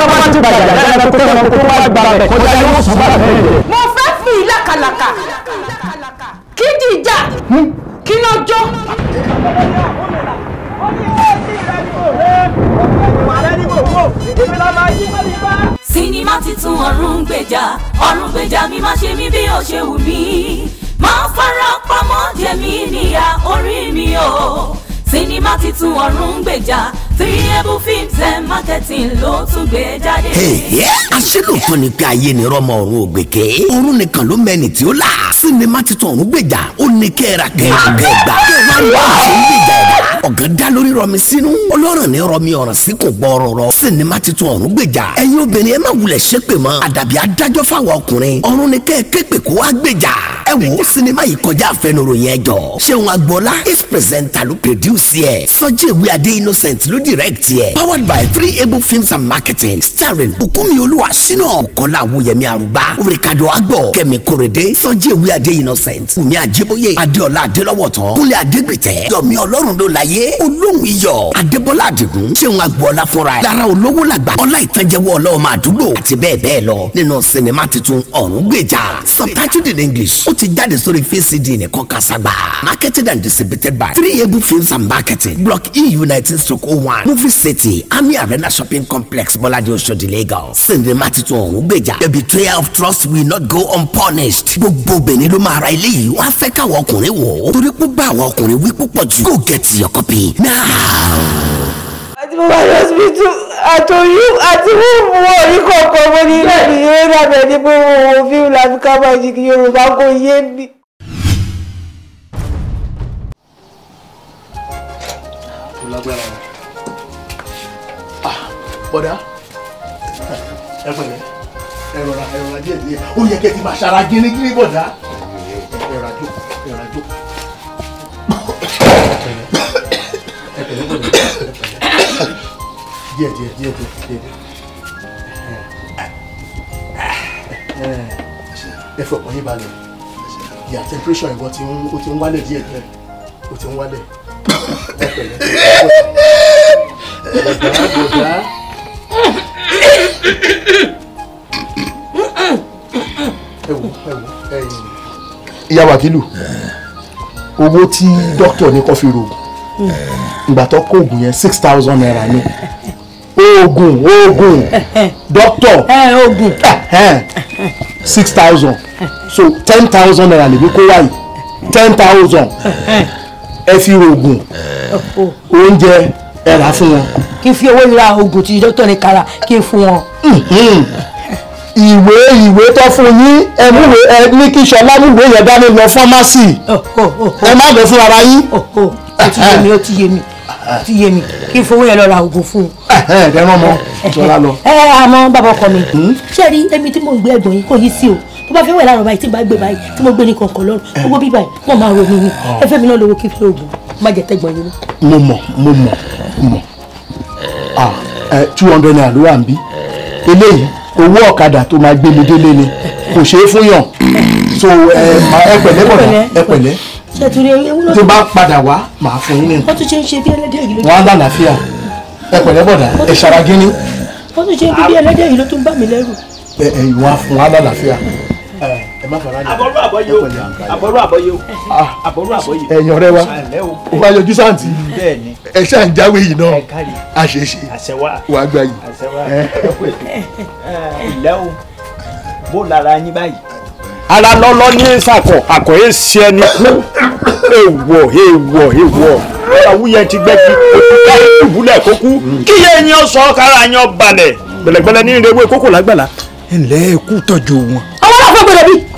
tí wọ́n bá ti bàjẹ́ àjálẹ̀ tó tẹ̀wọ̀n tó wá gbà rẹ̀ kọjá yóò sùn bá rẹ̀. mo fẹ́ fi ìlàkàlàkà kí dìjà kí lọ jó. sinimá titun ọ̀run gbèjà ọ̀run gbèjà mi má ṣe mí bí ó ṣe wù mí máa fara pamọ́ jẹ mí níyà orí mi o sinimá titun ọ̀run gbèjà Three Films and Marketing ló tún gbé jáde. aṣẹ́lòtọ́ ni pé ayé ni rọ́mọ ọ̀run ògbèké ọ̀run nìkan ló mẹ́ni tí ó là sinimá titun ọ̀run gbèjà ó ní kẹ́ra kẹ́ra kẹ́gbà kẹ́ra ló ń fún gbèjà ẹ̀dá ọ̀gán dá lórí rọmi sínú ọlọ́run ní rọmi ọ̀ràn sí kò gbọ́ọ̀rọ̀ rọ sinimá titun ọ̀run gbèjà ẹ̀yin obìnrin ẹ má wulẹ̀ ṣépè mọ́ àdàbí adájọ́ fáwọn ọkùnrin ọ̀run ni kẹ́ ẹ képe kó wá gbèjà ẹ wò sinimá yìí kọjá àfẹnuro yẹn jọ is presenter ló produce ẹ̀ sọ́jí ìwé innocent direct yẹ. powered by three able films and marketing starring bùkúnmi olúwa sínú ọ̀kọ́lá awuyemi arúgbá òrìkàdọ̀ àgbọ̀ kẹmi kòrèdé sọ́jí ewé adé innocent wùmí àjẹbóyè Adeola adélọ́wọ̀tán kúnlé adégbìtẹ́ yọ̀mí ọlọ́run ló laye, olóhùn iyọ̀ adébọ́lá àdìgún ṣéun agboola fúnra lára olówó lagba. ọlá ìtànjẹ́wọ́ ọlọ́ọ̀mọ àdúgbò àti bẹ́ẹ̀ bẹ́ẹ̀ lọ nínú sinimá tuntun ọ̀run gbèjà subtitled in english ó ti jáde sórí vcd nìkan kásá gbà marketed and distributed by three able films and marketing block E United stroke oh one one movie city army arena shopping complex bọ́ládé oṣòdì lagos sinimá titun ọ̀hún gbèjà the betrayal of trust will not go unpunished gbogbo benin ló máa ra ilé yìí wọ́n á fẹ́ káwọn ọkùnrin wọ̀ ọ́ torí pé bá àwọn ọkùnrin wí púpọ̀ jù go get your copy now àti mo bá lọ síbítù àtòyún àti wíwú orí kọ̀ọ̀kan mo ní láti yóò dàbẹ̀ ní pé mo wo fíìmù láti ká máa jì Yorùbá kò yé mi. lágbára o bọ̀dá ẹ pẹ̀lẹ́ ẹ rọra ẹ rọra díẹ̀ díẹ̀ ó yẹ kẹ́ ti máa ṣara gírígírí bọ̀dá ẹ rà jó ẹ rà jó. ẹ pẹ̀lẹ́ bọ̀dá díẹ̀ díẹ̀ díẹ̀ díẹ̀ díẹ̀ ẹ fọkàn yín balẹ̀ ìyá tẹmpirẹ́ṣọ̀ ìwọ ti ń ó ti ń wálẹ̀ díẹ̀ díẹ̀ ó ti ń wálẹ̀ ẹ pẹ̀lẹ́ bọ̀dá bọ̀dá ìyá wàkìlù owó tí dókítà ní kó fi rògùn ìgbà tó kó oògùn yẹn six thousand naira ni oògùn oògùn dókítà oògùn six thousand so ten thousand naira lèmi kó wáyé ten thousand ẹ fi rògùn oh, oh. oúnjẹ ẹ rà fún wọn. kí n fi owó ra oògùn tí dókítà ní kára kí n fún wọn. Mm-hmm. ìwé ìwé tó fún yín ẹmúwe ẹ ní kí sọlá múwe yẹn dání lọ fọmásì oh, oh, oh, ẹ má lọ fún ara yín. ó ti yé mi ó ti yé mi ó ti yé mi kí n fowó yẹn lọ ra oògùn fún un. ẹ̀ẹ́dẹ̀rán mọ ìjọra eh, lọ. ẹ eh, ẹ eh, àmọ́ bàbá ọkọ mi hmm? ṣé rí èmi tí mò ń gbé ẹ̀gbọ́n yìí kò yí sí o tó bá fẹ́ wẹ̀ láàrọ̀ báyìí tí bá gbé báyìí tí mo gbé ní kọ̀ọ̀kan lọ́rùn gbogbo bíbá yìí wọ́n máa ronú ni ẹ fẹ́ mi náà lówó kí n fi oògùn má jẹ tẹ́gbọ̀n yín. mo mọ̀ mo mọ̀ mo mọ̀ ah two hundred naira ló wà ń bí eléyìí owó ọ̀kadà tó máa gbé mi délé ni kò ṣeé fún yàn so ẹ pẹ̀lẹ́ bọ̀dà ẹ pẹ̀lẹ́ tó bá padà wá màá fún yín nínú wọn á lálàáfíà ẹ pẹ̀lẹ́ bọ̀dà ẹ ṣaragíní. wọ́n tún ṣe bí ẹlẹ́dẹ̀ yìí ló tún bá mi lẹ́rù. ẹ ẹ ìwà fún wa ẹ má fara ní àbọ̀rú àbọ̀yé o àbọ̀rú àbọ̀yé o ah. àbọ̀rú àbọ̀yé. ẹ̀yin ọ̀rẹ́ wa o wa yọjú sáǹtì ẹ ṣáà ń jáwé yìí náà a ṣe é ṣe wà á gbà yìí. ìlẹ́ o bó lára yín báyìí. ara lọ́lọ́ ní sàkọ̀ àkọ́ yé ṣe ẹni kú èèwọ̀ èèwọ̀ èèwọ̀ àwùyẹ ti gbẹ́ kí òkúta ìbúlẹ̀ kó kú kí yé ẹyin kára yan balẹ̀ gbẹlẹgbẹlẹ ní ìrẹwé kókò lágbàlá ẹ kú tọ́jú wọn. àwọn àfọ̀gbẹ̀rẹ̀ bíi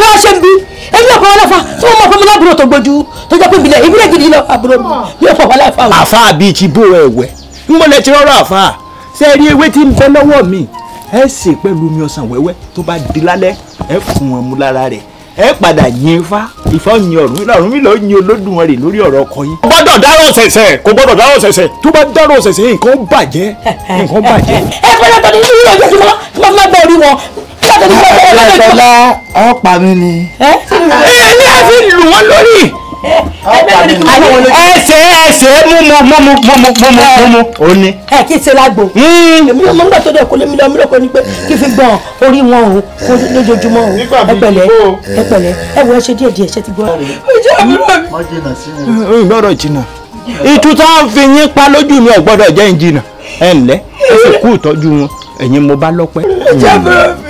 wá ṣe ń bí èyí ọkọ wọn láfa tí wọn mọ fún mi lábúrò tó gbójú tó jẹ pé ìbílẹ̀ ìbílẹ̀ gidi lọ àbúrò mi yóò fọwọ́ láfa o. àfa àbí ti bó ẹwẹ ń mọ lẹtí rọrọ àfa ṣe rí ewé tí ń bẹ lọ́wọ́ mi ẹ sè pẹ̀lú omi ọsàn wẹ́wẹ́ tó bá di lálẹ́ ẹ fún wọn mu lára rẹ̀ ẹ padà yin ifá ifá yin ọ̀run ọ̀run mi lọ yin olódùmarè lórí ọ̀rọ̀ ọkọ yín. kò gbọ́dọ̀ dárò ṣẹ̀ṣẹ̀ kò gbọ́dọ̀ dárò ṣẹ̀ṣẹ̀ tó bá dárò ṣẹ̀ṣẹ̀ nǹkan bàjẹ́ nǹkan bàjẹ́. ẹ fẹ́ràn tọ́ni ní ìrọ̀jẹ́ sí mọ́ tí wọ́n fẹ́ bẹ́ẹ̀ rí wọn Ọlá ọ̀pá mi ni. Ẹ ní àfi lù wọ́n lórí. Ẹsẹ̀ ẹsẹ̀ múmu múmu múmu múmu múmu òní. Ẹ kí n ṣe lágbo. Èmi ò mọ nígbà tó dẹ̀ kó lé mi lọ mi lọ́kọ ni pé kí n fi gbọ̀n orí wọn o kó lójoojúmọ́ o. Ẹ pẹ̀lẹ́ ẹ pẹ̀lẹ́ ẹ wọ ẹṣẹ díẹ̀ díẹ̀ ṣe ti gbọ́. Ìjọ àbúrò mi. N gbọ́dọ̀ jìnnà. Ìtútọ́ fi yín pa lójú mi ò gbọ́dọ̀ jẹ́ ìjìnà. Ẹ ǹlẹ́ ẹ sì kú ìtọ́jú wọn ẹ̀yin mo bá lọ́pẹ́. Ìjọ àbúrò mi.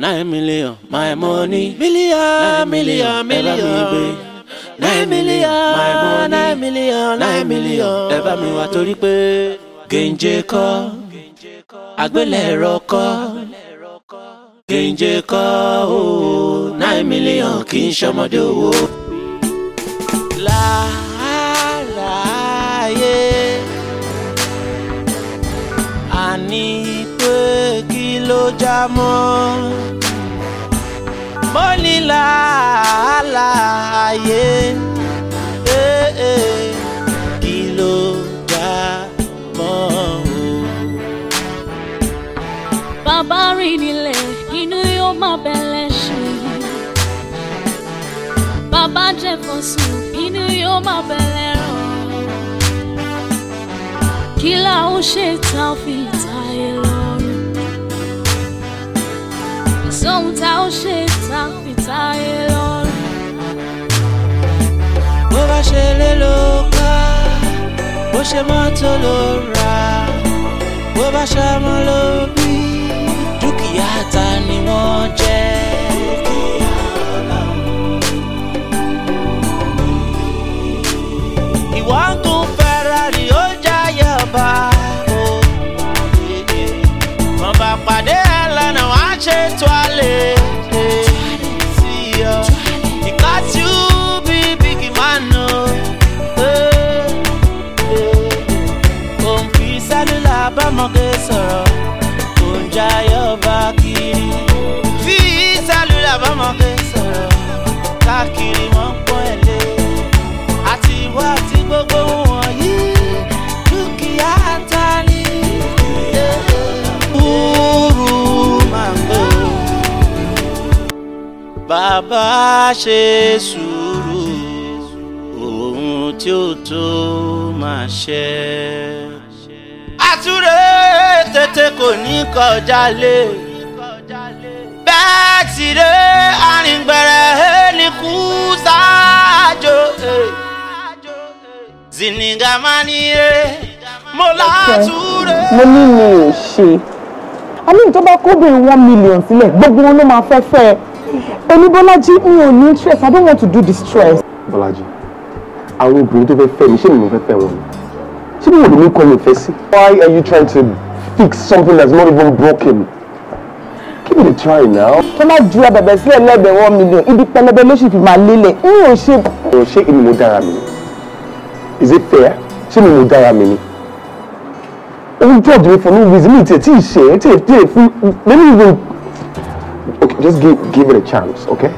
nine million my money million million million nine million my money nine million nine million ẹ mi wá torí pé gèǹjẹ kọ́ àgbélẹ̀rọ kọ́ gèǹjẹ kọ́ o nine million kì í ṣọmọdé owó. láàyè àní ló já mọ́ mo ní làálà ayé kí ló já mọ́ o. bàbá rìn nílẹ̀ inú yóò má bẹ̀lẹ̀ ṣe bàbá jẹ́ fọ́sùn inú yóò má bẹ̀lẹ̀ rọ̀ kí làá ó ṣe tá a fi ta ẹ lọ. Som ta ou chek ta pita elol Bo ba ṣe lè lóka Bó ṣe mọ́tò ló ra Bó bá ṣamọ́ ló bí Dúkìá ta ni wọ́n jẹ́ Ìwọ ń gun Ferrari ó jayọ̀ bá o Wọ́n bá sọ̀rọ̀ kò ń jayọ̀ bá kiri. fi sálúlà bọ́mọdé sọ̀rọ̀ káàkiri wọ́n pọ́n ẹ̀ lé. àti ìwọ àti gbogbo wọn yìí dúkìá ta ni. kúrú máa ń gbé bàbá ṣe sùúrù ohun tí ó tó máa ṣe túre tètè kò ní kọjá lé bẹ́ẹ̀ sì ré arìngbẹ̀rẹ̀ ní kú sáájò zinigamaniye mo látúre. mo ní mi ò ṣe a ní ìjọba kóbìnrin one million sílẹ̀ gbogbo wọn ló máa fẹ́ fẹ́ ẹ èmi Bọ́lájí mi ò ní stress I don't want to do the stress. Bọ́lájí àwọn obìnrin tó fẹ́ fẹ́ mi ṣé mi ò fẹ́ fẹ́ wọn ni. See mi ò ní kọ́ mi fẹ́ sí. why are you trying to fix something that's not even broken? Give me a try now. Come tó bá ju abẹ̀bẹ̀ sílẹ̀ the one million ibi pẹlẹbẹ ló sì fi máa lélẹ̀ n ò ṣe. ọ̀rọ̀ ṣé èmi mo dára mi ni is it fair ṣé mi mo dára mi judge me for no reason It's a t-shirt. ṣe é tiẹ̀ tiẹ̀ let me even okay just give give it a chance okay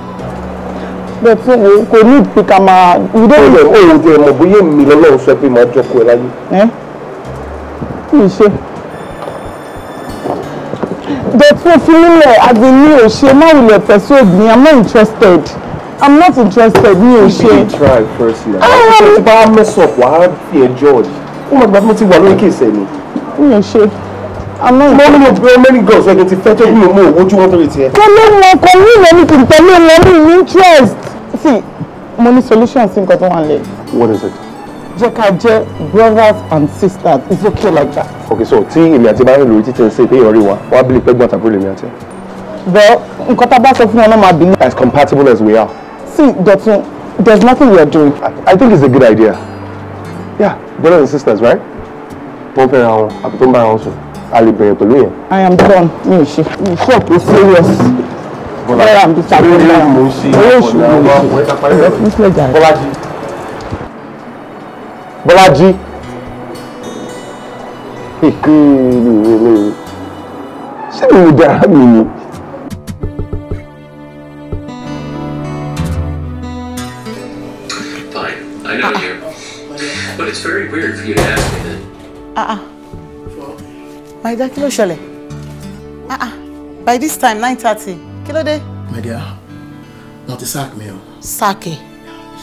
bẹ́ẹ̀ fún mi kò ní ìpín ká máa. ìdóòlù òun jẹ ọmọ bóyá mi lọ́lọ́run sọ pé màá jọkọ ẹ láyé. ẹ kì í ṣe. bẹ́ẹ̀ fún fúnilẹ̀ mi ò ṣe má wulẹ̀ obìnrin i'm not interested i'm not interested mi ò ṣe. you try first na. ṣé ti bá mess up wàá fi ẹ jọ́ọ̀jì ó mọ̀ gbà mo ti wà lórí kèsẹ̀ ni. mi ò ṣe àmọ́ ìgbọ́n nínú pé many girls ẹni ti fẹ́ tó bí mo mú owó tí wọ́n tó lè tiẹ̀. kọ́lé wọn kọ́ ní ìlẹ́nu kìntẹ́lé wọn ní interest see money ní solution sí nǹkan tó wà what is it. jẹ́ ká jẹ́ brothers and sisters it's okay like that. okay so tí èmi àti bá rìn lórí títí ń ṣe pé ìrọ̀rí wa wá bí pẹ́gbọ́n tàbí lèmi àti. well nǹkan tá a bá sọ fún wọn náà as compatible as we are. see Dotun there's nothing we are doing. I, I think it's a good idea. yeah brothers and sisters right. wọ́n fẹ́ra wọn àbí tó ń bára wọn sùn a lè bẹ̀rẹ̀ pẹ̀lú yẹn. I am done mi ò ṣe mi ò ṣe serious náírà Bọ́lájí ìkíni ìwé dára mi ni. I know you. But it's very weird for you to ask me that. Ah ah. Maida, kí ló ṣẹlẹ̀? Ah ah. By this time, 9:30 kí ló dé. my dear wọn ti sack mi o. sáàkì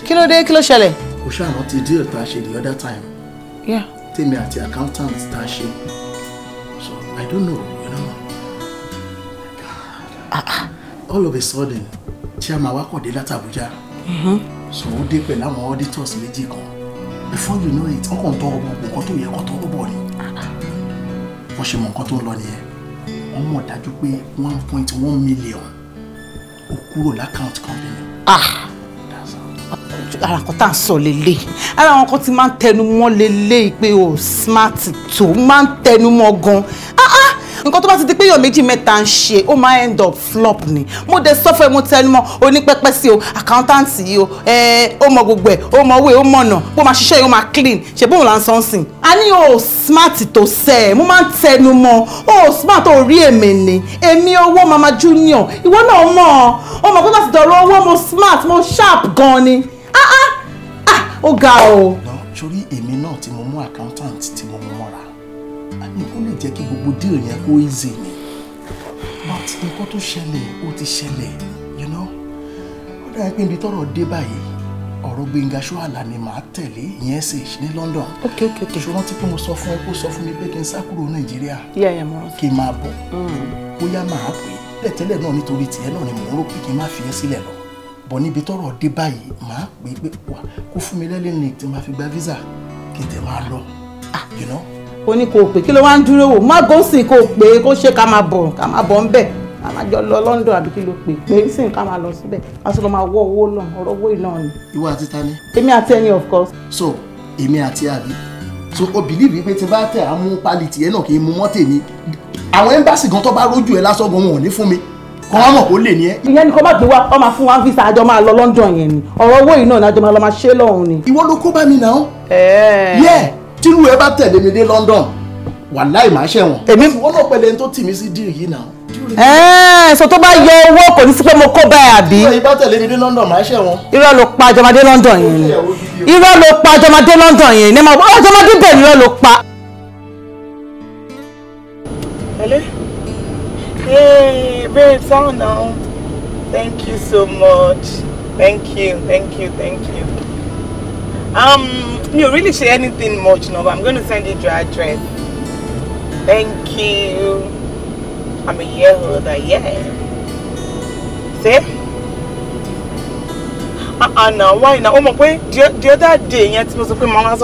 kí ló dé kí ló ṣẹlẹ̀. o ṣàmọ́ ti deal tá a ṣe the other time. yeah. tèmi àti accountant tá a ṣe so i don't know you know. Ah, all of a sudden chairman wa kàn dé láti Abuja. Mm-hmm. so ó dé pẹ̀lú àwọn auditors méjì kan before you know it wọ́n kàn tọrọ bọ̀ nǹkan tó yẹ kó tọrọ bọ̀ ni wọ́n ṣe mọ nǹkan tó ń lọ nìyẹn wọ́n mọ̀ dájú pé one point one million ó kúrò l'account company. Ah! ara kan tá à ń sọ lélẹ̀ ara àwọn kan ti máa ń tẹnu mọ́ lélẹ̀ pé o smart tó máa ń tẹnu mọ́ gan ah, ah! nǹkan tó bá ti di pé èèyàn méjì mẹ́ta ń ṣe ó máa end up flop ni mo dé sọ fún ẹ mo tẹnu mọ́ onípẹ́pẹ́ sí o accountant yìí o ó mọ gbogbo ẹ̀ ó mọ owó ẹ̀ ó mọ̀nà bó máa ṣiṣẹ́ yìí ó máa clean ṣe bóun là ń sọ́nsìn a ní o smart tó sẹ ẹ mo máa ń tẹnu mọ́ o smart ò rí èmi ni èmi owó mama junior ìwọ náà mọ̀ ọ mọ̀ pé láti dọ̀rọ̀ owó mo smart mo sharp gan ni ah ah ah ó ga o. sórí èmi náà tí mo mú accountant tí mo mú mọ́ra àmì kò lè jẹ́ kí gbogbo díè yẹn kó easy ni but nǹkan tó ṣẹlẹ̀ ó ti ṣẹlẹ̀ you know ó dára pé ibi tọ́rọ̀ dé báyìí ọ̀rọ̀ Gbénga Ṣóàlà ni màá tẹ̀lé ìyẹn ṣèṣ ní London. ok ok ok ṣùgbọ́n tí mo sọ fún ẹ kó sọ fún mi pé kí n sá kúrò Nàìjíríà. yíyá yẹn mo rántí. kí n máa bọ̀ mm. bóyá màá pè é tẹ́lẹ̀ náà nítorí tiẹ̀ náà ni mò ń rò pé kí n má fi ẹ́ sílẹ̀ lọ bọ̀ níbi tọ́rọ̀ dé báyìí màá pè é pé wà kó fún mi lẹ́lẹ́ ní tí màá fi gba visa kí tẹ̀ máa lọ. Ah, o ní kò pè kí ló wá ń dúró wò má gòsì kò pè é kó ṣe ká máa bọ̀ ká máa bọ̀ ń bẹ̀ a máa jọ lọ London àbí kí ló pè pé sí nǹkan máa lọ síbẹ̀ a sì lọ máa wọ owó náà ọ̀rọ̀ owó iná ni. ìwọ àti ta ni. èmi àti ẹyin of course. so èmi àti àbí so o believe wípé tí bá tẹ̀ á mú pálí tiẹ̀ náà kì í mú mọ́tò mi àwọn ẹ́mbàsì gan tó bá rójú ẹ lásán gan wọn ò ní fún mi kọ́ wọn mọ̀ kó lè ní ẹ. ìyẹn ni kò má gbé wá ọ máa fún wa visa àjọ máa lọ London yẹn ni ọ̀rọ̀ owó yìí náà ni àjọ máa lọ máa ṣe lọ́hùn ni. ìwọ ló kó bá mi náà. yẹ tírú ẹ bá tẹ̀lé mi dé London wàláì máa ṣẹ̀wọ̀n. èmi ìwọ náà pẹ̀lẹ́ tó tì mí sí díì yìí náà ẹ̀ẹ́n sọ tó bá yọ owó kò ní sí pé mo kó báyìí àbí. ìbá London máa ṣẹ̀ wọn. irọ́ ló pa àjọmọdé London yẹn irọ́ ló pa àjọmọdé London yẹn ní ma ọ àjọmọdé bẹ́ẹ̀ ni irọ́ ló pa. ẹ̀lẹ́ hey babe sound thank you so much thank you thank you thank you. Um, you really say anything much now? but I'm gonna send you your address. thank you. I'm a year older, yeah. See? àná uh-uh, why now? Oh my boy, the other day yeah, tí mo sọ pé mo máa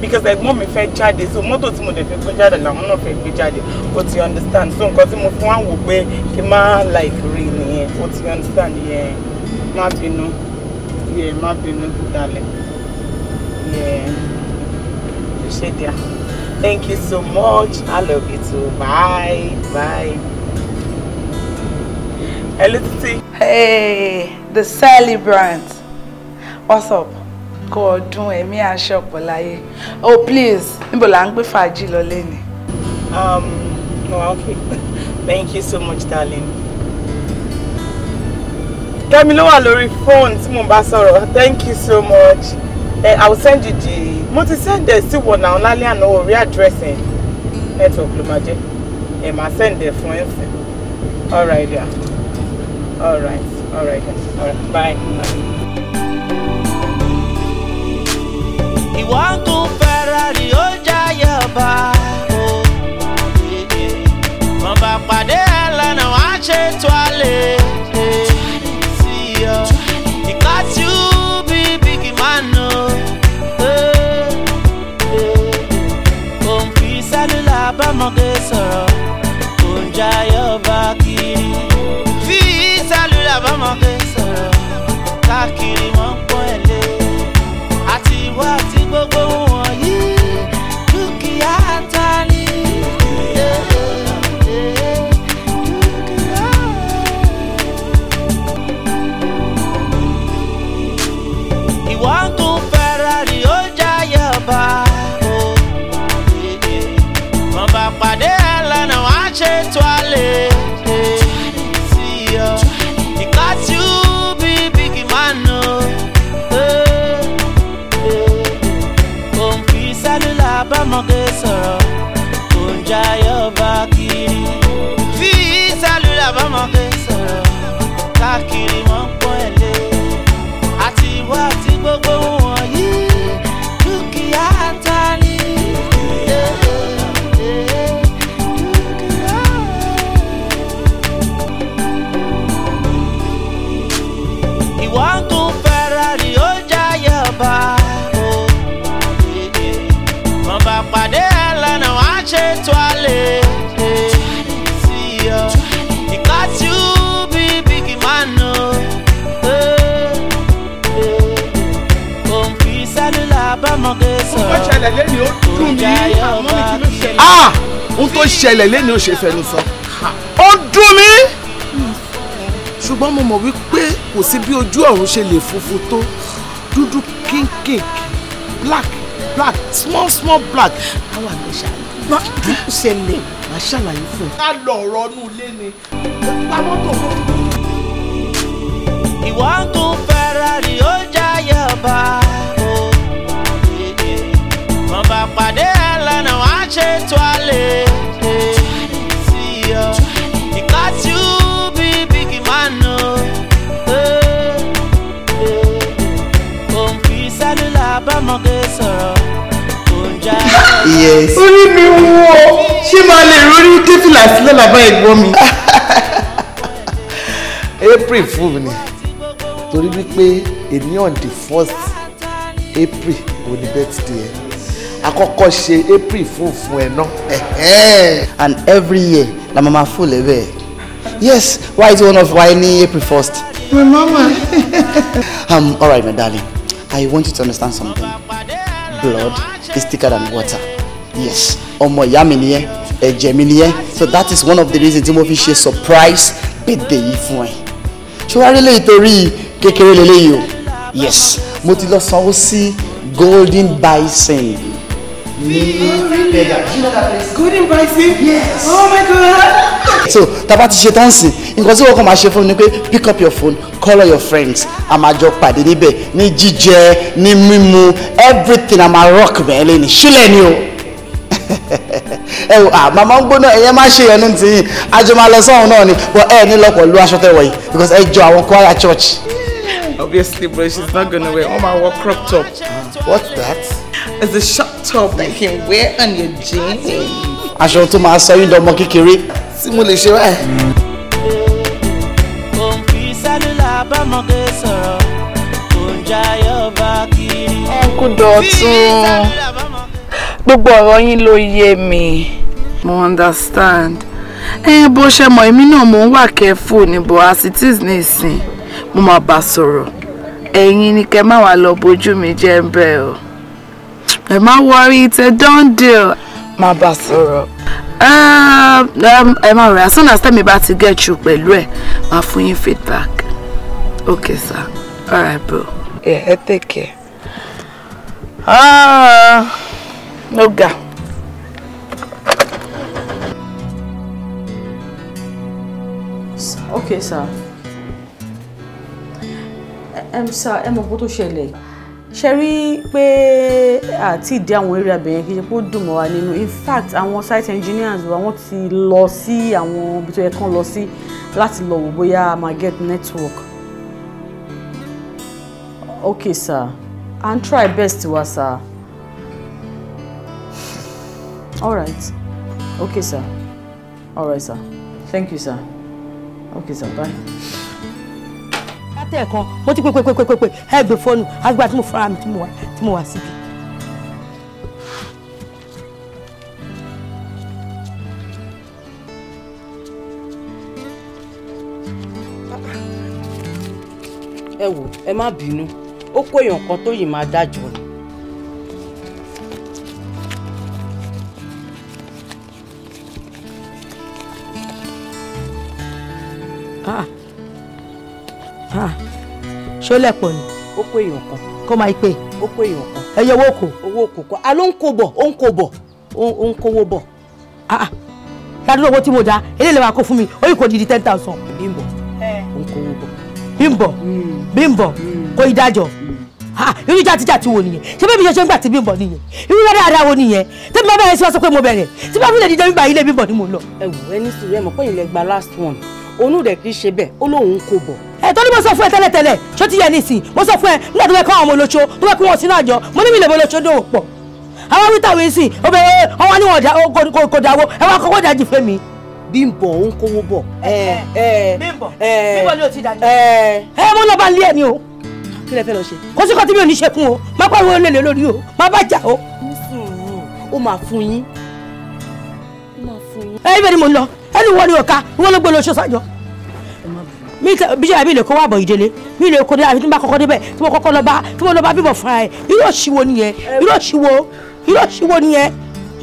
because like mommy fed jáde so mọ́tò tí mo dẹ̀ fẹ́ gbé I'm not fed fẹ́ gbé you understand so because tí mo fún wa wò pé kí n máa like rí nìyẹn o ti understand yẹn má bínú yẹn má bínú dalẹ̀ yẹn ṣé díà. Thank you so much. I love you too. Bye. Bye. Hello, Titi. Hey, the celebrant. What's up? Kò ọdún ẹ̀mí aṣọ ọ̀pọ̀ láyé. Oh please, níbo la ń gbé fàájì lọ Um, no, okay. Thank you so much, darling. Kẹ́mi ló wà lórí fóònù tí mo bá sọ̀rọ̀. Thank you so much. Eh, I will send you the mo ti sẹ́ǹdẹ̀ sí wọ̀ náà lálẹ́ àná orí àdírẹ́sì yẹn network ló máa jẹ́ ẹ̀ máa sẹ́ǹdẹ̀ fún ẹ̀ sìn all right yeah all right all right all right bye. ìwọ tún Ferrari ó jayọ̀ bá wọ́n bá pàdé ẹ̀ lọ́nà wá ṣètò àlè. ọmọge sọ̀rọ̀ kò ń jayọ̀ bá kiri. fi sálúlà bọ́mọge sọ̀rọ̀ káàkiri mọ́. ah ohun tó ṣẹlẹ̀ lẹ́nu ó ṣe fẹnu sọ ó dùn mí ṣùgbọ́n mo mọ̀ wípé kò sí bí ojú ọ̀run ṣe lè funfun tó dúdú kínkìnkì black black small small black àwọn àgbẹ̀ ṣàlàyé ṣẹlẹ̀ má ṣàlàyé fún un. ká lọ ọ̀rọ̀ ọdún ilé ni pamọ́ tó kọ́. ìwọ́n tún Ferrari ó jáyọ̀ bá pàdé ẹ lọ́nà wá ṣe tó Yes. ó ní mi wọ ṣé máa lè rórí kéfìlà sílẹ̀ làbá ẹ̀gbọ́n mi. April fún mi torí wípé èmi on the first April òní birthday àkọ́kọ́ ṣe april fún fún ẹ náà. and every year la mama full ẹ yes why is one of why ní april first. my mama. um, alright, my darling i want you to understand something blood is thicker than water yes ọmọ ìyá mi nìyẹn ẹ̀jẹ̀ mi nìyẹn so that is one of the reasons tí mo fi ṣe surprise birthday yìí fún ẹ ṣọwárí lè torí kékeré lélẹ́yìí o yes mo ti lọ sanwó sí golden bison golden pricing. yes. Oh so taba ti ṣe tán sí nǹkan tí wọ́n kàn máa ṣe fún mi ni pé pick up your phone call your friends a máa jọ pàdé níbẹ̀ ní jíjẹ ní mímu everything a máa rock bẹ́ẹ̀ lé ní ni o ẹ wò ah màmá ń gbóná ẹ̀yẹ má ṣe ẹnu ti yín àjọ máa lọ sọ́hun náà ni but ẹ ní lọ́pọ̀ lu aṣọ tẹ́wọ̀ yìí because ẹ jọ àwọn choir church. obviously bro she's not gonna wear one man wore crop top. what's that? is the short top that you can wear on your jeans. aṣọ tó máa sọ yín dọmọ kékeré tí mo lè ṣe báyìí. òǹfì sálúlà bámọ̀gé sọ̀rọ̀ òǹjà yóò dọ̀tún gbogbo ọ̀rọ̀ yín ló yé mi mo understand ẹ bó ṣe mọ èmi náà mo ń wà kẹfù níbo asitis nísìn mo máa bá sọ̀rọ̀ ẹ̀yin ni kẹ́ má wàá lọ bójú mi jẹ́ ń bẹ́ẹ̀ o ẹ má worry it's a done deal. má bá sọ̀rọ̀. Um, um, ẹ má rẹ̀ as soon as tẹ́mi bá ti get you pẹ̀lú ẹ̀ máa fún yín feedback. okay sir all right bro. ẹ yeah, take care. Ah, no ga. Okay, sir. I'm sorry, I'm about to share late ṣe rí pé àti ìdí àwọn eré abẹ̀yẹn kì í ṣe pé ó dùn mọ́ wa nínú in fact àwọn site engineers wa wọ́n ti lọ sí àwọn ibi tó yẹ kán lọ sí láti lọ wò bóyá a máa get network. okay sir and try best wa sir. all right okay sir all right sir thank you sir okay sir bye látẹ̀ kan mo ti pèpè pèpè pèpè ẹ gbé fóònù àgbà tí mo fara mi tí mo wà síbi. ẹ wò ẹ má bínú ó kó èèyàn kan tó yìí máa dájọ́ ni ṣó lẹ̀pọ̀ ni. ó kó èèyàn kan. kó máa pè. ó kó èèyàn kan. ẹ yẹ owó kò. owó kò kọ a ló ń kó bọ̀ ó ń kó bọ̀ ó ń kówó bọ̀. ládùúgbò ah, ah. owó tí mo dá eléyìí lè máa kó fún mi ó yìí kò di ten thousand. bímbọ ó ń kówó bọ̀. bímbọ hmm. bímbọ hmm. kó ìdájọ́ hmm. ah, irú jàtijàti wo nìyẹn ṣé bẹ́ẹ̀ mi ṣe ṣe ń gbà tí bímbọ nìyẹn irú rẹ̀ dáadáa wo nìyẹn tí mo bá bẹ̀rẹ̀ sí wá sọ pé mo bẹ̀rẹ̀ tí mo bá fún ìdíjọ́ bíbá ilé bímbọ ni mo lọ. ẹ wò ẹ ní sùúrù ẹ mọ̀ pé ìlẹ̀ last one onú rẹ̀ kì í ṣe bẹ́ẹ̀ ó lóun kò bọ̀ ẹ tó ní mo sọ fún ẹ tẹ́lẹ̀tẹ́lẹ̀ ṣó ti yẹ nísìn mo sọ fún ẹ nígbà tó fẹ́ kọ́ àwọn ọmọ olóṣó tó fẹ́ kó wọn sínú àjọ mo ní mi lè mo olóṣó dòwò pọ̀ àwọn wítàwé sìn obìnrin ọwọ́ níwọ̀n kò dáwó ẹ wá kọ́kọ́ dájú fẹ́ mi bímbọ̀ ó ń kówó bọ̀. bímbọ̀ bímbọ̀ ni o ti dájú. ẹ mo lọ bá ń lé ẹni o. kí lẹ fẹ́ lọ ṣe. kó sí kan tí mi ò ní ṣekun o má pariwo lèlè lórí o má bàjá o. ní sùúrù ó máa fún yín. ó máa fún yín. ẹ ibẹ̀ ni mo lọ ẹni wọ ni ọ̀ka ìwọ ló gbé lọ ṣọ́ṣájọ́ mi bíjọba mi lè kó wà bọ̀ ìdílé mi lè kó dé àbí tí mo bá kọ́kọ́ débẹ̀ tí mo kọ́kọ́ lọ bá tí mo lọ bá bíbọ̀ fúnra ẹ̀ irú òṣìwò nìyẹn irú òṣìwò irú òṣìwò nìyẹn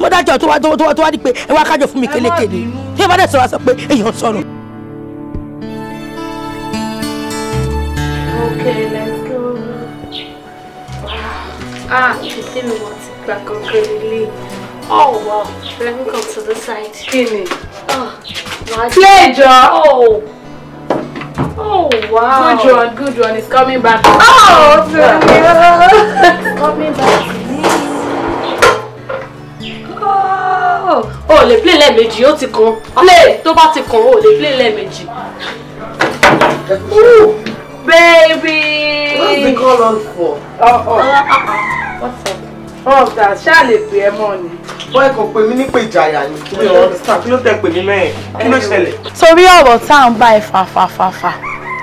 mo dájọ́ tó wá tó wá tó wá di pé ẹ wá kájọ fún mi kélékèlé tí ẹ bá dẹ̀ sọ wá sọ pé èèyàn sọnù. Okay, let's go. Ah, you see me want to back on crazy. Oh wow, let me come to the side. Give me. Ah, oh, my. Play, Oh. Oh wow. Good one, good one. It's coming back. Oh, it's coming back. Oh, o lè play lẹ́ẹ̀mejì ó ti kàn play tó bá ti kàn o lè play lẹ́ẹ̀mejì. Ooh, baby. What's the call on for? Uh, oh, oh. What's up? ọ̀tà ṣáà lè pè ẹ́ mọ́ ni. bọ́ẹ̀ kan pè mí nípe ìjàyà ni kí ló understand kí ló tẹ̀ pè mí mẹ́rin kí ló ṣẹlẹ̀. torí ọ̀rọ̀ tá à ń bá ẹ fàfàfàfà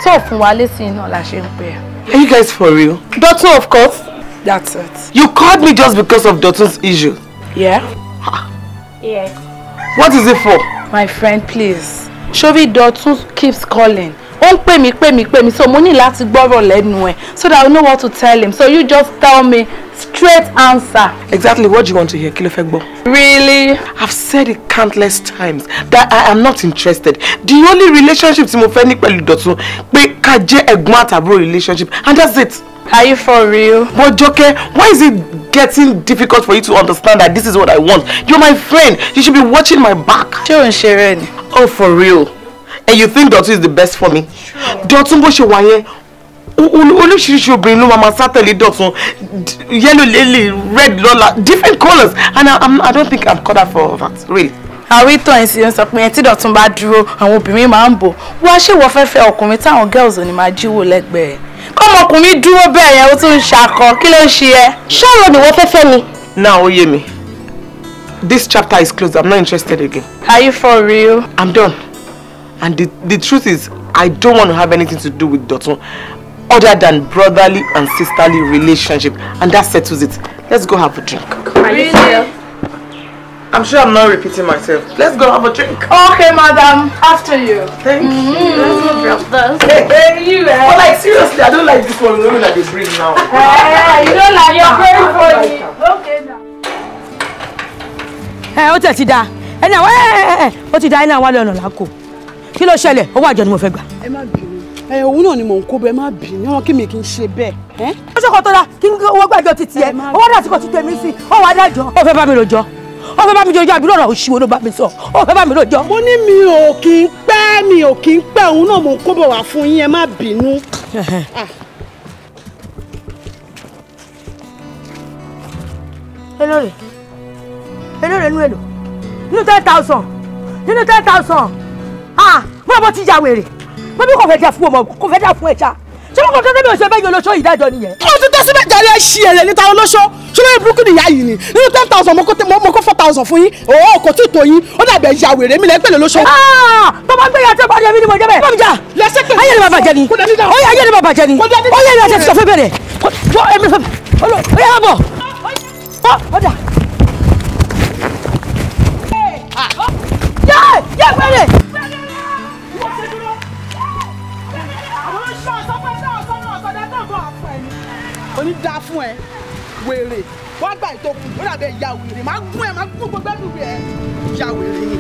tó fún wa létí iná la ṣe ń pè ẹ́. are you guys for real. Dotun of course. that's it. you called me just because of Dotun's issue. yeah. Ha. yeah. what is it for. my friend please. Shobi Dotun keeps calling ó ń pè mí pè mí pè mí so mo ní láti gbọ́rọ̀ lẹ́nu ẹ̀ so that I know what to tell him so you just tell me straight answer. Exactly what do you want to hear kí ló fẹ́ Really? I've said it countless times that I am not interested the only relationship tí mo fẹ́ ní pẹ̀lú Dọ̀tun pé ká jẹ́ ẹ̀gbọ́n àtàbúrò relationship and that's it. Are you for real? But Joke, why is it getting difficult for you to understand that this is what I want? You're my friend. You should be watching my back. Ṣé ò ń ṣeré ni? Oh, for real and you think Dọ̀tun is the best for me Dọ̀tun bó ṣe wà yẹn olóṣìṣì obìnrin ló máa sátẹ̀lé Dọ̀tun yellow lily red lola, different colours and I, I don't think I'm called out for that really. àwítọ̀ ìsìn sọ pé tí Dọ̀tun bá dúró àwọn obìnrin máa ń bò wá ṣèwọ́ fẹ́fẹ́ ọkùnrin táwọn girls ò ní máa jíwò lẹ́gbẹ̀ẹ́ kọ́mọkùnrin dúró bẹ́ẹ̀ yẹn ó tún ń ṣakọ kí ló ń ṣe ẹ́. ṣọ́ọ̀rọ̀ ni wọ́n fẹ́fẹ́ mi. now ó yé mi this chapter is closed i'm not interested again. are you for real. i'm done. And the, the truth is, I don't want to have anything to do with Dotun other than brotherly and sisterly relationship. And that settles it. Let's go have a drink. Really? I'm sure I'm not repeating myself. Let's go have a drink. Okay, madam. After you. Thank mm -hmm. you. Let's go drop Hey, hey, you. Eh? But like, seriously, I don't like this one. Women that they bring now. hey, eh, you don't like your ah, very funny. Okay, now. Hey, eh, ó ti dá. Hey, now, hey, hey, hey. Ó ti dá, hey, now, wá lọ ọ̀nà lákò kí ló ṣẹlẹ̀ owó àjọ ni mo fẹ́ gbà. ẹ má bínú ẹ òun náà ni mò ń kó bẹ ẹ má bínú wọn kí mi kì í ṣe bẹ́ẹ̀. ó ṣe kò tó la kí n owó gbàjọ ti tiẹ̀ owó dàtí kò ti tẹ̀mí sí ọwọ́ adájọ́ ó fẹ́ bá mi lò jọ ó fẹ́ bá mi jọjọ́ àbúrò ọ̀rọ̀ òṣìwò ló bá mi sọ ó fẹ́ bá mi lòjọ́. mo ní mi ò kí ń pẹ́ mi ò kí ń pẹ́ òun náà mo ń kó bọ̀ wá fún yín ẹ má bínú. Ah. elóore elóore nú èlò nínú ten thousand nínú ten thousand mo mo ti ya wèrè mo bí kò fẹ́ dà fún ọmọ kò fẹ́ dà fún ẹja ṣé mo kò tó débi òṣèlú bẹ́yìn olóṣó ìdájọ́ nìyẹn. kí ti tẹ́ síbẹ̀ jàre ṣí ẹ̀rẹ̀ níta olóṣó ṣọlá ìbúrúkú nìyá yìí ni nínú ten thousand mo kó four thousand fún yín òwò kò tí ì tó yín ó dàbẹ̀ ya wèrè mi lẹ́gbẹ̀lẹ̀ olóṣó. Ah, bàbá gbé yàtọ̀ ìbàdàn mi ni mo jẹ́ bàbá lẹ́sẹ̀ kẹ́ ayé ni bàbá jẹ oní dá fún ẹ wèrè wá gbà ètò kù ó dàbẹ̀ ya wèrè má gún ẹ má gún gbogbo ẹdùn rẹ ya wèrè yìí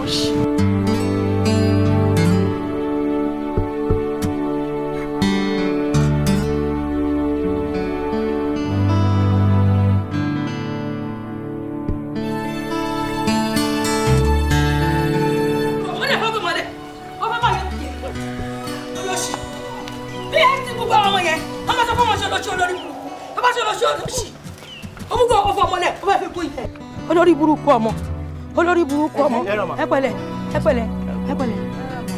ó ṣì. ṣe ọṣù ọlọṣì ọmúgbọ ọfọ ọmọlẹ ọmọ ẹfẹ bóyá. olórí burúkú ọmọ olórí burúkú ọmọ ẹ pẹ̀lẹ́ ẹ pẹ̀lẹ́ ẹ pẹ̀lẹ́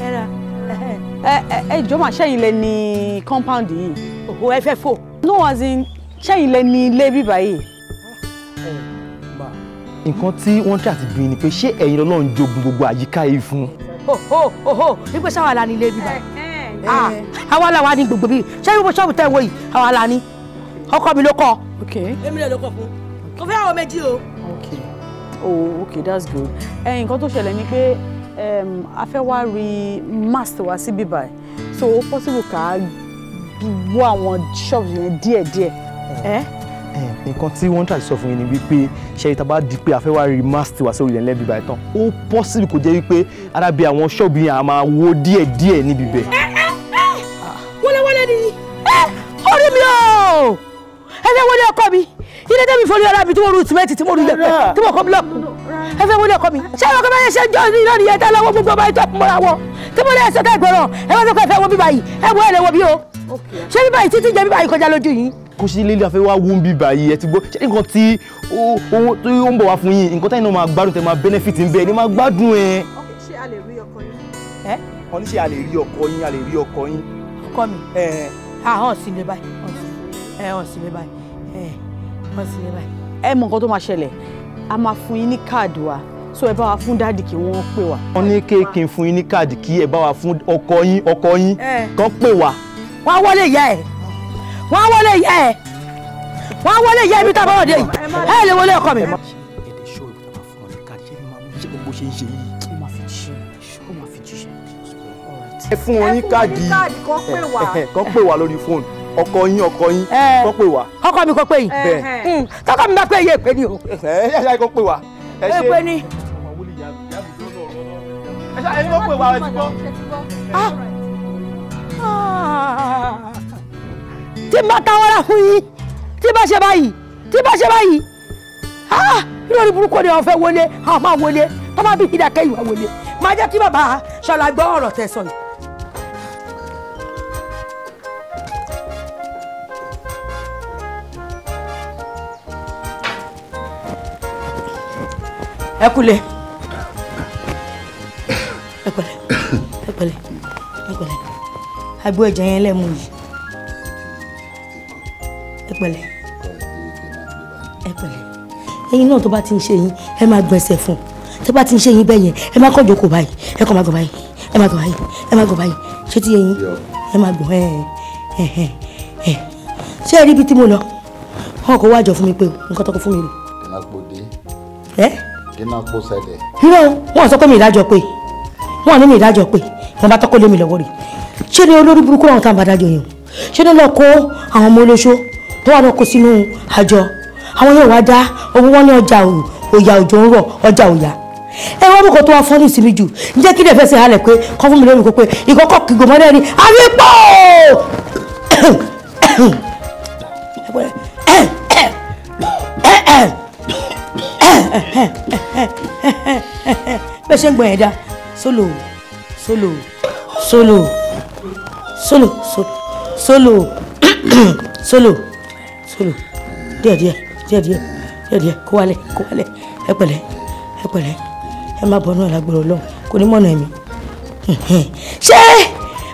ẹ ra ẹ ẹ jọ máa ṣẹyìn lẹ ní compound yìí òhò ẹ fẹ́ fò no as in ṣẹyìn lẹ ní ilé bíbá yìí. nǹkan tí wọ́n tí àti bìnrin ni pé ṣé ẹ̀yin Ọlọ́run jogun gbogbo àyíká yìí fún. ohoho wípé ṣáwa la ní ilé bíbá yìí ah, àwa làwa ní gbogbo bíi ṣé ibo ṣọ́ọ̀bù tẹ̀ wọ yìí àwa la ní ọkọ mi ló kọ. èmi rẹ̀ ló kọ fún mo fẹ́ àwọn méjì o. oh okay that's good nǹkan tó ṣẹlẹ̀ ni pé a fẹ́ wá rí mask wá sí bíbá ẹ̀ so ó possible ká wọ àwọn shops yẹn díẹ̀díẹ̀. Eh, eh? Eh, nǹkan tí wọ́n ń tàbí sọ fún yín ni wípé ṣẹ́yìn tá a bá di pé a fẹ́ wá rí mask wá sí orílẹ̀ ńlẹ́ bíbá ẹ̀ tán ó possible kó jẹ́ wípé arábí àwọn ṣọ́ọ̀bù yẹn a máa wó díẹ̀díẹ̀ níbi bẹ̀. wọlé ni orí mi o ẹ fẹ́ wọlé ọkọ mi ilé tẹ́mi forí ọ̀la mi tí mo ru tìmẹ́tì tí mo ru lẹ̀pẹ̀ tí mo kọ́ búlọ̀kù ẹ fẹ́ wọlé ọkọ mi ṣé ọkọ bá yẹ ṣe jọ ní lọ́nìí yẹn tẹ́lẹ̀ wọ́n gbogbo ọba ìtọ́ mọ́ra wọn tí mo lè ṣe ká ìgbọràn ẹ wọ́n sọ pé ẹ fẹ́ wọ bíbá yìí ẹ wọ ẹ lè wọ bí o ṣé bíbá yìí títí jẹ bíbá yìí kọjá lójú yìí. kò sí ilé afẹ́ wá wún bíbá yìí ẹ ti gbọ́ ṣé nǹkan tí owó tó ń bọ̀ wá fún yín nǹkan táyìn náà máa benefit ń bẹ ẹni máa gbádùn ẹ. ṣé a lè rí ọkọ yín. ẹ kàn ní ṣe a lè rí ọkọ yín a lè rí ọkọ yín. ọkọ mi ahọ́n sí lè báyìí ẹ hàn sí mi báyìí ẹ hàn sí mi báyìí. ẹ mọ nǹkan tó máa ṣẹlẹ̀ a máa fún yín ní káàdì wa so ẹ bá wa fún dáàdì kí wọ́n pè wá. wọ́n ní kéèké fún yín ní káàdì kí ẹ bá wa fún ọkọ yín ọkọ yín kán pè wá. wọ́n á wọlé ìyá ẹ̀ wọ́n á wọlé ìyá ẹ̀ wọ́n á wọlé ìyá ibi tá a bá wọ̀dé yìí ẹ lè wọlé ọkọ mi. ẹ fún wọn ní káàdì kán pè wá lórí fóònù ọkọ yín ọkọ yín eh. kọ́ pè wá. ọkọ mi kọ́ pè yín bẹ́ẹ̀ tọkọ eh, eh. hmm, mi bá pè yín èpè ni o. ẹ ẹ ṣe àìkọ́ pè wá. èpè ni. ẹ ṣe àìkọ́ pè wá ẹ ti gbọ́. Ah. Ah. tí n bá tawọ́ra fún yín tí n bá ṣe báyìí tí n bá ṣe báyìí ah, lórí burúkú ni àwọn fẹ́ wọlé àwọn máa wọlé tọ́ bí ìdàkẹ́ ìwà wọlé máa jẹ́ kí bàbá ṣọlá ọ̀rọ̀ tẹ̀sán yìí. ẹ kúlẹ̀ ẹ pẹ̀lẹ́ ẹ pẹ̀lẹ́ ẹ pẹ̀lẹ́ agbo ẹ̀jẹ̀ yẹn lẹ́mu yìí ẹ pẹ̀lẹ́ ẹ pẹ̀lẹ́ ẹ̀yin náà tó bá ti ń ṣe yín ẹ máa gbẹ̀sẹ̀ fún tó bá ti ń ṣe yín bẹ́ẹ̀ yẹn ẹ má kàn jókòó báyìí ẹ kàn má gbọ̀ báyìí ẹ má gbọ̀ báyìí ẹ má gbọ̀ báyìí ṣé ti yẹ yín ẹ má gbọ̀ ẹ ẹ ẹ ṣé ẹ rí ibi tí mo lọ wọn kò wá fún mi pé nǹkan tó kọ fún mi rò. ẹ má pòdé. ẹ iná kó ṣẹlẹ̀. irọ́ wọn sọ pé mi ìdájọ́ pé wọn ní mi ìdájọ́ pé wọn bá tọ́kọ́ lé mi lọ́wọ́ rè ṣé ni olórí burúkú àwọn táwọn bá dájọ́ yẹn ṣé ni lọ́ọ́ kó àwọn ọmọ olóṣó tó wà lọ́ọ́ kó sínú àjọ àwọn yóò wá dá owó wọn ní ọjà òyà òjò ń rọ̀ ọjà òyà ẹ wọ́n mọ̀kọ́ tó wá fọ́nì sí mi jù ǹjẹ́ kí lè fẹ́ halẹ̀ pé kọ́ fún mi lórí kópe ìkọ́kọ́ kìgò mọ́lẹ́ bẹ́ẹ̀ ṣe ń gbọ̀n ẹ̀dá solo, solo, solo, solo, solo. sólò sólò díẹ̀ díẹ̀ díẹ̀ díẹ̀ díẹ̀ díẹ̀ kó wálẹ̀ kó wálẹ̀ ẹ pẹ̀lẹ́ ẹ pẹ̀lẹ́ ẹ má bọnú ọlágbèrè Ọlọ́run kò ní mọ̀nà ẹ̀mí ṣé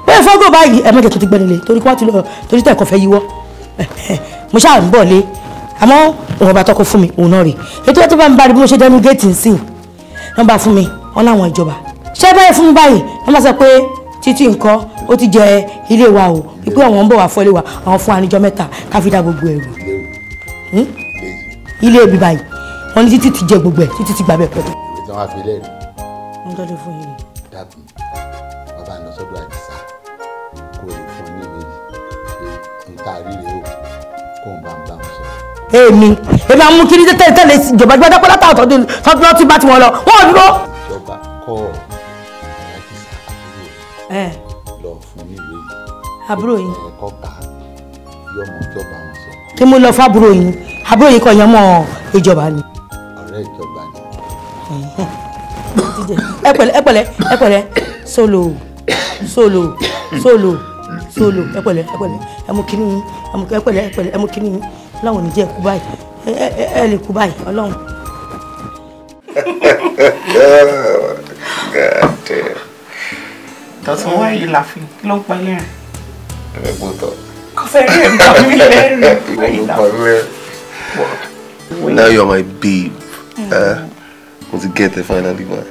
bẹ́ẹ̀ fọ́gọ́ báyìí ẹ má jẹ́ tó ti gbẹ́nu lé e. torí kó wá ti lọ torí tẹ̀ kọ́ fẹ́ yíwọ́ mo ṣáà ń bọ̀ lé àmọ́ òun ọba tọkọ fún mi òun náà rè ètò ẹtí bá ń bari bí mo ṣe dẹnu géètì ń sìn wọn bá fún mi wọn láwọn ìjọba ṣé báyìí fún mi báyìí wọn bá sọ pé títí nǹkan ó ti jẹ ilé wa o wípé àwọn ń bọ̀ wá fọ́ ilé wa àwọn fún anijọ́ mẹ́ta ká fi dá gbogbo ẹ̀rù hmm? ilé ibi báyìí wọn ní títí ti jẹ gbogbo ẹ̀ títí ti gbà pẹ̀lú. ìtàn àfilẹ́ rẹ̀. ń tọ́jú fún yín. èmi èmi àwọn kiri tẹ́lẹ̀ tẹ́lẹ̀ ìjọba gbọ́dọ̀ pé látà ọ̀tọ̀ tọdún lọtí bá tiwọn lọ wọn ò dúró. ìjọba kọ lọ fún mi ìwé yìí. àbúrò yìí. ẹ̀kọ́ gbà yọmọ ìjọba wọn sọ. kí mo lọ fún àbúrò yìí àbúrò yìí kọ yẹn mọ ìjọba ni. ọ̀rẹ́ ìjọba ni. ẹ pẹ̀lẹ́ ẹ pẹ̀lẹ́ ẹ pẹ̀lẹ́ solo solo solo solo ẹ pẹ̀lẹ́ ẹ pẹ̀lẹ́ ẹ mú kíní ẹ pẹ̀lẹ́ ẹ pẹ̀lẹ́ ẹ mú kíní ọlọ́run ò ní jẹ́ kú báyìí ẹ lè kú báyìí ọlọ́run. Dọ̀tún wá yìí láàfin kí ló ń pa ilé rẹ̀? Ẹ bó tọ̀. Kọ́fẹ́ rí ẹ̀mí pa mí lẹ́rìn. Ìwọ ló pa mí Now you are my babe. Mm. Eh? Mo ti get it finally, man.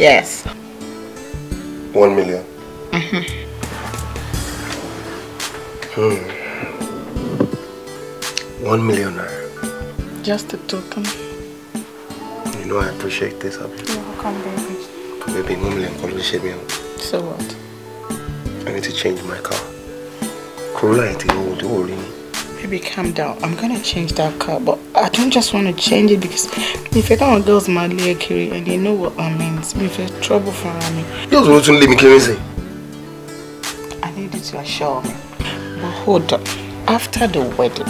Yes. One million. Mm-hmm. Hmm. One million naira. Just a token. You know I appreciate this, Abby. You're welcome, baby. But baby, one million can't shake me So what? I need to change my car. Corolla ain't the old, old, really baby calm down i'm gonna change that car but i don't just want to change it because if i don't girls my leg carry and you know what i mean if me for trouble for me girls want to leave me crazy i need you to assure me but hold up. after the wedding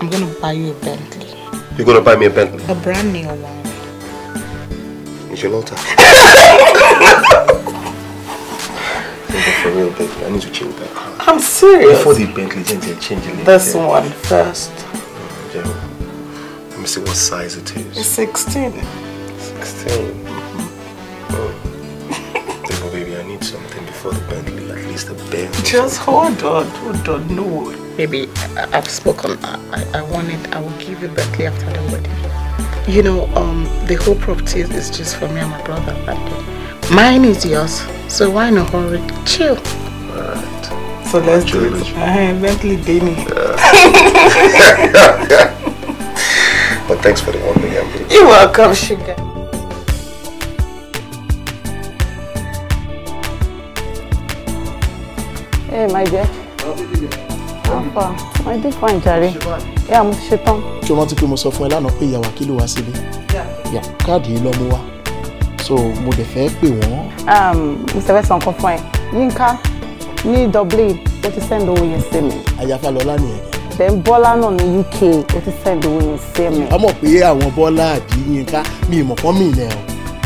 i'm gonna buy you a bentley you're gonna buy me a bentley a brand new one it's your daughter for real baby i need to change that I'm serious. Before the Bentley, change it. This yeah. one first. Mm, yeah. Let me see what size it is. It's 16. 16. Mm-hmm. oh. baby, I need something before the Bentley, at least a Bentley. Just hold on, hold on, no. Baby, I, have spoken. I, I, I want it. I will give you Bentley after the wedding. You know, um, the whole property is just for me and my brother. mine is yours, so why not hurry? Chill. All right. it. Celeste Bentley Denny. But thanks for the one million. You're welcome, sugar. Hey, my dear. Papa, I did fine, Jerry. Yeah, mo ti ṣe tán. Ṣé o rántí pé mo sọ fún ẹ lánàá pé ìyàwó àkílù wá sílé? Yà káàdì yìí lọ́mú wá. So mo dẹ̀ fẹ́ pè Um, Mr. Weston kan fún ẹ. Yínká ní Dublin ó ti send owó yẹn sí mi. àyàfà lọ́lá nìyẹn then bọ́lá náà ní uk ó ti send owó yẹn sí mi. a mọ̀ pé àwọn bọ́lá àbí yínká mi ìmọ̀ kan mi ìnẹ̀ ọ́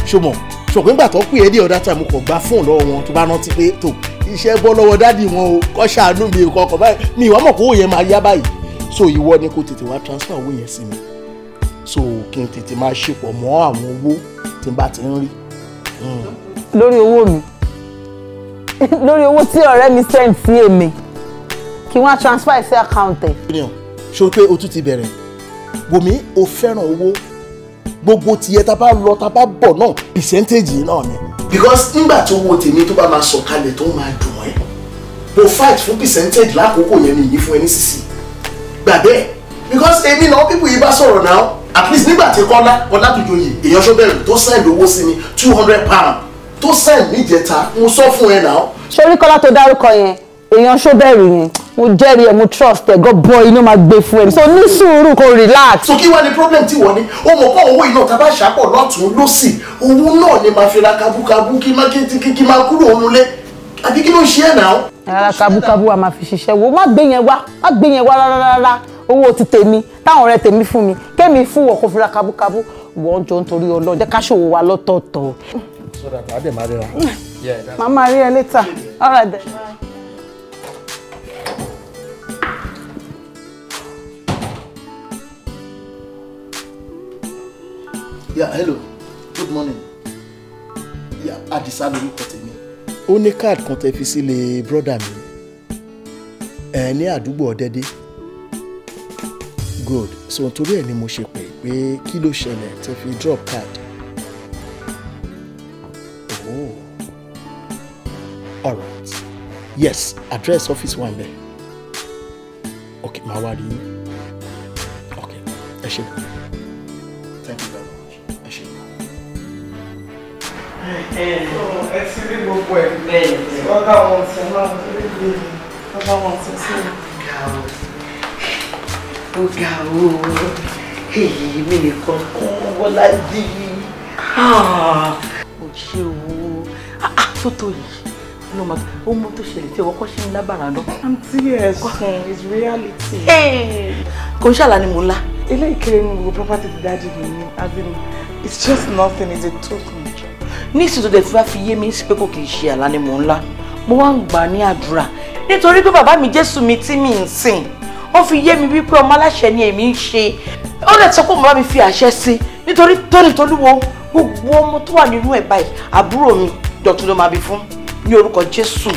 ṣùgbọ́n ṣùgbọ́n nígbà tó pè é dé ọ̀dà tàìmù kò gba fóònù lọ́wọ́ wọn tó bá rántí pé tó iṣẹ́ bọ́ lọ́wọ́ dádì wọn o kọ́ ṣàánú mi kọ́ ọkọ̀ báyìí mi ìwà mọ̀ pé owó yẹn máa yá báyìí so ìwọ ni kò tètè wá transfer owó yẹn sí mi so kí n tètè máa ṣepọ̀ mọ́ àwọn owó tí n bá ti ń rí. Hmm. lórí owó mi lórí owó tí ọ̀rẹ́ mi send sí èmi kí wọ́n á transfer sí account ẹ̀. ṣé o pé o tún ti bẹ̀rẹ̀ wòmí o fẹ́ràn owó gbogbo tiyẹ tá a bá lọ tá a bá bọ̀ náà percentage náà ni. because nígbà tó wo tèmi tó bá máa sọ̀kalẹ̀ tó máa dùn ẹ́ mo fight fún percentage lákòókò yẹn mi yìí fún ẹ ní sísì gbà bẹ́ẹ̀ because èmi náà pípù yìí bá sọ̀rọ̀ náà at least nígbà tí kọ́lá kọ́lá tó joyè èèyàn ṣọ́bẹ̀rẹ̀ tó send owó sí mi two hundred pounds tó sáì níjẹta mo sọ fún ẹ náà. sori kọ́lá tó dárúkọ yẹn èèyàn ṣọ́bẹ̀rì yẹn mo jẹ́rìí ẹ̀ mo trust ẹ̀ god boy inú máa gbé fún ẹ so ní sùúrù kò relax. so kí wàá ní problem tí wọ́n ní o mọ̀ pé owó iná tábà ṣàpọ̀ lọ́tún lọ́sì owó náà ni màá fi ra kábúkábú kí má kí má kúrò òun lé àbí kí ló ṣe ẹ̀ náà. rárá kábúkábú wa máa fi ṣiṣẹ́ wo má gbé yẹn wá má gbé yẹn wá rárá owó ti tèmi táwọn ọ̀rẹ́ tèmi fún mi kémi fún wọ̀ kó fi ra kábúkábú wọ́n jọ nítorí ọlọ́jẹ́ ká ṣòwò wa lọ́tọ̀ọ̀tọ̀ so that I'll be married. Yeah. I'll marry her later. All right then. Yeah, hello. Good morning. Yeah, I lorúkọ to Ó ní káàdì kan tẹ́ fi brother. brọ́dà mi. Ẹ ní àdúgbò Good. So nítorí ẹ̀ ni mo ṣe pè pé kilo shell. ṣẹlẹ̀ tẹ́ fi drop card. alright yes address office one ń Okay, my màá wá rí yín thank you very much ẹ ṣe. ẹ ẹ ti rí gbogbo ẹ bẹ́ẹ̀ ni ọgá wọn ti máa ń rí bí ọgá o ó ga o èyí mi nìkan kún Bọ́lájí ah. ó ṣe wo ah, ah, tó tó yìí no mask ó mú tó ṣẹlẹ̀ tí ọkọ ṣe ń lábàrà náà. àǹtí ẹ̀ reality. Hey, ń ṣàlà ni mo ń la. ilé ìkéré ni gbogbo property ti dájú mi as in it's just nothing it's a total ní Nisi to tí wàá fi yé mi speko pé kò kì ni mo ń la mo wá ń gbà ní àdúrà nítorí mi jésù mi tí mi ń sìn wọ́n mi bi ọmọ mala sheni èmi she. ṣe ó lè sọ mi fi a sí nítorí tóní tolúwo gbogbo ọmọ tó wà nínú ẹ̀ bai. Aburo mi dọ̀tun ló máa bí fún ní orúkọ Jésù.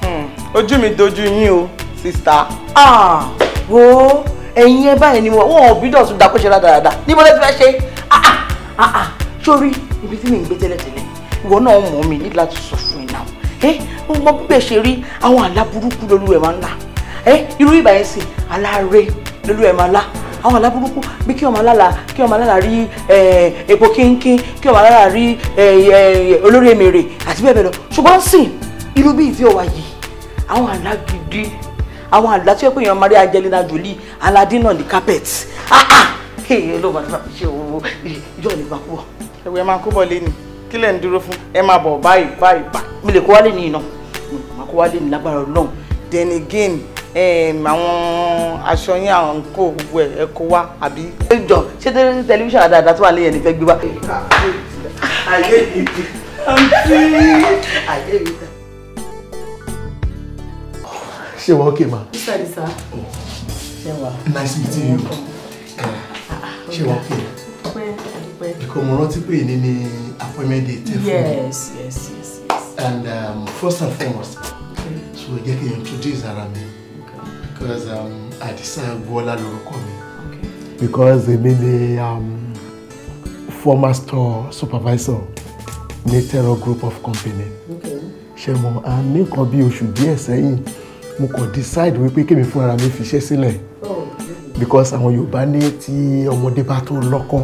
Hmm. ojú mi dojú yín o sista. Ah, wo ẹ̀yin ẹ báyìí ni wọn ò bí dọ̀tún dàkó ṣe rádaràda níbo lẹ́tí fẹ́ ṣe ah, ah, sórí ibi tí mi ń gbé tẹ́lẹ̀tẹ́lẹ̀ ìwọ náà mọ̀ mi nígbà tó sọ fún iná mo mọ bíbẹ̀ ṣe rí àwọn àlá burúkú lolú ẹ̀ máa ń là irú ìbàyẹn sì aláre lolú ẹ̀ máa lá àwọn àlá burúkú bí kí ọmọ alála kí ọmọ alála rí epo kínkín kí ọmọ alála rí olórí èmèrè àti bẹ́ẹ̀ bẹ́ẹ̀ lọ ṣùgbọ́n sìn irú bí ìfẹ́ ọ̀wá yìí àwọn àlá gidi àwọn àlá tí wọ́n pè yàn Maria Angelina Jolie Aladdin on the carpet ah ah ẹ ló máa fi ṣe owó ìjọ ní ìgbà púpọ̀. ẹ̀wẹ̀ máa kó bọ̀ lẹ́nu kí lẹ̀ ń dúró fún ẹ máa bọ̀ báyìí báyìí bá. mi lè kó wálé ní iná máa kó wálé ní lágbára Ọlọ́run. then again àwọn aṣọ yín àwọn nǹkó gbogbo ẹ̀ ẹ kó wá àbí. ẹ jọ ṣé tẹlifíṣàn àdáadáa tó wà lẹ́yìn ẹni fẹ́ gbé wá. ayé mi ayé mi. ṣé wàá kè má. nice meeting you ṣé wàá kè because mo rántí pé èyí ni appointment date fún yes yes yes. and um, first and foremost so jẹ́ kí n introduce because um, Adisa Agboola lorúkọ mi. Okay. because èmi ni um, former store supervisor ní group of company. okay? mọ̀ and me nǹkan bí oṣù díẹ̀ sẹ́yìn mo kàn decide wípé kémi fúnra mi fiṣẹ́ sílẹ̀ oh, because àwọn Yorùbá ní tí ọmọdé bá tó lọ́kọ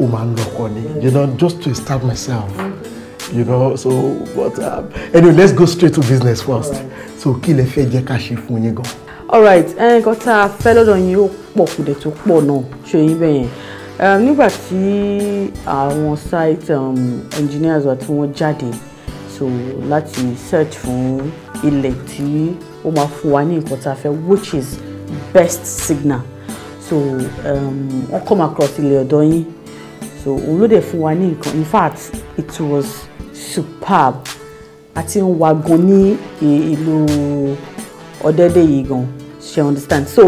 ó máa ń lọ́kọ ni you know just to start myself. you know so but um, anyway let's go straight to business first so kí lẹ fẹ́ jẹ́ ká ṣe fún alright nǹkan tá a fẹ́ lọ́dọ̀ yín ó pọ̀ kò dẹ̀ tó pọ̀ náà ṣe yín bẹ́ẹ̀ yẹn nígbà tí àwọn site um, engineers wa tí wọ́n jáde so láti search fún ilẹ̀ tí ó máa fún wa ní nǹkan tá a fẹ́ which is best signal so um, wọ́n um, come across ilẹ̀ ọ̀dọ̀ yín so òun ló dẹ̀ fún wa ní nǹkan in fact it was superb àti ń wa gan ní ìlú ọ̀dẹ́dẹ́ yìí gan ṣe understand so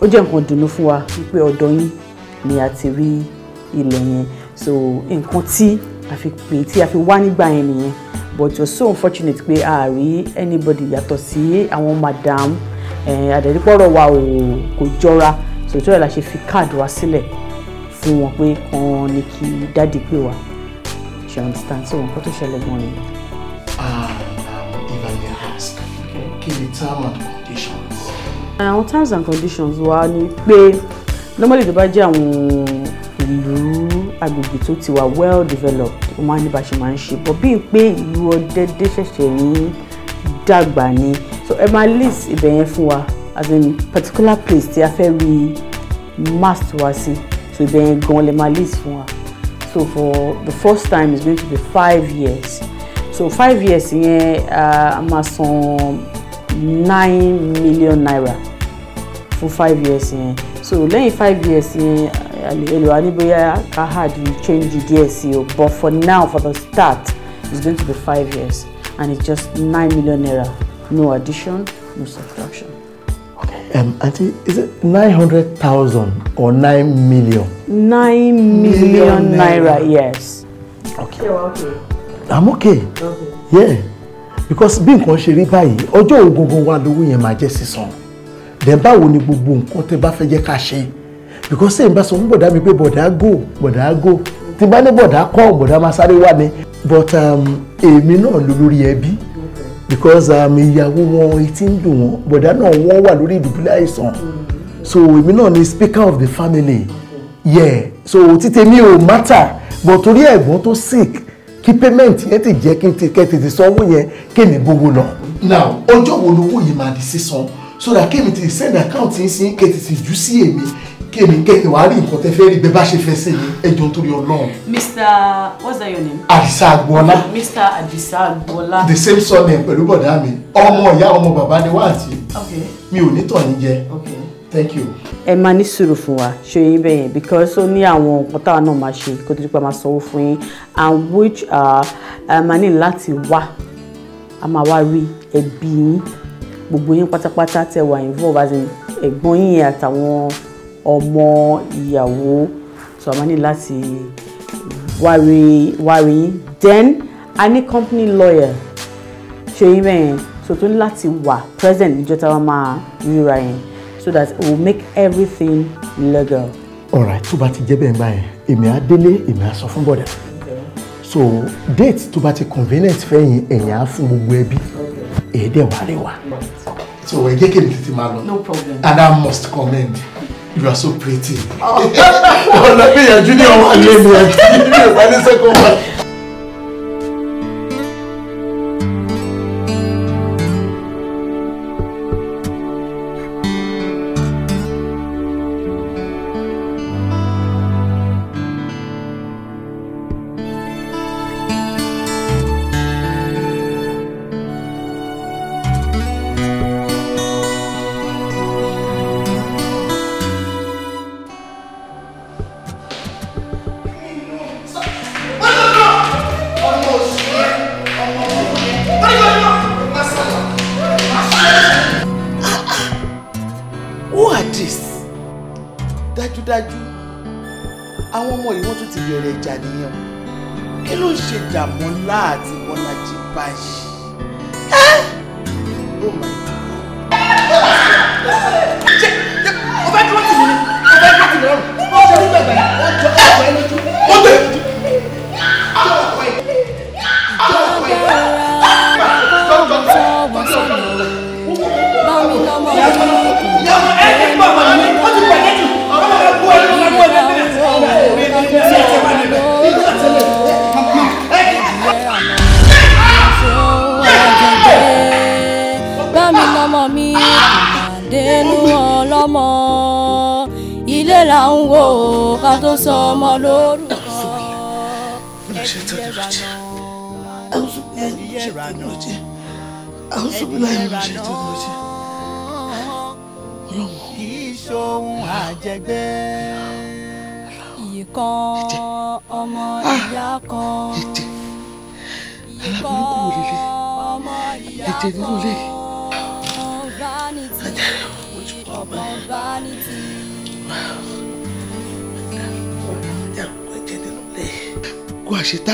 ó jẹ́ nǹkan dùnú fún wa wípé ọ̀dọ̀ yín ni a ti rí ilẹ̀ yẹn so nǹkan tí a fi pè tí a fi wá nígbà yẹn nìyẹn but you're so unfortunate pé a rí anybody yàtọ̀ sí àwọn madam àdẹ̀dípọ̀rọ̀ eh, wa ò kò jọra sòtú ẹ̀ la ṣe fi káàdì wa sílẹ̀ fún wọn pé kan ní kí dáàdì pè wá she understand so nǹkan tó ṣẹlẹ̀ gan-an nìyẹn. ah if i may ask kí ni táwọn àwọn terms and conditions wa ni pé normally tó bá jẹ́ àwọn ìlú agbègbè tó ti wà well developed ó máa ní bá ṣe máa ń ṣe but bíi pé ìlú ọ̀dẹ́dẹ́ ṣẹ̀ṣẹ̀ ń dàgbà ni so ẹ máa list ibẹ̀ yẹn fún wa as in particular place tí a fẹ́ rí mast wa sí so ibẹ̀ yẹn gan lè máa list fún wa so for the first time it's going to be five years so five years yẹn a máa san nine million naira fún five years yẹn so lẹ́yìn five years yẹn ẹlòmíràn ní bóyá ká hard you change díẹ̀ sí o but for now for the start it's going to be five years and it's just nine million naira no addition no subtraction. Okay. Um, auntie, is it nine hundred thousand or nine million? Nine million, million naira. naira, yes. Okay. You're okay. I'm okay. Okay. Yeah, because bí nǹkan ṣe rí báyìí ọjọ́ ògùngùn wa lówó yẹn máa jẹ́ sísan then báwo ni gbogbo nǹkan tẹ́ bá fẹ́ jẹ́ ká ṣe because sẹ́yìn bá sọ fún bọ̀dá mi pé bọ̀dá go bọ̀dá go tí bá ní bọ̀dá kọ́ bọ̀dá máa sáré wá ni but um, èmi náà ló lórí ẹbí because um, ìyàwó wọn etí ń dùn wọn bọ̀dá náà wọ́n wà lórí ìdùbúlẹ̀ àìsàn so èmi náà ni speaker of the family yeah so títẹ mi ò matter but torí ẹ̀gbọ́n tó sick kí payment yẹn ti jẹ́ kí n tètè sanwó yẹn kéèmí gbogbo lọ. now ọjọ́ wo lowó yìí máa di sísan so that kémi ti send account yín sí kéti ti jù sí èmi kémi kẹ́kẹ́ wàá rí nǹkan tẹ́ fẹ́ rí bẹ́ẹ̀ bá ṣe fẹ́ sí mi ẹjọ́ nítorí ọlọ́run. Mr. what's that your name? Adisa Agboola. Mr. Adisa Agboola. the same surname pẹ̀lú bọ̀dá mi ọmọ ìyá ọmọ bàbá ni wá àti mi ò ní tàn ní jẹ thank you. ẹ máa ní sùúrù fún wa ṣe bẹ́ẹ̀ yẹn because ó ní àwọn nǹkan táwa náà máa ṣe kó tó dípa máa sanwó fún yín and which uh máa ní láti wá a máa wá rí ẹbí yín gbogbo yín pátápátá tẹ wà involve as in ẹ̀gbọ́n yín àtàwọn ọmọ ìyàwó so a máa ní láti wárí wárí yín then I need company lawyer ṣe yín bẹ́ẹ̀ so tó ní láti wà present níjọ́ táwa máa ríra yẹn so that it will make everything legal. alright tó bá ti jẹ́ bẹ́ẹ̀ báyẹn èmi á délé èmi á sọ fún bọ̀dẹ̀ so date tó bá ti convenient fẹ́yìn ẹ̀yìn á fún gbogbo ẹbí ẹ̀ẹ́dẹ̀ wà rẹwà. so ẹ jẹ́ kí n tètè máa lọ. no problem. and I must commend you are so pretty. Oh. ọ̀nà bí ìyànjú ní ọmọ ilé mi ẹ̀ ti ní ìwé ìwádìí sẹ́kọ̀ọ́ wa.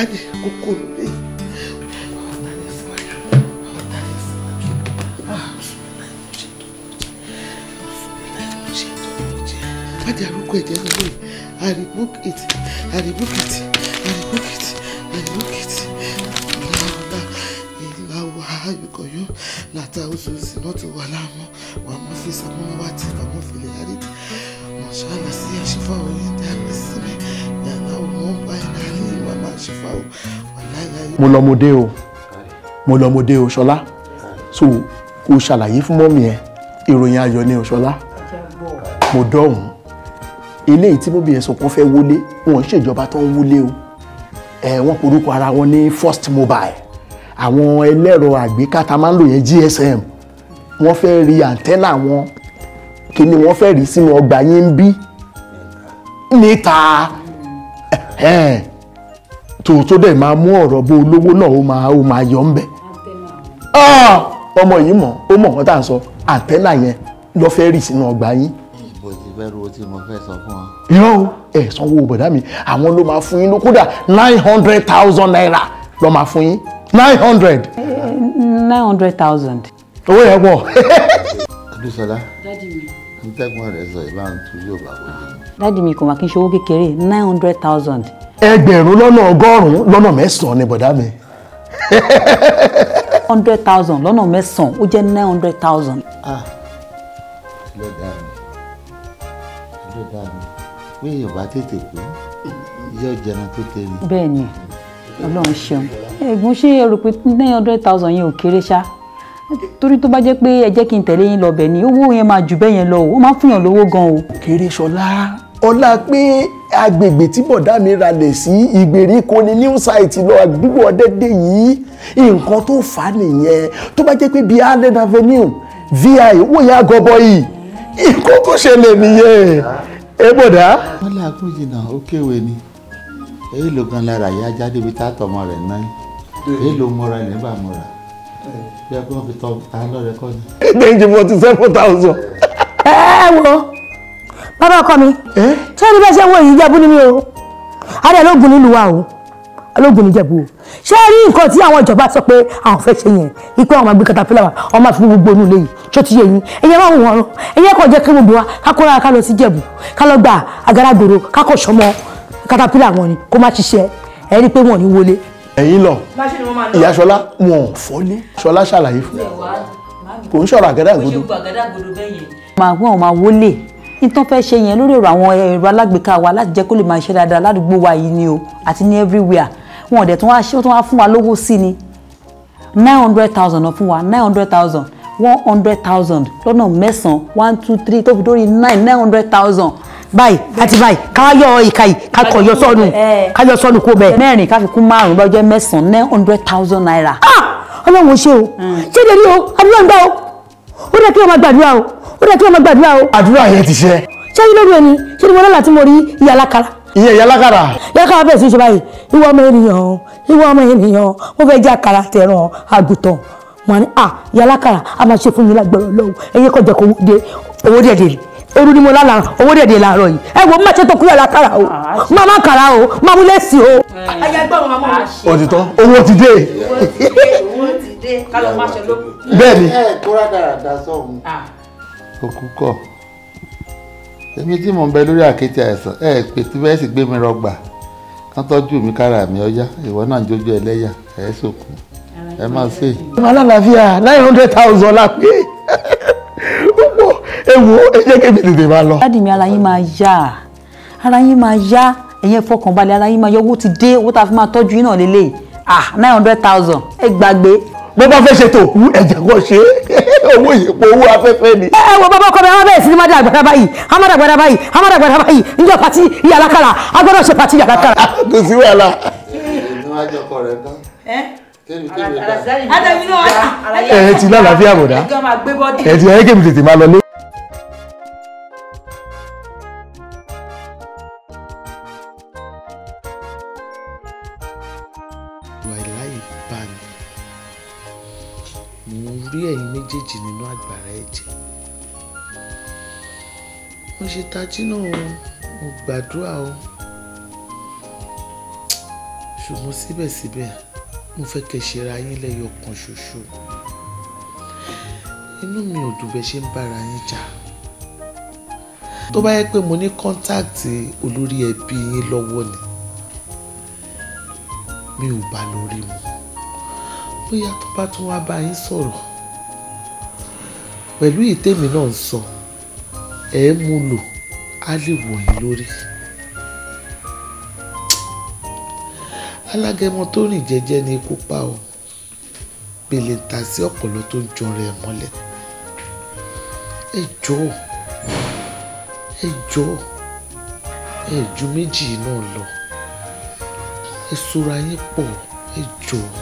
verdade, concordei mo lọmọdé o mo lọmọdé o ṣọlá so kò ṣàlàyé fún mọ́mì ẹ ìròyìn ayọ̀ ni o ṣọlá mo dọ̀hún eléyìí tí mọ́mì ẹ sọ pé wọ́n fẹ́ wọlé wọn ṣèjọba tó ń wọlé o ẹ wọ́n porúkọ ara wọn ní first mobile àwọn ẹlẹ́rọ àgbéká tá máa ń lò yẹn GSM wọ́n fẹ́ rí antenna wọn kí ni wọ́n fẹ́ rí sínú ọgbà yín bí níta tòótọ́ dẹ̀ máa mú ọ̀rọ̀ bó olówó náà ó máa ó máa yọ̀ ń bẹ̀. Ah! ọmọ yìí mọ̀ ó mọ̀ nǹkan tá à ń sọ àtẹ́là yẹn lọ fẹ́ rì sínú ọgbà yín. ìbò ti fẹ́ ro tí mo fẹ́ sọ fún wa. irọ́ o ẹ̀ sanwó bọ̀dá mi àwọn ló máa fún yín ló kódà nine hundred thousand naira ló máa fún yín nine hundred. nine hundred thousand. owó yẹn pọ̀. Adúsọlá ntẹ́gbọ́n rẹ̀ sọ ìbáraẹni tó yóò bá wọlé. dáàdi mi kò máa kí n ṣe owó kékeré nine hundred thousand ẹgbẹ̀rún lọ́nà ọgọ́rùn-ún lọ́nà mẹ́sàn-án ni bọ̀dá mi. hundred thousand lọ́nà mẹ́sàn-án ó jẹ́ nine hundred thousand. ló ah. dáa mi ló dáa mi pé yorùbá tètè kú yóò jẹun tó tẹ̀lé. bẹ́ẹ̀ni Ọlọ́run ṣeun ẹ̀gbọ́n ṣé ẹ rò pé nine hundred thousand yẹn ò kéré ṣá torí tó bá jẹ́ pé ẹ jẹ́ kí n tẹ̀lé yín lọ bẹ̀ ni owó yẹn máa jù bẹ́ẹ̀ yẹn lọ o ó máa fún yàn lówó gan o. kéré sọlá ọlá pé agbègbè tí bọ̀dá mi ralẹ̀ sí ìgbèríko ni new site lọ àdúgbò ọ̀dẹ́dẹ́ yìí nǹkan tó fà á nìyẹn tó bá jẹ́ pé bíi allen avenue vi wòye agọbọ yìí nǹkan tó ṣẹlẹ̀ nìyẹn ẹ bọ̀dá. wọ́n lè àgbo jìnnà ó kéwé ni èyí ló gan lára yá jáde ibi tá a tọmọ rẹ̀ náà èyí ló mọra ẹ̀ nígbà mọra bí a kò fi tọ́ ta lọ́rẹ̀ kọ́ ni. ẹgbẹ́ ìjìnbọn ti seven thousand. ẹ ẹ wo bàbá ọkọ mi tí wọ́n ní bẹ́ẹ̀ ṣe wo èyí jẹ́bú ni mi o adé ológun nílùú wa o ológun níjẹ̀bú o ṣé rí nǹkan tí àwọn ìjọba sọ pé àwọn fẹ́ ṣe yẹn ipò àwọn àgbẹ̀ katapila wa ọmọ àfi gbogbo onú léyìí tó ti yé yín ẹ̀yẹ́ máa wọ̀n ọ̀run ẹ̀yẹ́ kò jẹ́ kí gbogbo wa kákóra ká lọ sí jẹ̀bú ká lọ gba àgádágodo kákò sọmọ katapila wọn ni kó má ṣiṣẹ́ ẹ̀ rí pé wọ́n ní wọlé. ẹ̀yin lọ ìyá Ṣọlá wọn ò fọ́ ní Ṣọlá ṣàlàyé fún mi kò ń ṣọ̀rọ̀ àgádágodo. màá gbọ́n ọ̀ máa wọlé nítorí fẹ́ ṣe yẹn lórí ọ̀rọ̀ àwọn ẹ̀rọ alágbèéká wa láti jẹ́ kó lè máa ṣe dáadáa ládùúgbò wa yìí ni o àti ní everywhere wọn ò dẹ̀ tún wá ṣé tún wá fún wa lówó sí ni nine hundred thousand náà fún wa nine hundred thousand one hundred thousand lọ́nà mẹ́sàn-án one two three tó fi dórí nine nine hundred thousand báyìí àti báyìí ká yọ ìka yìí ká kọ yọ sọnù ká yọ sọnù kó bẹ́ẹ̀. mẹ́rin ká kún márùn-ún lọ́jọ́ mẹ́sàn-án nine hundred thousand naira. Ah! ọlọ́run ṣe o hmm. ṣé lè rí o àdúrà ń bá o ó dẹ̀ kí wọ́n máa gbàdúrà o ó dẹ̀ kí wọ́n máa gbàdúrà o. àdúrà yẹn ti ṣe. ṣé yín lórí ẹni ṣé ni mo lọ́la tí mo rí ìyá alákàrà. ìyá ìyá alákàrà. ìyá alákàrà bẹ̀rẹ̀ sí í ṣe báyìí ìwọ ọmọ ènìyàn ìwọ ọmọ ènìyàn mo fẹ́ jẹ́ àkàrà tẹ̀ràn àgùntàn mo ní à ìyá alákàrà a máa ṣe fún yín lágbọ̀rọ̀ lọ́wọ́ ẹ̀yin kọjá kò dé owó dẹ̀ dé oru ni mo lála owó dẹ̀dẹ̀ làárọ̀ yìí ẹ wo má ṣe tó kúrò lákàrà o má má kàrà o má mú lẹ́sì o. ẹ yẹ gbọ́dọ̀ máa mú mi. òtítọ́ owó ti dé dé ká lọ máa ṣe lókun. bẹ́ẹ̀ni ẹ kóra dáradá sọhùn. òkú kọ èmi tí mò ń bẹ lórí àkéte àìsàn ẹ pè tí bẹ́ẹ̀ sì gbé mi rọgbà kán tọ́jú mi kára mi ọyá ìwọ náà jójú ẹlẹ́yà ẹ sòkú ẹ má ṣe. alálàáfíà nine hundred thousand la pé ó pọ̀ ewu ẹ jẹ́ kébi tètè máa lọ. dádì mi ara yín máa yá ara yín máa yá ẹ̀yin fọkànbalẹ̀ ara yín máa yọ owó ti dé owó tá a fi máa tọ́jú yín náà lélẹ̀ ah nine hundred thousand ẹ gbàgbé bó bá fẹ́ ṣe tòkú ẹ̀jẹ̀ kan ṣe owó ìyípo owó afẹ́fẹ́ ni. ẹ wo bàbá ọkọ mi àwọn bẹ́ẹ̀ sí ni má dàgbàdà báyìí a má dàgbàdà báyìí a má dàgbàdà báyìí njọ pati yàrá kàrà a gbọ́dọ̀ ṣe pati yàrá kàrà. kò sí wàhálà. ẹ ti lálàáfíà bọ̀dá ẹ ti ẹ kémi tètè máa lọ lé. ẹ̀yin méjèèjì nínú àgbàrá ẹ̀jẹ̀ mo ṣe tají náà mo gbàdúrà o ṣùgbọ́n síbẹ̀síbẹ̀ mo fẹ́ kẹ́ ṣera yín lẹ́yọ kan ṣoṣo inú mi ò dùn bẹ́ ṣe ń bára yín jà tó bá yẹ pé mo ní kọ́ńtáàtì olórí ẹbí yín lọ́wọ́ ni mi ò bá lórí mu bóyá tó bá tún wá bá yín sọ̀rọ̀ pẹ̀lú ìtèmi náà ń sọ ẹ̀ ń mú lò á lè wọ̀ yín lórí. alágẹmọ tó rìn jẹ́jẹ́ ní ikú pa o pèlè ń ta sí ọ̀pọ̀lọ́ tó ń jọra ẹ̀ mọ́lẹ̀ ẹ jọ̀ọ́ ẹ jọ̀ọ́ ẹ ju méjì náà lọ ẹ sora yín pọ̀ ẹ jọ̀ọ́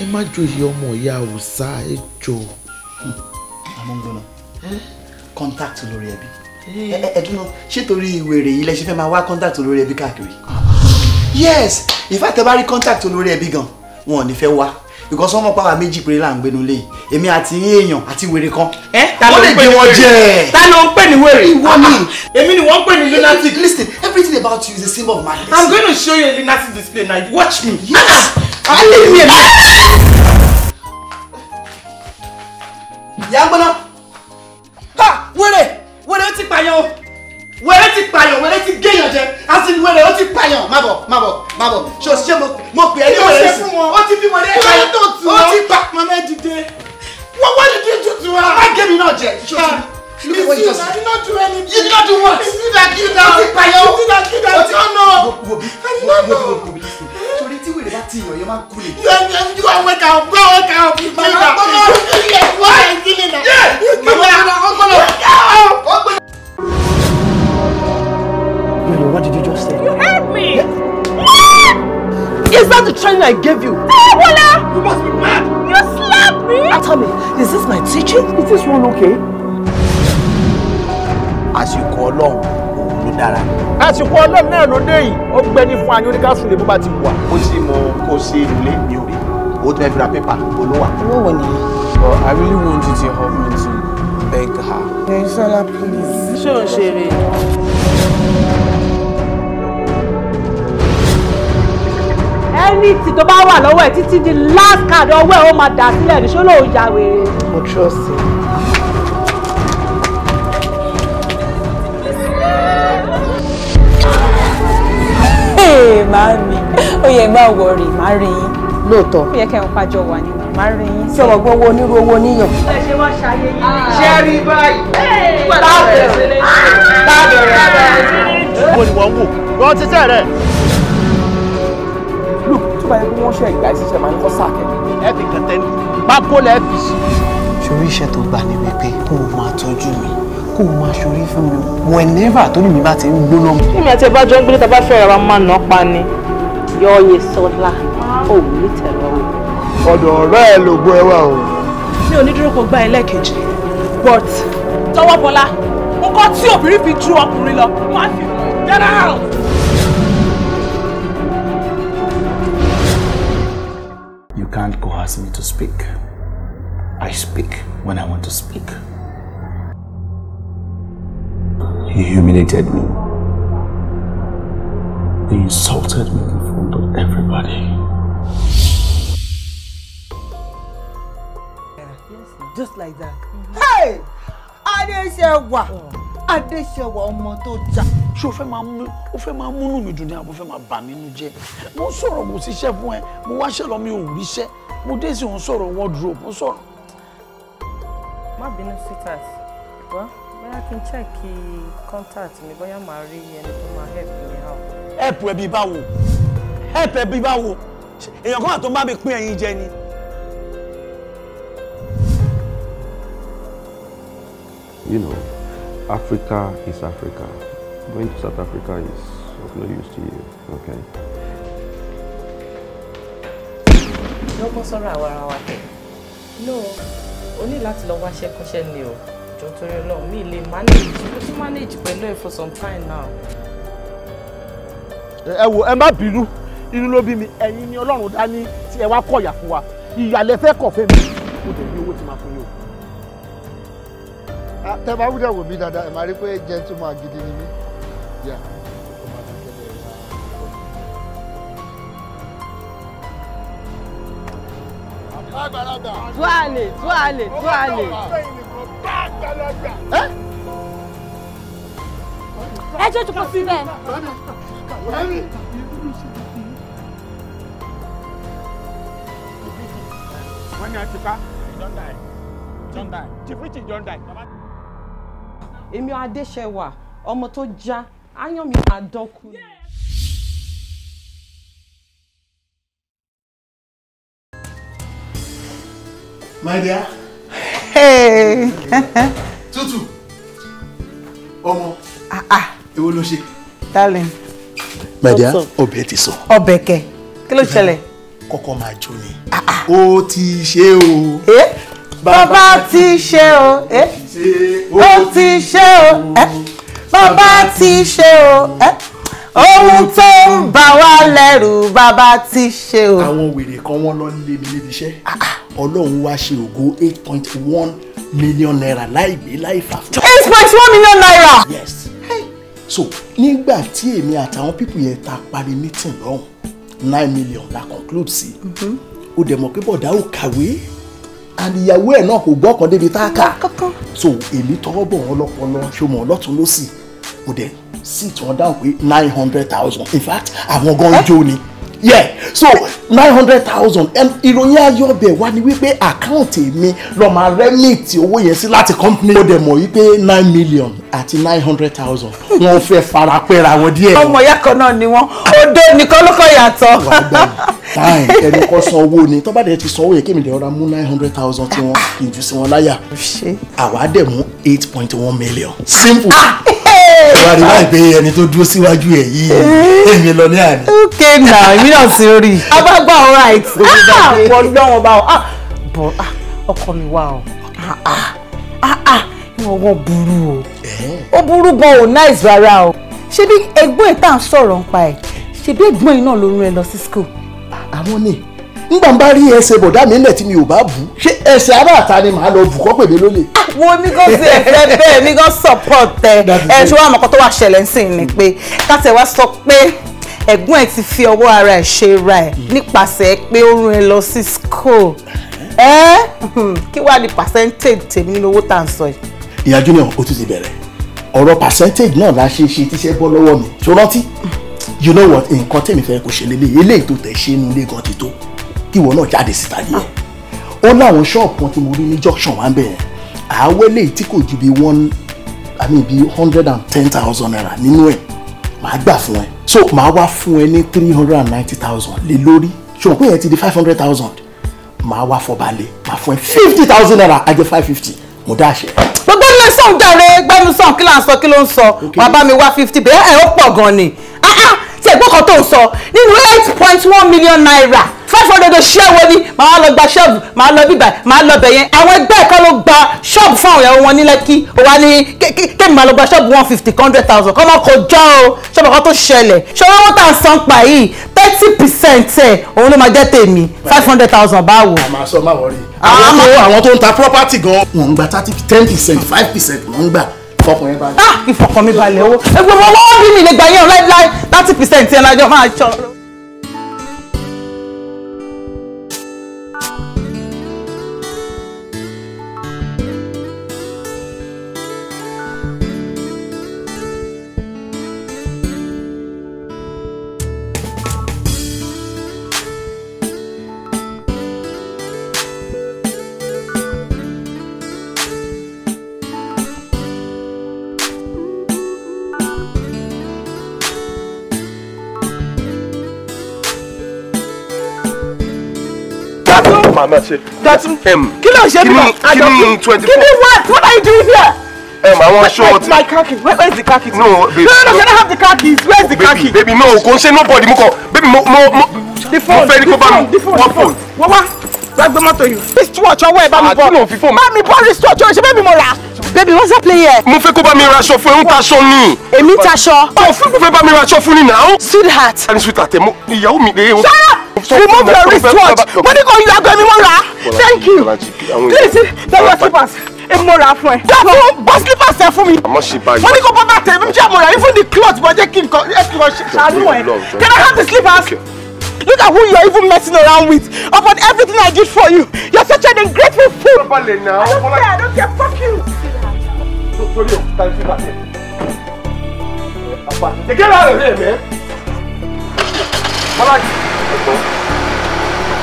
ẹ má joyè ọmọ ìyá àwùsá ẹ jọ̀ọ́. Hmm mọ́ngbọ́nà eh? contact lórí ẹbí eh. ẹdùnú ṣé torí wèrè yìí lẹ ṣe fẹ́ máa wá contact lórí ẹbí káàkiri yes in fact ẹ bá rí contact lórí ẹbí gan wọn ò ní fẹ́ wá because wọn mọ pàwọ́ méjì péré là ń gbénu lé èmi àti èèyàn àti wèrè kan eh? wọ́n lè gbé wọn jẹ́ ta ló ń pè ní wèrè ìwọ ni ah, ah. èmi ni wọ́n ń pè ní lunatic listen everything about you is a symbol of madness i'm going to show you a lunatic display now watch me yes. I Ah. ah ìyá ń gbóná ha wèrè wèrè ó ti pààyàn o wèrè ti pààyàn wèrè ti géèyàn jẹ àti wèrè ó ti pààyàn má bọ̀ má bọ̀ má bọ̀ ṣe òṣìṣẹ́ mo pè é ní wèrè sí ó ti bímọ ní ẹ̀ka ó ti pa. mama ẹ dìde wọ́n wọ́n lè dín tuntun wa. má gé mi náà jẹ ṣé o ti Look at what you just did. I did not do anything. You did not do what? It's me that killed her. It's me that killed her. I did not know. Wobi, I did not know. Wobi, listen. Torí tí wèrè bá ti yàn, yẹn máa kú ni. You are you are wake up, go wake up. Mama, mama, yes, why you killing her? Yes, mama, ọgbọnọ, ọgbọnọ. Yolo, what did you just say? You heard me. Yeah. Is that the training I gave you? Bola! You must be mad! You slapped me! Tell me, is this my teaching? Is this one okay? àsìkò ọlọ́run òun ló dára. àsìkò ọlọ́run náà ló dé yìí ó gbẹ́ni fún ayé oníkásùn lè bó bá ti wà. ó sì mọ kó ṣe ìrùlé ní orí ó tún ẹbí ra pépà olówà. owó wo nìyí. but I really want you to help me to beg her. Bẹ́sọ́lá please. ṣé o ń ṣeré? ẹni tí tó bá wà lọ́wọ́ ẹ̀ títí di last card ọwọ́ ẹ̀ ó máa dà sílẹ̀ níṣó lóun yà wèrè. mo trust you. máa mi ó yẹ má wọrí má rí yín. lóòótọ́ ó yẹ kẹ́ ń pàjọ wà ní má rí yín. ṣé ọmọ gbọ́n wo onírú owó níyàn. ẹ ṣe wá ṣayé yín ah. ṣé rí báyìí tábẹ̀rẹ̀ tábẹ̀rẹ̀. mo ní wọ́n wò wọ́n ti tẹ̀ rẹ̀. look tó bá yẹ kí wọ́n ṣe ìgbà ìṣiṣẹ́ máa ń kọ́ sáà kẹ́kẹ́. ẹ fi kẹtẹ́ ní pákó lẹ́ẹ̀fì. ṣorí iṣẹ́ tó gbà ní wípé kó o máa tọ́jú mi kó máa ṣorí fún mi whenever àtọ́nù mi bá ti ń gbóná. èmi àti ẹ̀bá jọ ń gbélé tàbá fẹ́ra wa máa ná pa ni. yọ̀ọ̀yẹ sọlá òun ní tẹ̀lọ́ o. ọ̀dọ̀ ọ̀rẹ́ ẹ lògùn ẹwà o. mi ò ní dúró kó gba ẹlẹ́ẹ̀kejì but tọwọ́ bọ́lá nǹkan tí obìnrin fi ju ọkùnrin lọ máa fi get out. You can't coerce me to speak. I speak when I want to speak. He humiliated me. He insulted me in front of everybody. Just like that. Mm-hmm. Hey! Adéṣẹ́wà! Adéṣẹ́wà ọmọ tó jà. Ṣé o fẹ́ máa mú o fẹ́ máa múnú mi dùn ní àbò fẹ́ máa bà mí nínú jẹ́? Mo soro mo ṣiṣẹ́ fún ẹ, mo wáṣẹ́ lo mi o ò se, mo dé sí òun sọ̀rọ̀ wardrobe, mo Ma Má bínú sweetheart. Well, bóyá kí n chẹ́ẹ̀kì contact mi bóyá màá rí ẹni tó máa help mi out. help ẹbí báwo help ẹbí báwo èèyàn kan wà tó ń bá mi pín ẹyin jẹ ni. You know, Africa is Africa. Going to South Africa is of no use to you, okay? lọ́gbọ́n sọ̀rọ̀ àwa ara wa tẹ̀. no o ní láti lọ wáṣẹ́ kọ́ṣẹ́ ni o jọ torí Ọlọ́run mi lè manage mo ti manage pẹ̀lú ẹ̀ for some time now. ẹ wo ẹ má bínú inú ló bí mi ẹ̀yin ni Ọlọ́run dání tí ẹ wá kọ̀yà fún wa ìyàlẹ̀ fẹ́ kọ̀ fẹ́ mi kó tẹ̀ ní owó tí máa fún yín o. tẹ bá wúdà wò mí dáadáa ẹ máa rí pé gentleman gidi ni mí. tuale tuale tuale ẹ jẹ́ jùkọ́ síbẹ̀. wọ́n ní àtìpá John die John die jìfìtì John die. èmi adéṣẹwà ọmọ tó já áyán mi àdọ́kù. Yeah. My dear. tutu, omo. Ah ah, èwo ló ṣe. darling. my dear ọbẹ̀ ti sọ. ọbẹ̀ kẹ kí ló ṣẹlẹ̀. kọ́kọ́ máa jó ni. Ah, ah. ó ti ṣe o. Eh? bàbá ti ṣe o. Eh? ó ti ṣe o. Eh? bàbá ti ṣe o. Eh? ohun tó ń bà wá lẹ́rù bàbá ti ṣe o. àwọn wèrè kan wọ́n lọ lé mi níbi iṣẹ́ ah, ah. ọlọ́run wá ṣe ògo eight point one million naira láì gbé láì fà fún. eight point one million naira. yes so nígbà tí èmi àtàwọn pípù yẹn ta parí meeting lọ́hùn nine million la conclude sí mm-hmm. o dẹ̀ mọ̀ pé bọ̀dá ò kàwé and ìyàwó ẹ̀ náà kò gbọ́ kan débi tá a kà so èmi tọwọ́ bọ̀ wọn lọ́pọlọ ṣọmọ ọlọ́tún lọ́sì mo dẹ̀ sì tí wọ́n pé nine hundred thousand in fact àwọn gan jó ni yeah so nine hundred thousand and ìròyìn ayọ̀ ọbẹ̀ wá ni wípé àkáǹtì mi lọ́ọ́ máa rẹ́mìtì owó yẹn sí láti company. ó dẹ̀ mọ̀ wípé nine million àti nine hundred thousand wọ́n fẹ́ fara pẹ́ra wọn díẹ̀. ọmọ ìyá kan náà ni wọ́n odò nìkan ló kọ́ yàtọ̀. wà á gbà táì ẹni kọ́ san owó ni tọ́ba dẹ̀ ti san owó yẹn kémi lè ọ̀rá mú nine hundred thousand tí wọ́n kì í ju sí wọn láyà. Ah, àwa dẹ̀ mú eight point one million simple. Ah! wà rí ah. báyìí pé ẹni tó dúró síwájú ẹ yìí eh. èmi lọ ní àná. ok na èmi náà ti rí i. abágbà ah! alright. wọ́n dánwò bá ọ ah! bọ̀ ọkọ mi wà ọ ìwọ̀wọ̀ burú o eh? ó burú gan ò nice rárá o ṣebí ẹ̀gbọ́n ẹ̀ tá à ń sọ̀rọ̀ nípa ẹ̀ ṣebí ẹ̀gbọ́n yìí náà ló rún ẹ lọ sí school. àwọn ni ngbà ń bá rí ẹsẹ̀ bọ̀dá mi ńlẹ̀ tí mi ò bá bù ṣé ẹsẹ̀ aráàta ni màá lọ bù kọ́ pèmí lólè. Ah, wo mi gan ti ẹ̀fẹ́ bẹ́ẹ̀ mi gan support ẹ ẹ ṣé wàá mọ̀kọ́ tó wà ṣẹlẹ̀ ń sìn ni pé káṣẹ̀ wá sọ pé ẹ̀gbọ́n ẹ̀ ti fi ọwọ́ ara ẹ̀ ṣe ra ẹ̀ nípasẹ̀ pé ó rún ẹ lọ sí school ẹ hmm, kí wàá ní percentage tèmi nínú owó tá à ń sọ yìí. ìyá junior o tún ti bẹ̀rẹ̀ ọ̀rọ̀ percentage náà la ṣe ṣe tíṣẹ́ bọ́ lọ́wọ́ mi tó rántí you know what nǹkan tèmi fẹ́ kò ṣe lélẹ̀ eléyìí tó tẹ̀ ṣe inú ilé gan ti tó kí ìwọ náà jáde síta yìí ó láwọn ṣọ́ọ̀bù kan tí mo rí ní junction wa ń bẹ̀ yẹn àáwẹ́ lè tí kò ju bí one i mean bí hundred and ten thousand naira nínú ẹ̀ màá gbà fún ẹ so màá wá fún ẹ ní three hundred and ninety thousand lé lórí ṣùgbọ́n pé yẹn ti di five hundred thousand màá wá fọbalẹ̀ màá fún ẹ fifty thousand naira ajẹ́ five fifty mo dá àṣẹ. gbogbo ilé sọ̀n jàre gbẹ́nu sọ̀n kí là ń sọ kí ló ń sọ wàá bá mi wá fifty bẹ́ẹ̀ ẹ̀ ó pọ̀ gan-an ni ah, ah, ṣègbọ́n kan tó ń sọ nínú eight point one million naira five hundred o share. ẹ̀wọ́ ni màá lọ gba ṣọ́ọ̀bù màá lọ bíbà màá lọ bẹ̀yẹn àwọn ẹgbẹ́ ẹ̀ka ló gba ṣọ́ọ̀bù fún àwọn ìyàwó wọn ní Lẹ́kì ó wá ní kéèmì màá lọ gba ṣọ́ọ̀bù one fifty hundred thousand kọ́mọ kò jọ o ṣọ́ọ̀bù kan tó ṣẹlẹ̀ ṣọ́ọ̀bù wọn tà ń san pa yìí thirty percent ẹ̀ òun ló máa jẹ́ tèmi five hundred thousand báwo. àmọ́ àṣọ máa wọrí àwọn tó ń ta property gan. wọ́n ń gba thirty ten percent five percent wọ́n ń gbà fọkàn yẹn balẹ̀. ah ìfọkàn mi balẹ̀ o egbò wọn wọ́n bí mi lè gbà yẹn láíláí thirty percent yẹn lájọ máa ṣọ́. máa máa ṣe. dọ̀tun kí ló ń ṣe bíbá àjọkí kí ni what what are you doing here. Um, I want short. My car keys. Where, is the car keys? No, baby. No, no, no, Can I have the car keys? Where's the baby, car keys? Baby, no. Kò say nobody. Mo Baby, mo mo mo. The phone. Mo fẹ́ The phone. The phone. What? wá. Gbàgbé mọ́tò yìí. Wristwatch ọwọ́ ẹ̀ bá mi bọ́. Àti mo fi fóònù. Bá mi bọ́ wristwatch ọ̀rẹ́ ṣe bẹ́ẹ̀ mi mo rà. Baby, what's up play here? Mo fẹ́ kó bá mi raṣọ fún ẹ, ń taṣọ ni. Èmi taṣọ. Ọ̀ fún oh, mi fẹ́ bá mi raṣọ fún ni now. Sweetheart. Ẹni sweetheart ẹ̀ mo ìyàwó mi lè remove your wristwatch Money go. You yí aago mi mo rà thank you please tẹ́lẹ̀ wọ́n slippers èmi mo rà á fún ẹ. dá fún bọ́ slippers ẹ fún mi mo ní kò bọ́ bàtà èmi jẹ́ àmọ́ rà even the cloth bọ́ jẹ́ kí kọ ẹ kí n kọ ẹ can I have the slippers. Look at who you're even messing around with. Upon everything I did for you, you're such an ungrateful fool. I don't care. I don't care. Fuck you. Get out of here, man. Come on gbọ́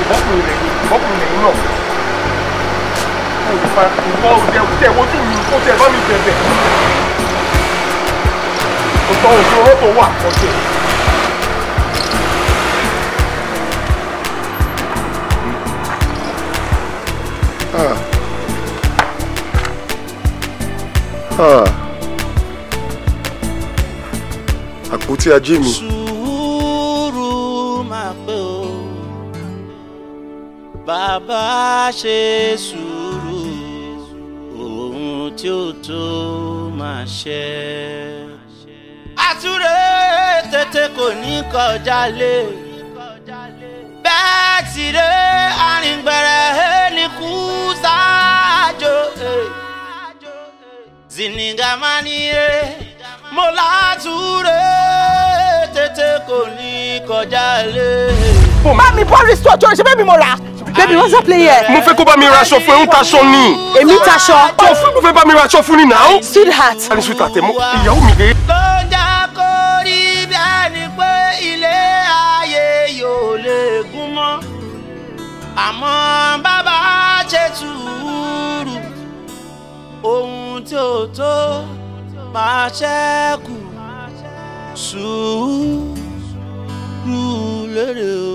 ìbọ́kùnrin lè ní ìbọ́kùnrin lè ní náà mo lè fa ìwọ òjẹ òjẹ wojú mi kó tẹ bá mi bẹ̀bẹ̀ òtọ́ òṣòro tó wà ọ̀tẹ̀. Huh. Huh. Ah. Àpótí ajé mi. bàbá ṣe sùúrù ohun tí ó tó máa ṣe. àtúrò tètè kò ní kọjá lé bẹ́ẹ̀ sì ré arìngbẹ̀rẹ̀ ní kú sáájò zìnìgàmánì mo látúrò tètè kò ní kọjá lé. bá mi bọ́ rìsítọ̀ tó ṣe bẹ́ẹ̀ mi mo rà á. Baby, what's up play here? Mo fẹ́ kó bá mi raṣọ fún ẹ ń taṣọ ni. Èmi ń taṣọ. Tó fún mo fẹ́ bá mi raṣọ fún ni náà. Sweetheart. Ani sweetheart ẹ̀ mọ ìyàwó mi dé. Kọjá kò rí bí a ní pé ilé ayé yóò lè gún mọ́. Àmọ́ bàbá ṣe Ohun tí ò tó máa ṣẹ́kù. Sùúrù lérè o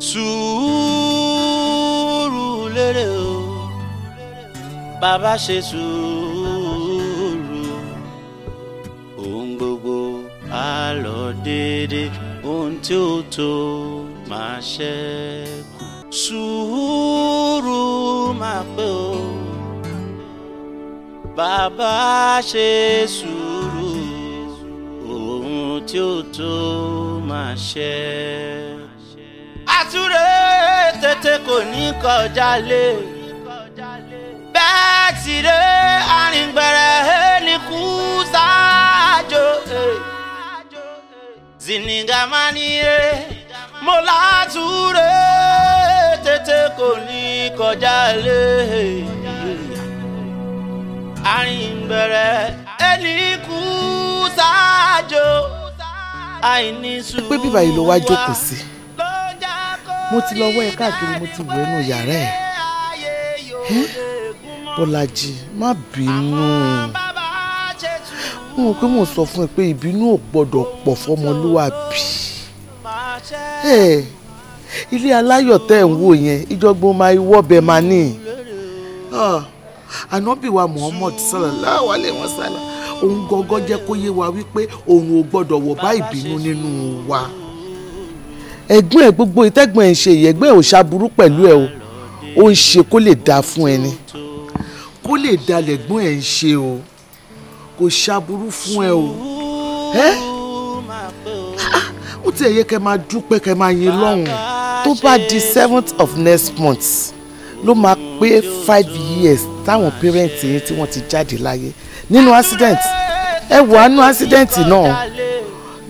sùúrù lérè o bàbá ṣe sùúrù ohun gbogbo á lọ déédé ohun tí ó tó máa ṣẹ́kù sùúrù máa pé o bàbá ṣe sùúrù ohun tí ó tó máa ṣẹ́kù àtúrẹ́ tètè kò ní kọjá lé bẹ́ẹ̀ sì ré arìngbẹ̀rẹ̀ ní kú sáájò zinigamaniye mo látúrẹ́ tètè kò ní kọjá lé arìngbẹ̀rẹ̀ ẹni kú sáájò àìní sùúrù. pé bíbá ló wá jókòó sí i mo ti lọ wọ́ ẹ káàkiri mo ti wọ inú yàrá ẹ Bọ́lájí má bínú mo rò pé mo sọ fún ẹ pé ìbínú ò gbọ́dọ̀ pọ̀ fọmọlúwàbí ilé aláyọ̀ tẹ́ ń wò yẹn ìjọgbọ́n máa wọ́ bẹ́ẹ̀ máa ní ànábì wa Muhammad sallallahu alaihi wasallam òun gangan jẹ́ kó yé wa wípé òun ò gbọ́dọ̀ wọ̀ bá ìbínú nínú wa ẹ̀gbọ́n ẹ̀ gbogbo ìtẹ́gbọ́n ẹ̀ ń ṣe ìyẹ̀gbọ́n ẹ̀ ò ṣàbùrú pẹ̀lú ẹ̀ o ó ń ṣe kó lè dáa fún ẹ ni kó lè dalẹ̀ ẹ̀gbọ́n ẹ̀ ń ṣe o kò ṣàbùrú fún ẹ o ẹ́ ah, ó ti ẹ̀yẹ kẹ́ máa dúpẹ́ kẹ́ máa yin lọ́hùn tó bá di seventh of next month ló máa pé five years táwọn pẹ́rẹ́ǹtì yẹn tí wọ́n ti jáde láyé nínú accident ẹ wàá nú accident náà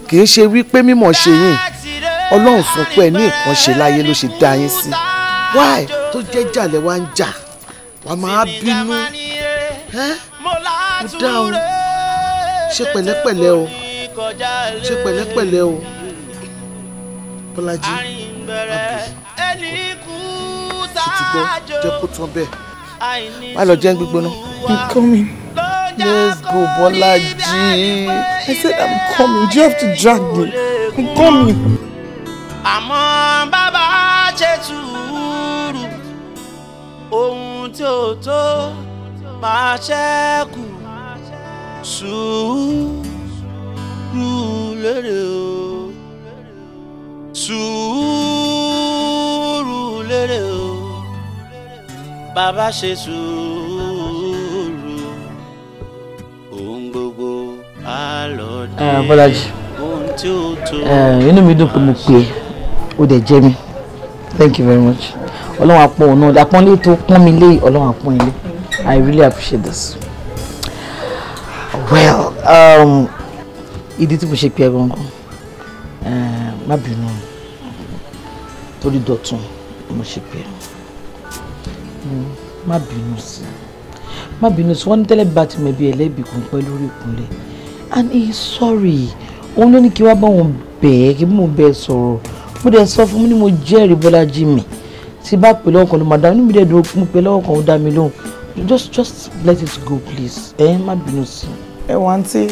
kì í ṣe wípé mímọ̀ ṣe yín ọlọ́run sọ pé ẹ ní nǹkan ṣe láyé ló ṣe dá yín sí wáì tó jẹ́ jàlẹ̀ wá ń jà wà máa bínú ẹ́ ó dá o ṣe pẹ̀lẹ́pẹ̀lẹ́ o ṣe pẹ̀lẹ́pẹ̀lẹ́ o Bọ́lájí àbí ṣùtúgbọ́ jẹ́ kó tán bẹ́ẹ̀ má lọ jẹ́ gbígbóná. I'm coming. Let's go, Bọ́lájí. I said I'm coming. Do you have to drag me? I'm coming àmọ́ bàbá ṣe sùúrù ohun tí ò tó máa ṣẹ́kù sùúrù lérè o sùúrù lérè o bàbá ṣe ohun gbogbo á dé ohun tí ò tó. inú mi dùn pé mo pè é ó dẹ̀ jẹ́ mi thank you very much ọlọ́run àpọ̀ ọ̀nà àpọ́nlé tó pọ́n mi lé ọlọ́run àpọ́n ilé i really appreciate this well um, ìdí tí mo ṣe pé ẹ gangan eh, má bínú torí dọ̀tun mo ṣe pé má bínú sí má bínú sí wọ́n ní tẹ́lẹ̀ bá ti mọ̀ ẹbí ẹlẹ́bí kò ń pẹ́ lórí ìkúnlẹ̀ and he is sorry òun ló ní kí wá bá wọn bẹ̀ẹ́ kí mo bẹ́ẹ̀ sọ̀rọ̀ mo dẹ̀ sọ fún mi ni mo jẹ́rìí Bọ́lájí mi tí bá pè lọ́wọ́ kan ló máa dá mi níbi dẹ̀ mo pè lọ́wọ́ kan ó dá mi lóhùn just just let it go please ẹ má bínú sí. ẹ wá ń tí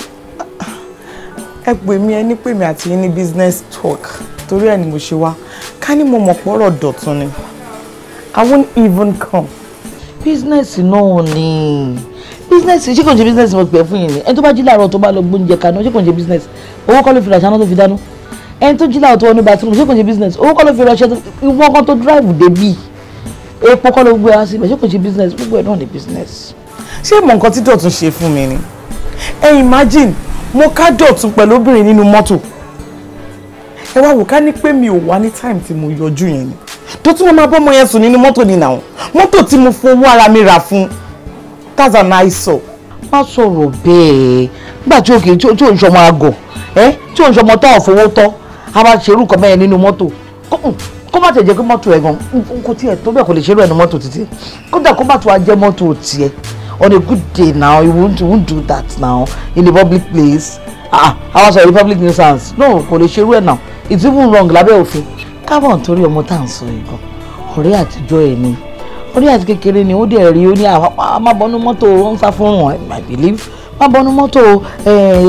ẹ pè mí ẹ ní pè àti yín ní business talk torí ẹ ni mo ṣe wá ká ní mo mọ̀ pọ̀rọ̀ dọ̀tun ni I won't even come. business náà ni business ṣé kò ń ṣe business mo pè fún yín ni ẹni tó bá jí láàárọ̀ tó bá lọ gbóúnjẹ kaná ṣé kò ń ṣe business owó kọ́ ló fi ràṣà náà tó fi dáná ẹni tó jí láwọn tó wọnú bathroom ṣé kò ṣe business owó kọ́ ló fi rọṣẹ́ ìwọ́n kan tó drive débì epo kọ́ ló gbé wá síbẹ̀ ṣé kò ṣe business gbogbo ẹ̀ náà ni business. ṣé mọ nǹkan tí Dọ̀tun ṣe fún mi ni ẹ imagine mo ká Dọ̀tun pẹ̀lú obìnrin nínú mọ́tò ẹ wá wò ká ní pé mi ò wá ní time tí mo yọjú yẹn ni tó tún mo máa bọ́ ọmọ yẹn sùn nínú mọ́tò nínú àwọn mọ́tò tí mo fowó ara mi rà fún tazà náà sọ. má sọ̀rọ̀ bẹ́ẹ̀ nígbà tí òkè tí ò ń ṣọmọ àgọ̀ ẹ́ tí ò ń ṣọmọ tọ́ ọ̀fọwọ́ tọ́ a bá ṣerú nǹkan bẹ́ẹ̀ nínú mọ́tò kó mm, má tẹ̀jẹ́ pé mọ́tò ẹ̀ gan kò tiẹ̀ tó bẹ́ẹ̀ kò lè ṣerú ẹ̀ ní mọ́tò títí kódà kó má tó a jẹ́ mọ́tò tiẹ̀ on a good day now you won't, won't do that now in a public place ah àwọn ah, sọ public nuisance no kò lè ṣerú ẹ̀ náà it's even wrong lábẹ́ òfin kábọ̀ nítorí ọmọ tá à ń sọ yìí gan ọ̀rẹ́ àtijọ́ ẹ̀ ni ọ̀rẹ́ àti kékeré ni ó dẹ̀ rí ó ní àwọn amábọ́nú mọ́tò ó ń sá fún wọn I believe má bọ́nú mọ́tò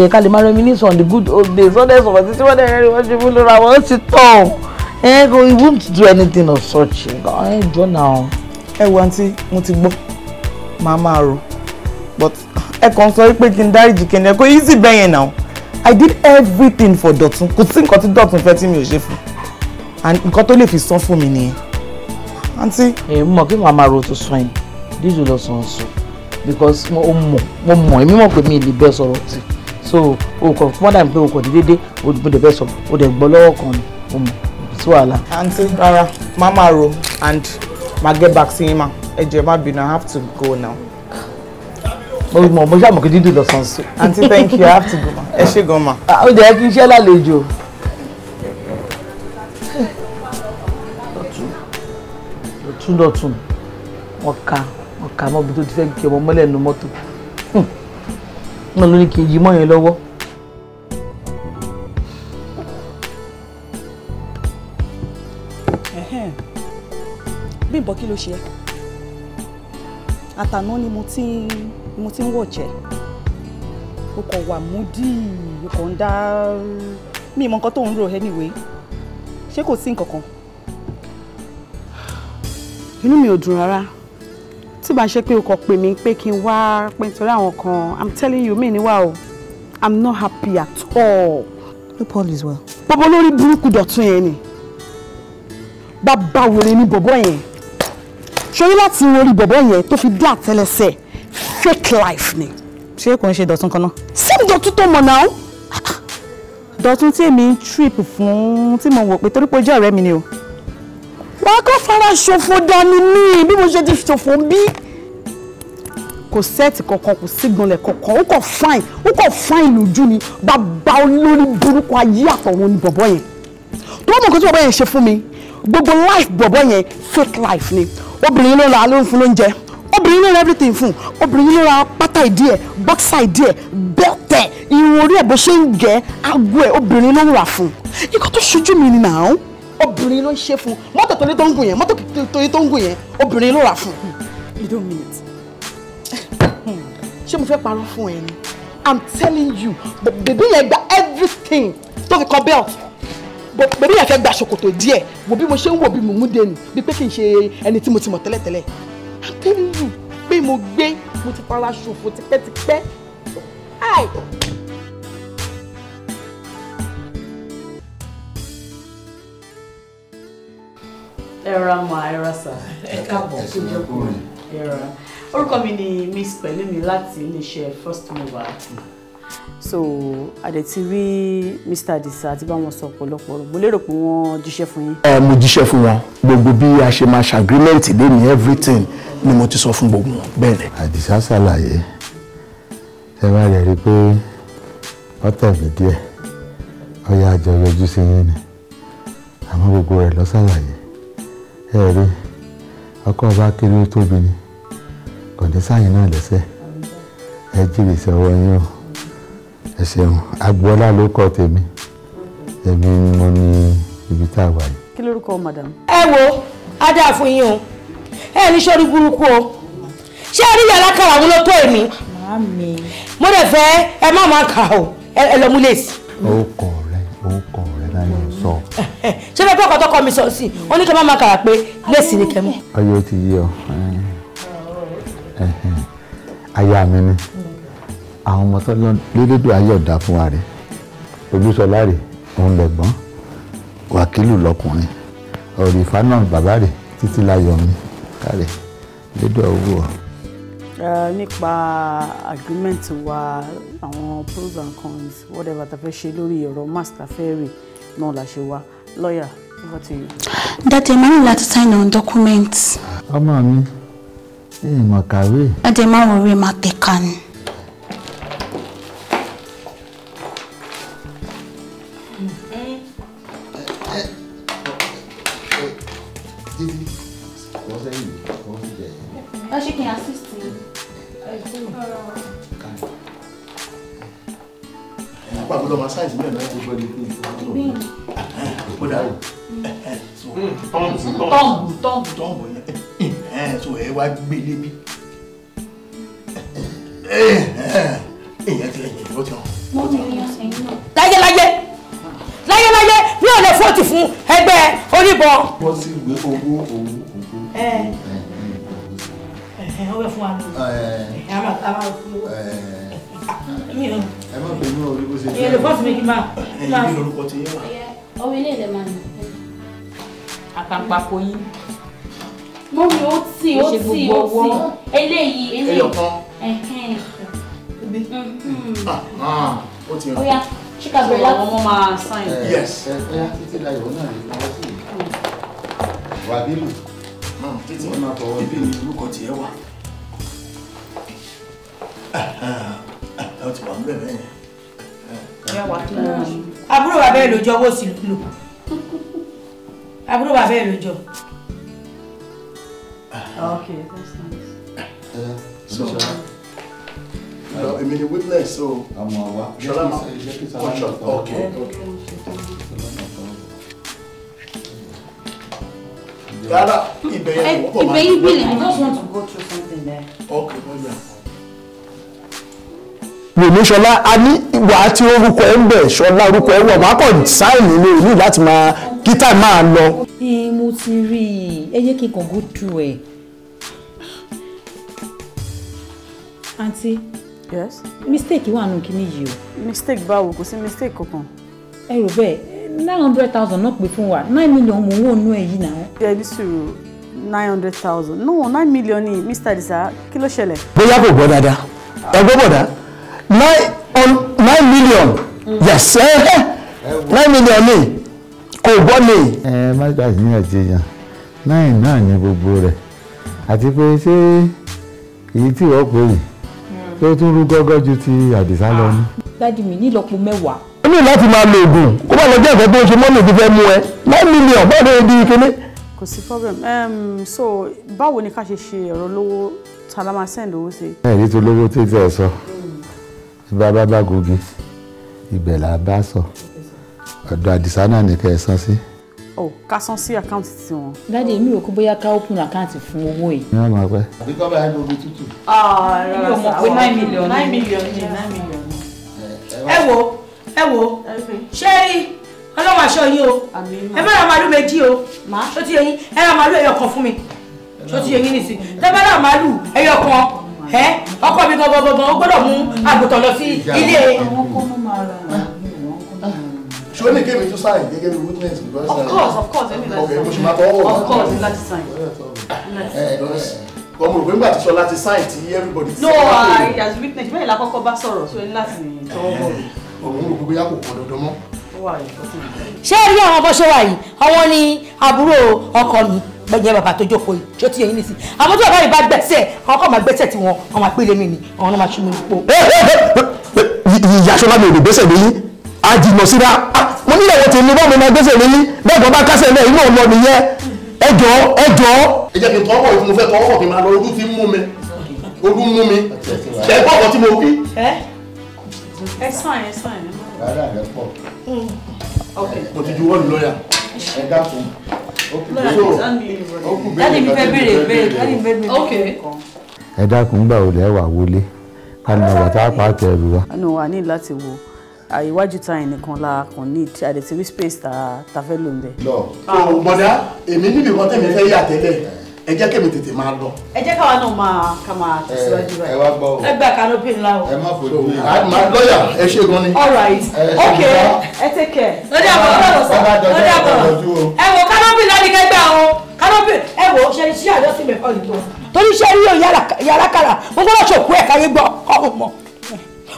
ẹ̀ka lè má reminisce on the good old days wọ́n dẹ̀ sọ̀rọ̀ títí wọ́n dẹ̀ rẹ́rìn wọ́n ṣe fún lóra wọn ó ti tàn ẹ̀ kò he won't do anything of such ẹ̀ jọ náà. ẹ wo àǹtí mo ti gbọ́ màá máa rò but ẹ kàn sọ pé kí n dáríjì kí n ẹ kó easy bẹ́yẹn náà i did everything for Dọ̀tun kò sí nǹkan tí Dọ̀tun fẹ́ tí mi ò ṣe fún and nǹkan tó lè fi san fún mi nìyẹn àǹtí. ẹ mọ̀ kí màá máa ro tó sọ yẹn díjù lọ sàn sùn because mo mọ̀ mo mọ̀ èmi mọ̀ pé mi lè bẹ́ẹ̀ sọ̀rọ̀ sí so o kò fún mọ́dà pé o kò dédé dé o dẹ̀ bẹ́ẹ̀ sọ̀rọ̀ o dẹ̀ gbọ́ lọ́wọ́ kan ni o mọ̀ sí wàhálà. àǹtí rárá má ro and ma get back sí yín ma ẹ jọ̀ọ́ má i have to go now. mo mọ̀ mo ṣàmọ̀ kí dídì lọ sàn sí. àǹtí thank you i have to go ma ẹ ṣé gan ma. Ah, ó jẹ́ kí iṣẹ́ lálejò. dọ̀tún dọ̀tún ọ̀ka kà mọ́ bí tó ti fẹ́ kí ọmọ mọ́lẹ̀ nu mọ́tò hmm. náà ló ní kí n yí mọ́ yẹn lọ́wọ́. Bímbọ́ kí ló ṣe é àtàná ni mo ti mo ti ń wọ̀ o kò wà múdì o kò ń dá mi mọ nǹkan tó ń rò anyway ṣé kò sí nǹkan kan. inú mi ò dùn rárá tí bá ṣe pé o kàn pè mí pé kí n wá pé nítorí kan i'm telling you mi níwá o i'm not happy at all. no paul is well. bọ́bọ́ lórí burúkú dọ̀tún yẹn ni bàbá wèrè ni bọ̀bọ́ yẹn ṣorí láti orí bọ̀bọ́ yẹn tó fi dé àtẹ́lẹsẹ̀ fake life ni. ṣé ko ń ṣe dọ̀tún kan náà. same dọ̀tún tó mọ̀ náà. dọ̀tún tí èmi ń trip fún tí mo wò pé tori pé ó jẹ́ ọ̀rẹ́ mi ni o máa kọ́ fara ṣòfò dání ní bí mo ṣe ti ṣòfò bí kò sẹ́ẹ̀tì kankan kò sígbọnlẹ̀ kankan ó kọ̀ fáìn ó kọ̀ fáìn lójú ni bàbá olórí burúkú ayé àtọ̀run ni bọ̀bọ̀ yẹn tó mọ̀ kó tí bọ̀bọ̀ yẹn ṣe fún mi gbogbo life bọ̀bọ̀ yẹn fake life ni obìnrin ló ra ló ń fún lóúnjẹ obìnrin ló ra everything fún obìnrin ló ra pátá ìdí ẹ̀ bọ́ksà ìdí ẹ̀ bẹ́ẹ̀tẹ̀ irun orí ẹ̀ bó ṣe ń gẹ̀ ágùn ẹ̀ obìnrin ló ń rà fún nǹkan tó ṣojú mi nìyàwó obìnrin ló ń ṣe fún mọ́tò tó tó ń gùn yẹn mọ́tò tó tó ń gùn yẹn obìnrin ló rà fún. you don't mean it. ṣé mo fẹ́ parọ́ fún ẹ ni i'm telling you bèbí yẹn gba everything tó fi kọ belt bèbí yẹn fẹ́ gba ṣòkòtò díẹ̀ wo bí mo ṣe ń wò bí mo mú dé ni bí pé kì í ṣe ẹni tí mo ti mọ̀ tẹ́lẹ̀tẹ́lẹ̀ i'm telling you pé mo gbé mo ti para ṣòfò tipẹ́tipẹ́. ẹ̀rọ àmọ́ ẹ̀rọ sà ẹ káàbọ̀ tó jẹ́ kó ẹ̀rọ orúkọ mi ni Miss Pẹ̀lúmi láti iléeṣẹ́ First Mover so àdè ti rí Mr. Adisa àti báwọn sọ ọ̀pọ̀lọpọ̀ mo lérò pé wọ́n jíṣẹ́ fún yín. ẹ mo jíṣẹ́ fún wọn gbogbo bí a ṣe máa ṣàgrímẹ́ǹt lé everything ni mo ti sọ fún gbogbo wọn bẹ́ẹ̀ ni. Adisa ṣàlàyé ẹ bá rẹ̀ rí i pé wọ́n tẹ̀lé díẹ̀ ọ̀yà àjọyọjú sí yín ni àmọ́ gbogbo rẹ̀ lọ́sàlàyé ẹ̀rí ọkọ ọba kéré ó tóbi ni kọ̀ǹdẹ́sà náà lẹ́sẹ̀ ẹ jìrì sí ọwọ́ yín o ẹ ṣeun agboola ló kọ tèmi èmi ni mo ní ibi tá a wà yìí. kí lorúkọ madam. ẹ wo adé àfún yín o ẹ ní sọ́ọ́rí burúkú o ṣé ẹ rí yàrá kàrà wọn ló tó èmi mo dẹ̀ fẹ́ ẹ má máa kà o ẹ lọ mú lèsì. ó kọ̀ rẹ̀ ó kọ̀ rẹ̀ láyé sọ. ṣé bẹ́ẹ̀ kọ́kọ́ tọkọ mi sọ sí i wọ́n ní kí n má máa kàrà pé léèsì ni kẹ́mú. ayé ó ti yí ọ aya mi ni àwọn ọmọ sọlọ lédèdò ayé ọ̀dà fún wa rè olúṣọlá rè òun lẹ̀gbọ́n wákìlù lọkùnrin ọ̀rẹ́ ìfáná bàbá rè títí láyọ̀ mi kárẹ̀ lédè owó ọ. nípa agreement wa àwọn pros and cons whatever ta fẹ́ ṣe lórí ọ̀rọ̀ master fẹ́ rè náà la ṣe wá lọ́ọ̀yà over to you. dàdé máa ń láti sign on documents. ọmọ mi èèmọ̀ kàwé. dàdé máa ń wọrí máa tẹ̀ka ni. Papa, don't my size, man. I'm going to ó dàrú tọ́ọ̀bù tọ́ọ̀bù tọ́ọ̀bù yẹn so ẹ wá gbé lébi èèyàn ti ẹ̀yìn ló ti hàn. láyéláyé láyéláyé mi ò lè fọ́ọ̀tì fún ẹgbẹ́ oníbọn. wọ́n sì gbé owó owó owó. ẹ ẹ ọwọ́ fún wa lórí ẹ a máa fún owó ẹ má bínú orí bó ṣe jẹ́ ẹ lọ́kọ́ ti yé wa. ọwọ́ ilé ilẹ̀ máa nù. àkàǹpàkò yín. mo mi ó tì ó tì ó tì eléyìí eléyìí. ẹyọ kan. Mm, mm. Ah, ah, ó ti hàn. bóyá bẹ̀rẹ̀ láti. ọmọ máa sáyìn. Eh, yes. ẹ eh, ẹ eh, títí la ìwọ náà yìí lọ sí i. wà á bímọ. títí wọn máa fọwọ́ ibi ìlú orúkọ tiẹ̀ wà ọ ti wà ń bẹ̀rẹ̀ yẹn. àbúrò bàbá ẹ̀ ló jọ owó sílùú lò àbúrò bàbá ẹ̀ ló jọ. okay that's nice. Uh, so, no, I mean the witness, so. Àmọ̀ àwa. Ṣọlá ma kọ́ṣọ̀ oh, okay. Yàrá ibẹ̀ yẹn wọ́pọ̀ máa ń gbé. Ibẹ̀ yìí gbìlẹ̀, I just want to go through something there. Okay, go there wèmí ṣọlá a ní wà tí orúkọ ẹ ń bẹ̀ ṣọlá orúkọ ẹ wà wà á kọ̀ ní òní láti máa kíta máa lọ. mo ti rí i ẹ kí n kàn go through ẹ̀. àǹtí yes mistake wà nù kíní yìí o. mistake báwo kò sí mistake kankan. ẹ rò bẹ́ẹ̀ nine hundred thousand náà pè fún wa nine million mo ń wò nú ẹ̀ yìí náà. ẹ ní sùúrù nine hundred thousand no nine million ni mr disa kí ló ṣẹlẹ̀. bóyá kò gbọ́ dáadáa ẹ gbọ́ bọ̀dá nine on nine million yes nine million ni kò gbọ́ ni. ẹ má gbàgbé ní àjẹyàn náà náà ní gbogbo rẹ̀ àti pé ṣé èyí tí wọ́n pè yìí hmm. tó tún rú gọ́gọ́ ju ti àdìsá lọ ah, ní. dádì mi nílọ́po mẹ́wàá. ó ní láti máa lo oògùn kó bá lọ jẹ́ ìfẹ́ tó ṣe mọ́nì tó fẹ́ mú ẹ nine million báwo ló di kíní. kò sí problem um, so báwo ni ká ṣe ṣe ọ̀rọ̀ lówó tá a lá máa send owó sí. ẹ̀rí tó lówó tó tẹ̀ sọ. So bàbá bá gogi ibẹ̀ là bá sọ ọ̀dọ̀ àdìsá náà ní kẹ́ ẹ san sí. ọ ká san sí àkáǹtì tí wọn. dáàdi mi ò kó bóyá ká open àkáǹtì fún owó yìí. ní ọmọ pẹ. àbí kọ́ bá yẹn lórí tútù. Ah, mi ò mọ̀ pé nine million nine million ni nine million. ẹ wo ẹ wo ṣé ọlọ́wọ́ aṣọ yìí o ẹ fẹ́ ra màálù méjì o ṣó ti yẹ yín ẹ ra màálù ẹyọ kan fún mi ṣó ti yẹ yín nìsín tẹ́ bá ra màálù ẹyọ kan ẹ ọkọ mi gan gan gan ó gbọ́dọ̀ mú àgùntàn lọ sí ilé. ṣé o ní kí èmi tún sign gẹ́gẹ́ bí witness because. of course of course èmi láti sign. ok mo ṣe máa tọ́ ọ̀rọ̀ of course èmi láti sign. ẹ ẹ lọ́sìn wọ́n mọ̀ pé nígbà tí sọlá ti sign ti everybody. no he has witness bẹ́ẹ̀ la kọ́kọ́ bá sọ̀rọ̀ so ẹni láti tọwọ́ bọ̀. òun rò gbogbo yàgò pọ̀ dandan mọ́. ṣé ẹ rí àwọn bó ṣe wà yìí àwọn ni àbúrò ọkọ mi bẹ́yẹn bàbá tó jókòó yìí ṣó ti yẹ yín nìsí àmọ́ tí bàbá yìí bá gbẹ̀sẹ̀ àwọn kan máa gbẹ̀sẹ̀ tí wọn àwọn àpèlè mi ni àwọn náà máa ṣú mi nípò. ìyá aṣọ lábẹ́ òde gbẹ́sẹ̀ lóyún àjìmọ̀ síra ah, mo nílẹ̀ wọ́n ti ní bọ́ọ̀mù náà gbẹ́sẹ̀ lóyún bẹ́ẹ̀ kan bá kásẹ̀ náà inú ọmọ mi yẹ ẹjọ́ ẹjọ́. ẹ jẹ́ kí n tọ́ ọkọ̀ dáàdì ẹ dákun gbà ó lẹ́wà wọlé ká ní ọ̀rọ̀ tá a pa àtẹ wa. ẹnu wa ní láti wo àyíwájú ta ẹnìkan la kàn ní àdètí wí space ta fẹ́ lò ń bẹ̀. lọ mọ̀dá èmi níbi kan tẹ̀mí fẹ́ yà tẹ́lẹ̀ ẹ jẹ́ kí mi tètè máa lọ. ẹ jẹ́ káwa náà máa ká máa tẹ̀síwájú rẹ̀. ẹ wá gbọ́ o. ẹ gbà kanopi ńlá o. ẹ má fojú mi. Uh, máa lọ́yà ẹ ṣe gan ni. all right ok ẹ take care. lórí àbọ̀ lọ́dọ̀ sọ lórí àbọ̀ ẹ wò kanopi ńlá ni kẹgbẹ́ o kanopi ẹ wò ṣe iṣẹ́ àjọsìn mẹ́kọ́ ni tó. torí iṣẹ́ rí òun yàrá kára mo gbọ́dọ̀ ṣòkú ẹ̀ káyé gbọ́ ọ̀hún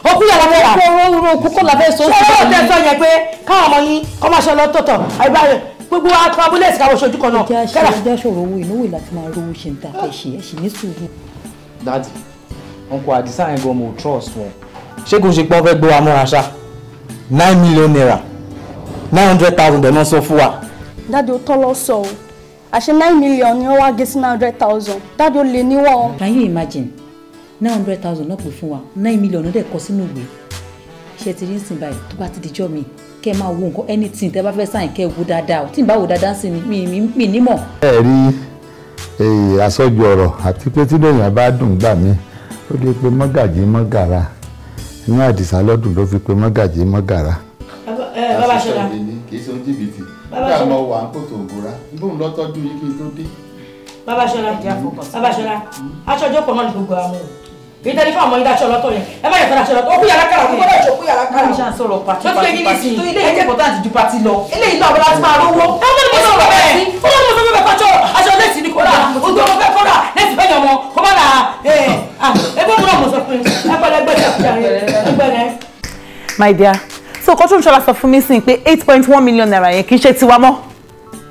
òkú yàrá fẹ́ rà. kóró kókó la fẹ́ sọ. sọ́wọ́ tẹ̀sán yẹn pé káwọn ọmọ yín kọ́ máa ṣe lọ́tọ̀ọ̀tọ̀ àyíbáyé gbogbo abúlé ìsìnká wọ́n ṣojú kan náà. ẹja ṣòro owó ìnáwó láti máa rówó ṣe ń ta fẹ́ ṣe ní sùúrù. dadi uncle adisa yẹn gan mo trust wọn ṣé kò ṣe pé wọn fẹ́ gbé wa mọ́ra ṣá nine million naira nine hundred thousand dẹ̀ náà sọ fún wa. dadi o tọ́ lọ sọ o àṣẹ nine million ni wọ́n wá gé sí nine hundred thousand dadi o lè níwọ̀n. can you imagine nine hundred thousand náà pè fún wa nine million náà dẹ̀ kọ sínú ìwé ṣe ti rí ń sìn báyìí tó bá ti dijọ́ mi kẹ́ máa wo nǹkan anything tẹ́ bá fẹ́ sáyìn kẹ́ wo dáadáa tí n bá wo dáadáa sí ni mi mi nímọ̀. ẹ rí àsọjù ọ̀rọ̀ àti pé tí lèèyàn bá dùn gbà mí ó lè pe mọ́gàjì mọ́gàrà inú àdìsá lọ́dún ló fi pe mọ́gàjì mọ́gàrà. bàbá ṣọlá kì í ṣe ohun jìbìtì nígbà mọ wà ń kò tó òbúra ibùn lọ́tọ́jú yìí kí n tó dé. bàbá ṣọlá bàbá ṣọlá aṣọ ọjọ́ pọ̀ mọ́ ní gbogbo kì í fún àwọn ọmọ ìdáṣọ lọ́tọ̀ yẹn ẹ má yẹ fẹ́ra ṣọlọ́tọ̀ ó kú yàrá kára kú gbọ́dọ̀ ṣòkú yàrá kára. mo ṣàn sọ̀rọ̀ pàtí pàtí pàtí ilé ìjẹ́ important ju pàtí lọ. ilé ìlú àwọn láti máa rówó. ẹ má ní mo sọ̀rọ̀ bẹ́ẹ̀ ó má ní mo sọ̀rọ̀ bẹ́ẹ̀ kọ́jọ́ aṣọ lẹ́sìn ní kódà ojú fẹ́ kódà lẹ́sìn fẹ́ yàn wọn kó má náà ẹgbẹ́ mi náà mo sọ fún my dear so kọ́tún ṣọlá sọ fún mi sí pé eight point million naira yẹn kì í ṣe tiwa mọ́.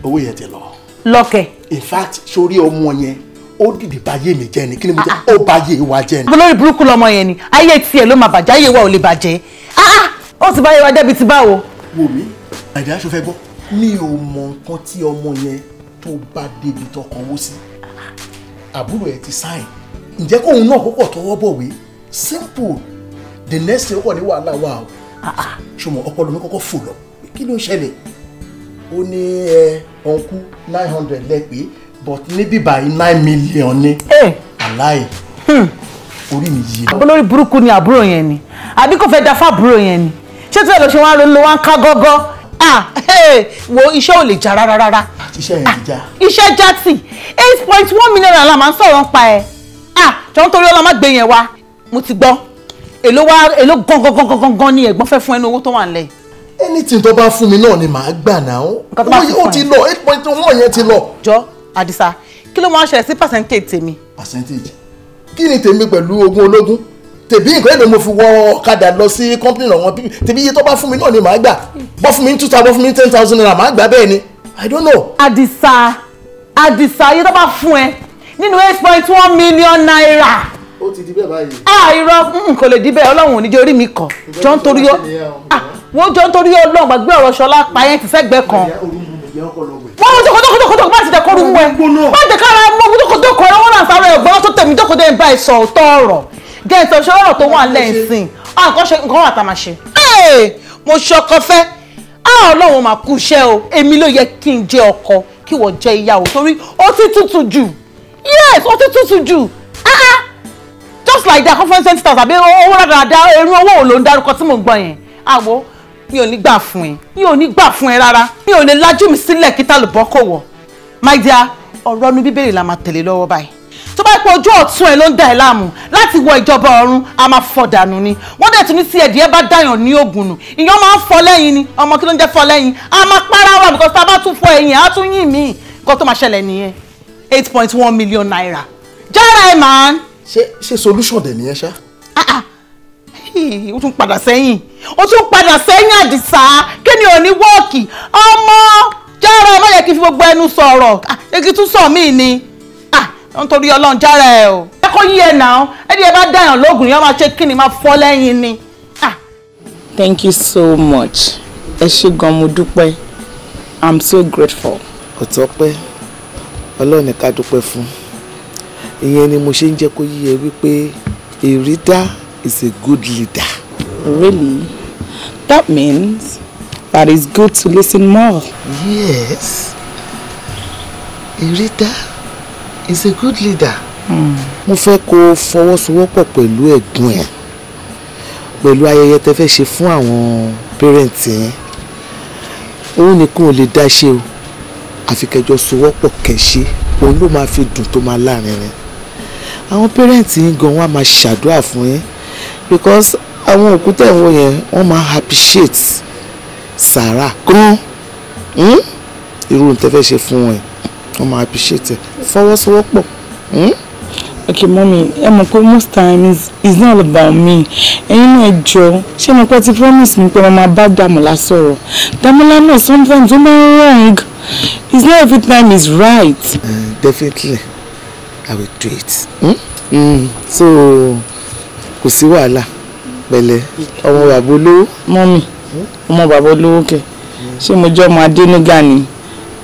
owó yẹn ti lọ. lọkẹ. in fact sórí ọmọ yẹn ó dìde báyé mi jẹ́ ni kí ni mo jẹ́ ah, ah. ó báyé wa jẹ́ ni. olórí burúkú lọmọ yẹn ni ayé tiẹ̀ ló máa bàjẹ́ ayé wa ò lè bàjẹ́ ah, ó ti báyé wa débi ti báwo. wò mí àìdá aṣọ fẹ́ gbọ́ mi ò mọ nǹkan tí ọmọ yẹn tó bá débi tọkàn wó sí àbúrò ẹ ti sáìn ǹjẹ́ kóun náà kókò tọwọ́ bọ̀wé simple the next day ó wà ní wàhálà wa o ṣùgbọ́n ọpọlọ mi kọ́kọ́ fò lọ kí ló ń ṣẹlẹ̀ ó ní ẹ ọ̀nkú nine hundred lẹ́pẹ́ but níbí báyìí nine million ni eh. aláì hmm. orí mi yìí. olórí burúkú ni àbúrò yẹn ni àbí kò fẹ́ dáfà àbúrò yẹn ni ṣé tí ẹ lọ ṣe wá ló wá ń ká gọ́gọ́ ah wo iṣẹ́ ò lè já rárá rárá iṣẹ́ yẹn ti já iṣẹ́ já tì eight point one million naira máa ń sọ̀rọ̀ ń pa ẹ̀ ah jọ ń torí ọlọ́mọ gbé yẹn wá mo ti gbọ́ èló wá èló gangan ni ẹ̀gbọ́n fẹ́ fún ẹnu owó tó wà nílẹ̀. anything tó bá fún mi náà ni màá gbà náà ó ti lọ eight point one yẹn ti lọ. jọ Àdìsá kí ló máa ń ṣẹlẹ̀ sí percentage tèmi. percentage kí ni tèmi pẹ̀lú ogún ológun tèbí nǹkan èdè mo fi wọ ọ̀kadà lọ sí company àwọn pípì tèbí iye tó bá fún mi náà ni màá gbà bọ́ fún mi two thousand bọ́ fún mi ten thousand naira màá gbà bẹ́ẹ̀ ni i don't know. Àdìsá Àdìsá iye tó bá fún ẹ nínú eight point one million naira. ó ti di bẹ́ẹ̀ báyìí. a ah, irọ́ kò lè di bẹ́ẹ̀ ọlọ́run ò ní jẹ́ orí mi kọ̀ jọ ń torí ó ah, wọ́n jọ ń torí ó lọ́ọ̀ gbàgbé ọ̀rọ̀ ṣọlá payẹ́ ti fẹ́ gbẹ kan. ìyá olùmọ̀ ìyá ọkọ̀ ọmọ tó kọ́tọ́ kọ́tọ́ kọ́tọ́ bá ti dẹ̀kọ́ rúmú ẹ bá ti kára mọ́ tó kọ́tọ́ kọ́ ẹ̀rọ wọn náà sáré ẹ̀gbọ́n tó tẹ̀mí dọ́kọ́ dẹ̀ ń bá ẹ sọ ọ̀tọ̀ ọ̀rọ̀ dẹ̀ sọ ṣe ọ̀rọ̀ tó wà lẹ́sìn nǹkan wà tá máa ṣe. mo ṣọkọ fẹ́ ọlọ́run máa kú iṣẹ́ o èmi ló yẹ kí n jẹ ọkọ kí wọ́n jẹ ìyàwó torí ó ti tútù jù yes ó ti tútù jù ah, ah. just like that conference center tàbí owó rádàràdà erun owó òòlò ń darúkọ tí mò ń gbọ́ yẹn àwọ̀ mi ò ní gbà fún ẹ mi ò ní gbà fún ẹ rárá mi ò lè lajú mi sílẹ̀ kí tálùbọ́ kò wọ̀ my dear ọ̀rọ̀ nu bíbélì la máa tẹ̀lé lọ́wọ́ báyìí tó bá pọ̀ ojú ọ̀tún ẹ ló ń dà ẹ́ láàmú láti wọ ìjọba ọ̀run a máa fọ dànù ni wọ́n dẹ̀ tún ní tí ẹ̀dìyẹ bá dàyàn ní ògùn nù ìyàn máa ń fọ lẹ́yìn ni ọmọ kí ló ń jẹ́ fọ lẹ́yìn a máa para wa because tá a bá tún fọ ẹ̀yìn á tún yìn mí nǹkan tó máa ṣẹlẹ̀ nìyẹn eight point one million naira jára ẹ̀ man. ṣe ṣe solution dẹ̀ nìyẹn ṣá. ah ah ó tún padà sẹ́yìn ó tún padà sẹ́yìn àdìsá kí ni òní wọ́ọ̀kì ọmọ jára má yẹ kí fi gbogbo ẹnu sọ̀rọ̀ ah, ṣé tún sọ mí ni ah, nítorí ọlọ́run jára ẹ o. ẹ kọ́ yí ẹ nà ó ẹni ẹ bá dáyàn lóògùn yẹn máa ṣe kí ni máa fọ́ lẹ́yìn ni. Ah. thank you so much ẹ ṣé gan mo dúpẹ́ i'm so grateful. ọ̀tọ́ pẹ́ ọlọ́run ní ká dúpẹ́ fún ìyẹn ni mo ṣe ń jẹ́ kó yí ẹ wípé èrè dá is a good leader. Really? That means that it's good to listen more. Yes. A leader is a good leader. Hmm. Mo fẹ́ kó fọwọ́sowọ́pọ̀ pẹ̀lú ẹ̀gbọ́n ẹ̀ pẹ̀lú ayẹyẹ tẹ́ fẹ́ ṣe fún àwọn pẹ́rẹ́ǹtì yẹn. Òun nìkan ò lè dá ṣe o. Àfi kẹjọ sowọ́pọ̀ kẹ̀ṣe. Òun ló máa fi dùn tó máa láàrin rẹ̀. Àwọn pẹ́rẹ́ǹtì yín gan wá máa ṣàdúrà fún yín because àwọn òkú tẹ̀ ń wo yẹn wọ́n máa appreciate sàrà gan hmm? irú nǹkan fẹ́ ṣe fún wọn wọ́n máa appreciate ẹ̀ fọwọ́sowọ́pọ̀. Hmm? okay mọ́mi ẹ mọ̀ pé most times it's not about me ẹ̀yin náà jọ ṣé mo pẹ́ ti promise mi pé mo máa bá Dàmọ́lá sọ̀rọ̀ Dàmọ́lá náà sometimes ó máa ń wrong it's not every time it's right. Uh, definitely i will do it. Hmm? Mm. so kò sí wàhálà pẹ̀lẹ́ ọmọ bàbá olówó. mọ́mì ọmọ bàbá olówó kẹ ṣé mo jẹ́ ọmọ adénígà ni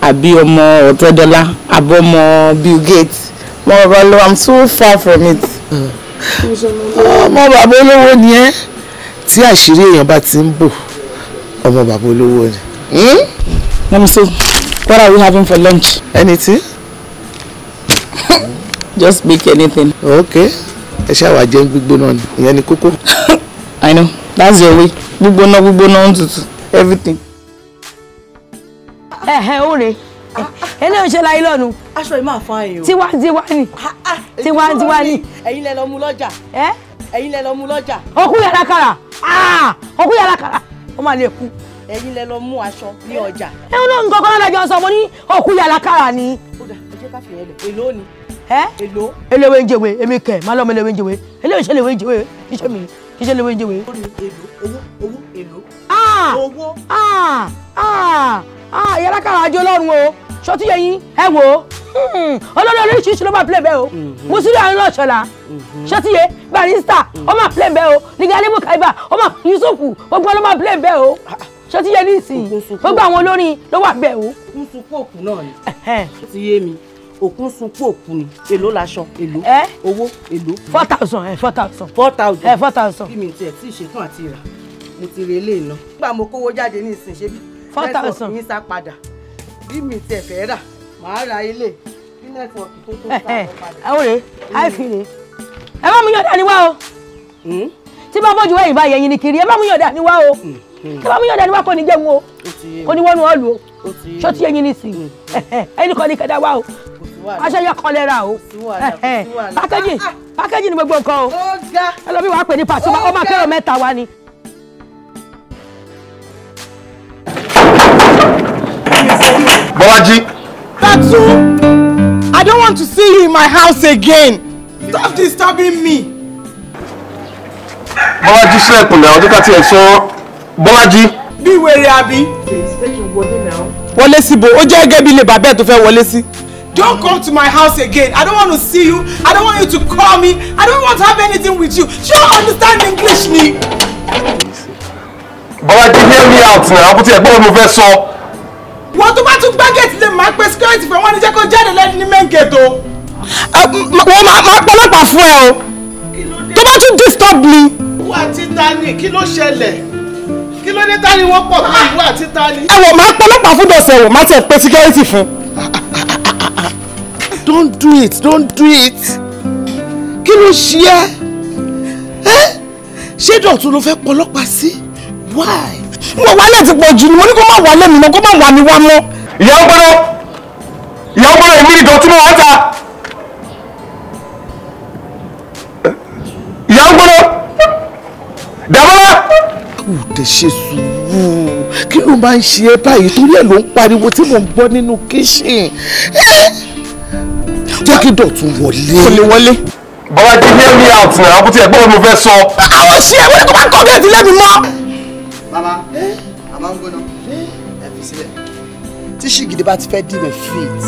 àbí ọmọ ọ̀tẹ́dọ́lá àbí ọmọ bill gates ọmọ bàbá olówó i'm so far from it. ọmọ bàbá olówó ni ẹ tí àṣírí èèyàn bá ti ń bò ọmọ bàbá olówó ni. Hmm? mọ́mí so what are we having for lunch. anything. just make anything. okay ẹ ṣáà wá jẹ́ ń gbígbóná ni ìyẹn ni kókó. I know that's your way gbígbóná gbígbóná ń tutù everything. ẹ ẹ ó rèé ẹni ò ṣe láyé lọ́nu. aṣọ yìí máa fa èèyàn. Tiwa ni Tiwa Tiwa ni. ẹ̀yin lẹ lọ mú lọ́jà. ẹ. ẹ̀yin lẹ lọ mú lọ́jà. òkú yàrá kara ah! òkú yàrá kara ó máa lè kú. ẹ̀yin lẹ lọ mú aṣọ ní ọjà. ẹ ń lọ nǹkan kan lọ́dọ̀ jọ sọ mo ní òkú yàrá kara ni. ó dà ẹ jẹ́ ká fi yẹn èlò ni èlò. eléwé ń jẹwé èmi kẹ má lọ́mọ eléwé ń jẹwé eléwé ṣe léwé ń jẹwé iṣẹ́ mi iṣẹ́ léwé ń jẹwé. owó owó èlò. owó. yàrá kára àjọ ọlọ́run o ṣọtí yẹn yín ẹ wò ó olórí hmm. oríṣiríṣi ló máa play bẹ́ẹ̀ o musiri mhm. àwọn ọlọ́ọ̀ṣọ́lá mhm. ṣọtí yẹ barista ó máa play bẹ́ẹ̀ o nígbà alẹ́ mọ̀káíbà ó máa yusufu gbogbo ló máa play bẹ́ẹ̀ o ṣọtí yẹ ní ìsìn gbogbo àwọn olórin ló wà bẹ́ẹ̀ o. ń sunkún òkú náà ni ó ti yé mi òkun sunkún òkun ni èló laṣọ èló owó èló. four thousand eh, four thousand. four thousand eh, four thousand. bí mi tiẹ̀ tí ìṣètò àti ìrà mo ti rí eléyìí náà. nígbà mo kówó jáde ní ìsìn ṣe bí nẹ́tíwọ̀kì yín sá padà bí mi tiẹ̀ fẹ́ rà màá ra ilé bí nẹ́tíwọ̀kì tó tó sá eh, padà. ẹ ẹ má mú hmm? tí bá bọ́jú wẹ̀yìn bá yẹ̀yìn ni kiri ẹ má mú yàn dání o hmm, hmm. tí bá mú yàn dání kò ní jẹun o kò ní wọnú ọ̀lù o ṣó ti yẹ̀yìn ní sí i ẹnì kan ní kẹdá wá o aṣọ yẹ kọlẹ́ra o pákéjì eh, eh, pákéjì ah, ah. ni gbogbo nǹkan o ẹlòmíì wàá pè ní Pasuma ó máa kérò mẹ́ta wa ni. Bọ́lájí. Tatu, I don't want to see you in my house again. Stop disturbing me. Bọ́lájí sílẹ̀ kùnlẹ̀ ọdún ká tiẹ̀ sọ Bọ́lájí. Bí wèrè àbí. Wọlé síbo, ó jẹ́ gẹ́gẹ́ bí ilé bàbá ẹ̀ tó fẹ́ wọlé sí. Don't come to my house again. I don't want to see you. I don't want you to call me. I don't want to have anything with you. Do you understand English me? ni? Bọ́lájí hear me out now. Àbútí ẹ̀gbọ́n mi fẹ́ sọ. Wọ́n tó bá tún gbá gẹ̀ẹ́tì lè máa pe security fún wọn ní jẹ́ kó jáde lẹ́nu ní main gate o. Wọ́n máa pọlọ́pàá fún ẹ o. Tó bá tún disturb mi. Ìwà títa ni kí ló ṣẹlẹ̀? Kí ló dé tání wọ́n pọ̀ bí ìwà títa ni? Ẹ̀wọ̀n máa pọlọ́pàá fún dọ̀sẹ̀ wò, má ti ẹ̀ pe fún don't do it don't do it kí ló ṣe ẹ́ ẹ́ ṣé dọ̀tún ló fẹ́ pọlọ́pàá sí why. mo wálé ti pọ̀ jù ni mo ní kó má wálé mi mọ́ kó má wà mí wá mọ́. ìyá ọgbọ́dọ̀ ìyá ọgbọ́dọ̀ èmi nìkan tí mo wá ta. ìyá ọgbọ́dọ̀ dàbọ́lá. kò dé ṣe sùúrù kí ló máa ń ṣe é báyìí torí ẹ̀ ló ń pariwo tí mò ń gbọ́ nínú kíṣìn jẹ́ kí dọ̀tun wọlé. kò lè wọlé. bọ́lájí ní ẹ̀mí àti àwọn tí ẹ̀gbọ́n mi fẹ́ sọ. àwọn ṣe é wọlé tó bá ń tọ́jú ẹ̀dí lẹ́mi mọ́. mama mama ń gbóná ẹ fi sílẹ̀. tí ṣìgìdì bá ti fẹ́ dì mẹ́ fit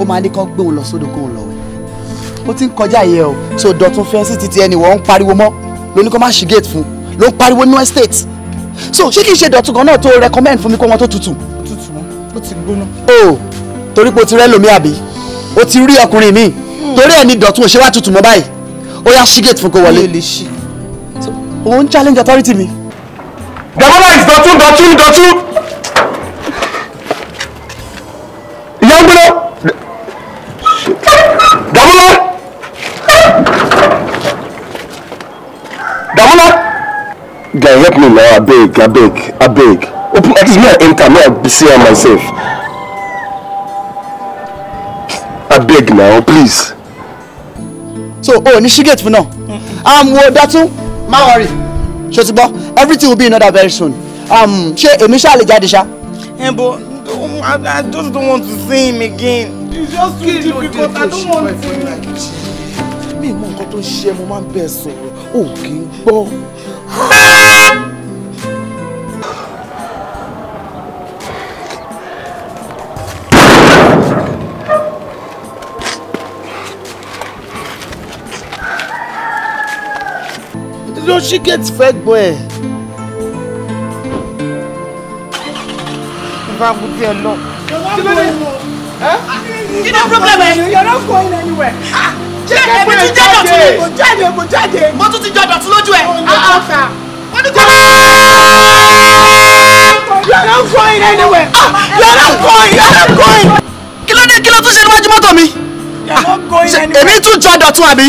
ó máa ní kán gbé òun lọ sódò kó òun lọ wẹ̀. ó ti ń kọjá yẹ o so dọ̀tun fẹ́ sí titi ẹni wọ́n ń pariwo mọ́ lóní kó má ṣí gate fún ló ń pariwo new estate so ṣé kìí ṣe dọ̀tun gan náà tó recommend fún mi kó wọn tó tutù. tutù wọn ó ti gbóná. o oh, torí pé o ti rẹ́ lómi àbí o ti rí ọkùnrin mi hmm. torí ẹ̀ ni dọ̀tún ò ṣe wá tutù mọ́ báyìí ó yá ṣí gate fún kó wọlé. òun challenge authority mi. the is dọ̀tún dọ̀tún dọ̀tún. ìyá ń gbélé. dàmúlá. dàmúlá. guy help me now abeg abeg abeg open at least may i enter may i see am myself abeg now please. so o oh, ní ṣígẹ̀tì for now. um, wo dátún má wọrí ṣe ti gbọ́ everything will be in order very soon um, ṣé èmi ṣáà lè jáde ṣá. ẹ I just don't want to see him again. it's just too difficult I don't want to. mi mọ nǹkan tó ń ṣe mo máa ń bẹ̀ sọ̀rọ̀ o kì ṣíkẹ́ẹ̀tì fẹ́ gbọ́n ẹ̀. ìbá gbogbo ẹ lọ. kí ló problem ẹ. you're not going anywhere. ti jẹ́ dọ̀tún ni. kò jáde kò jáde. mo tún ti jọ dọ̀tún lójú ẹ. wọ́n ah, ah. ní kò lọ. you're not going anywhere. Ah, you're not going you're not going. kí ló dé kí ló tún ṣe níwájú mọ́tò mi. èmi tún jọ dọ̀tún àbí.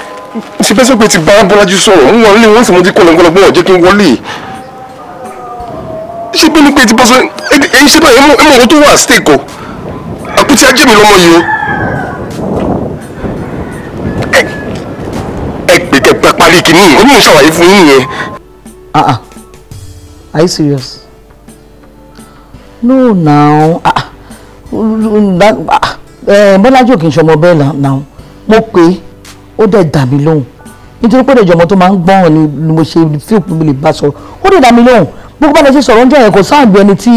ti bẹ́sẹ̀ pé ti bá Bọ́lájí sọ̀rọ̀ ń wọlé wọ́n sì mú ti kọlọ̀ ńkọlọ̀ gbọ́n jẹ́ kí n wọlé ṣé bí ni pé ti bá sọ ẹyin ṣe báyìí ẹ mọ̀ ọ́ tó wà á stéèkọ̀ àkútí ajé mi lọ́mọ yìí o ẹ pè kẹpẹ parí kìíní o ní ìṣàwáyé fún yín nìyẹn. ah ah are you serious no now ah ah, Bọ́lájí ò kì í ṣọmọ bẹ́ẹ̀ now mo pè é ó dẹ̀ dà mí lóhùn nítorí pé ìjọba tó máa ń gbọ́n ni mo ṣe fíìpù mi lè bá sọ̀rọ̀ ó dẹ̀ dà mí lóhùn gbogbo bá lè ṣe sọ̀rọ̀ oúnjẹ yẹn kò sáàgbé ẹni tí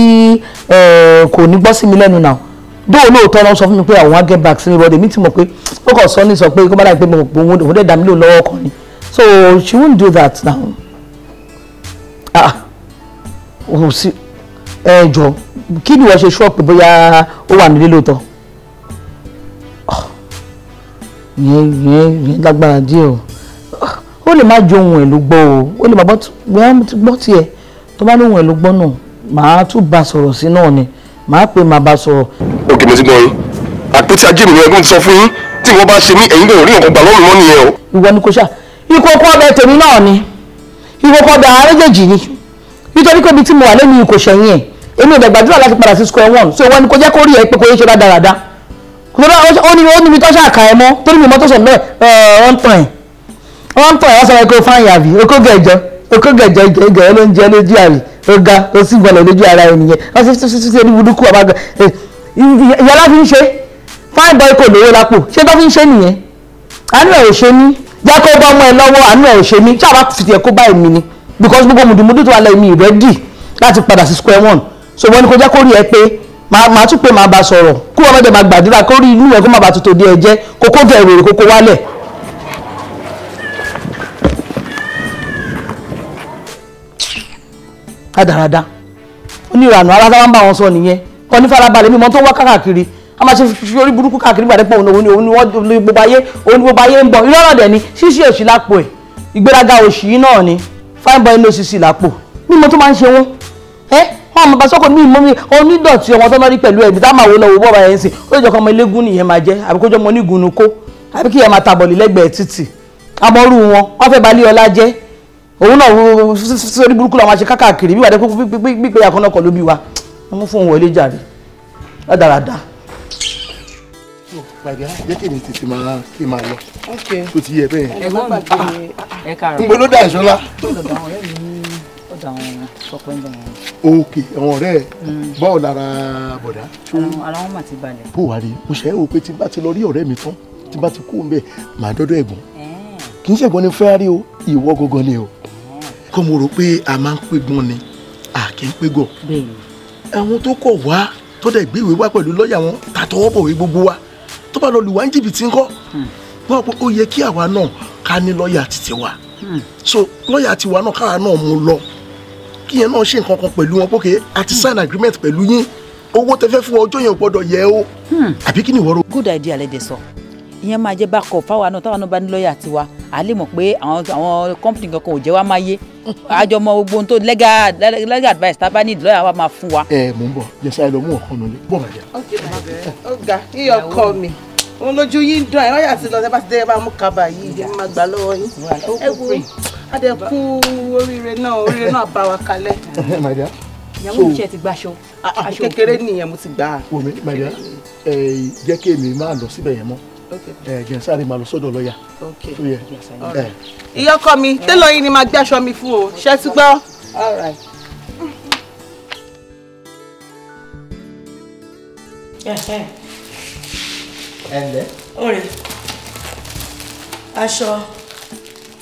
kò ní gbọ́ sí mi lẹ́nu náà dóò lóòótọ́ náà sọ fún mi pé àwọn á get back sí mi bọ́dẹ̀ mi ti mọ̀ pé ó kàn sọ ní sọ pé kó má dàgbé mo pò òun òun dẹ̀ dà mí lóhùn lọ́wọ́ kan ni so she won't do that now ah òun oh, sí ẹ jọ kí ni wọ́n ṣe ṣọ́ọ̀pù bóyá ó wà nílé lóòótọ́ yẹn yẹn yẹn lágbára díẹ̀ o ó lè má jọ ohun ẹ̀ ló o ó lè má gbọ́ tiẹ̀ tó bá ní ohun ẹ̀ ló gbọ́ náà màá tún bá sọ̀rọ̀ sí náà ni màá pè má bá sọ̀rọ̀. òkè mo ti gbọ́ yín àpótí ajé mi ló ẹgbẹ́ mi sọ fún yín tí wọ́n bá ṣe mí ẹ̀yin náà rí nǹkan gbà lọ́rùn mọ́ nìyẹn o. ìwọ ni kò ṣá ìkókó ọbẹ̀ tèmi náà ni ìkókó ọbẹ̀ àárẹ̀jẹ̀jì ni nítorí pé ibi tí mo wà lẹ́nu kò ṣẹ̀yìn ẹ̀ èmi ò dẹ̀ gbàdúrà láti padà sí square one so ìwọ ni kò jẹ́ kó rí ẹ pé kò yẹ ṣe dáadáa ó ní ó níbi tó ṣàkà ẹ mọ́ tó níbi mọ́ tó ṣẹ̀ mẹ́ wọ́n ń tàn ẹ̀ wọ́n ń tàn ẹ̀ wọ́n sọ pé kó fáyìn àbí okó gẹ̀jọ okó gẹ̀jọ gẹ̀jọ ló ń jẹ lójú àrí ó ga ó sì gbọ́dọ̀ lójú ara ènìyàn wọ́n sì sì sì ní burúkú ọba gan eh, ìyálà fi ń ṣe fáyìn bọ́ ikọ̀ lówó lápò ṣé tó fi ń ṣe nìyẹn àánú ẹ̀ ò ṣe ní jẹ́ kó bọ́ ọmọ ẹ lọ́wọ́ àánú ẹ̀ ò ṣe ní tí àbá fi tiẹ̀ kó bá èmi ni because gbogbo mùdùmùdù tó wà lẹ́yìn mi ìrẹ́dì láti padà square one so wọ́n ní kó jẹ́ kó màá tún pé màá bá sọ̀rọ̀ kí wọ́n mọ̀dẹ̀ máa gbàdúrà kó rí inú ẹ̀ kó má bàa tuntun di ẹ̀jẹ̀ kókó gẹ̀rù èrè kókó wálẹ̀. rádaràda onírànà ara tá wọn bá wọn sọ nìyẹn kọ ní farabalẹ̀ mímọ tó wá káàkiri a máa ṣe fi orí burúkú káàkiri gbàdé pọ̀ òun ni òun ni wọ́n ní gbogbo ayé òun ni gbogbo ayé ń bọ̀ irọ́ dẹ̀ ni ṣíṣí èṣì lápò ẹ̀ ìgbéraga òṣì yìí náà ni fine boy ní òṣìṣì lápò mímọ tó máa ń ṣe wọn ẹ́ wọn àmọ́ bá sọ́kò ní ìmọ̀ mi onídọ̀tí ọmọ tó náà rí pẹ̀lú ẹ̀mí táwọn àwọn olówó bọ́ọ̀bà yẹn ń sìn ó jọ kọ́ ọmọ eléégún nìyẹn máa jẹ́ àbí kójọ́ ọmọ onígunnu kó àbí kí ẹ máa tàbọ̀lì lẹ́gbẹ̀ẹ́ títì amọ́rú wọn wọ́n fẹ́ balẹ̀ ọlá jẹ́ òun náà sórí burúkú làwọn aṣe káàkiri bíwà dé kó pípé àkọ́nà kọ̀ ló bí wa wọ́n mú fóun wọlé jàre ládàradà. pàdé jẹ́ kí ni tètè máa kí máa lọ tó ti yẹ ń ọ̀dọ̀ àwọn sọpẹ́ ń bọ̀ wọn. òkè àwọn ọ̀rẹ́ ẹ̀ mm. bọ́ọ̀ lára bọ̀dá. ara wọn mà ti balẹ̀. bó wàá rí mo ṣe é wò pé tí bá ti lọ rí ọ̀rẹ́ mi tán tí bá ti kú ń bẹ̀ màá dọ́dọ̀ ẹ̀gbọ́n kì í ṣẹ̀gbọ́n ni fẹ́rẹ́ o ìwọ gangan ni o kọ́ mo rò pé a máa ń pégbọn ni a kì í pégọ̀ àwọn tó kọ̀ wá tó dẹ̀ gbé ìwé wá pẹ̀lú lọ́ọ̀yà wọn tàtọwọ́ bọ̀wé gbogbo wa tó bá lọ lù wá ń hmm. hmm. so lọ́ọ̀yà tiwa náà káwa náà kí náà ṣe nǹkan kan pẹ̀lú wọn pókè àti sign agreement pẹ̀lú yín owó tẹ fẹ́ fún ọjọ́ yẹn gbọ́dọ̀ yẹ o hmm. àbí kí ni ìwọ́rọ̀. good idea lẹ́dẹ̀ sọ ìyẹn máa jẹ́ bákọ̀ fáwa náà táwa náà bá ní lọ́ọ̀yà tiwa à lè mọ̀ pé àwọn company kankan ò jẹ́ wá máa yé àjọ mọ gbogbo ohun tó legal advice tá a bá ní lọ́ọ̀yà wa máa fún wa. ẹ mò ń bọ̀ jẹ́sà ẹ lọ mú ọ̀kan náà lé bọ́ọ̀ bàjẹ́. ọ̀gá yíyọ kọ́ mi òun lójú yín dán ẹ lọ́yà sí lọ ẹ bá ti dé ẹ bá mú kaba yìí ẹ máa gbà lọ́wọ́ yín ẹ wo adẹ́kú oríire náà oríire náà bá wa kalẹ̀. ìyàwó mi ṣe ti gbaṣọ. Ah, ah, kékeré nìyẹn mo ti gbà omi màdìá jẹ́ kí èmi máa lọ síbẹ̀ yẹn mọ́ jẹ́ máa lọ sọ́dọ̀ lọ́yà tó yẹ. ìyọkọ mi télọ̀ yìí ni máa gbé aṣọ mi fún o ṣe ti gbọ́. all right. Yeah, ẹ ǹlẹ́. ọ̀rẹ́ aṣọ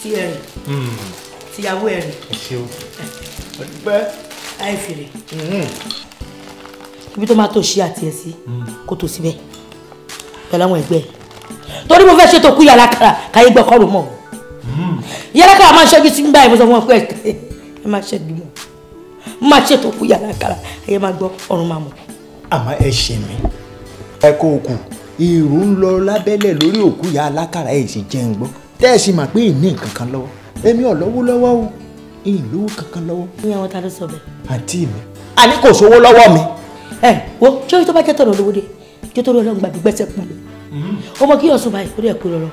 ti ẹ̀rìn hmm. tìyàwó ẹ̀rìn ọdúpẹ́ àìfèrè hmm. ibi tó máa tó ṣí àti ẹ̀ sí hmm. kó tó síbẹ̀ pẹ̀lú àwọn ẹgbẹ́ ẹ̀ torí mo fẹ́ ṣètò kú yàrá káyé gbọ́ kọ́ ló mọ̀ yàrá kára máa ṣẹ́jú sí ń báyìí mo sọ fún ọ pé ẹ máa ṣẹ́jú mọ̀ máa ṣètò kú yàrá kára ẹ máa gbọ́ ọ̀run máa mọ̀. àmọ́ ẹ ṣe mí ẹ kó o kù èrò ń lọ lábẹ́lẹ̀ lórí òkú ya alákàrà ẹ̀ sì jẹun gbọ́ tẹ́ẹ̀sì mà pé ìní nǹkan lọ́wọ́ èmi ò lọ́wọ́ o ìyìn lówó kankan lọ́wọ́. ní àwọn ta ló sọ bẹ́ẹ̀. àǹtí mi àní kò sówó lọ́wọ́ mi. ẹ wo sórí tó bá jẹ́ tọ̀nà lówó de jẹ́ tọ̀nà ọlọ́run gbàgbé gbẹ́sẹ̀ kú mi. ọmọ kí ọ̀sùn báyìí kó dẹ̀ kú lọ́rọ̀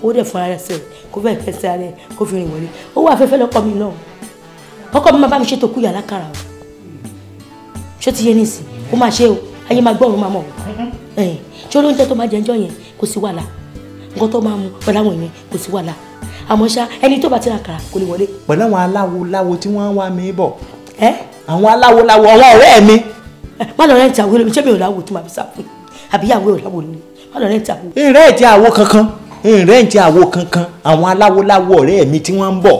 kó dẹ̀ fún ara ṣe kó fẹ́ fẹ́ sí ara kó fi rìn wọlé owó afẹ́fẹ́ lọ́kọ mi náà ọkọ mi máa bá mi ṣètò kú yàrá o ṣé ti yé nísìnyí ó máa ṣe o ayé máa gbọ́ ọ̀run máa mọ̀ ọ́ ṣé olóúnjẹ tó máa jẹ ẹjọ́ yẹn kò sí wàhálà nǹkan tó máa mu pẹ̀lú àwọn èèyàn kò sí wàhálà àmọ́ ṣá ẹni tó bá ti ra kàrà kò lè wọlé. pẹ̀lú àwọn aláwo láwo tí wọ́n wá mi bọ̀. ẹ àwọn aláwo láwo àwọn ọ̀rẹ́ mi. má lọ rẹ́ǹtì àwọn olóòṣèlú ò láwo tó máa fi sá fún àbí ìyàwó ò láwo ni má lọ rẹ́ǹtì àwọn. ìrẹ́ǹtì àwo kankan ìrẹ́ǹtì àwo kankan àwọn aláwo láwo ọ̀rẹ́ mi tí wọ́n ń bọ̀.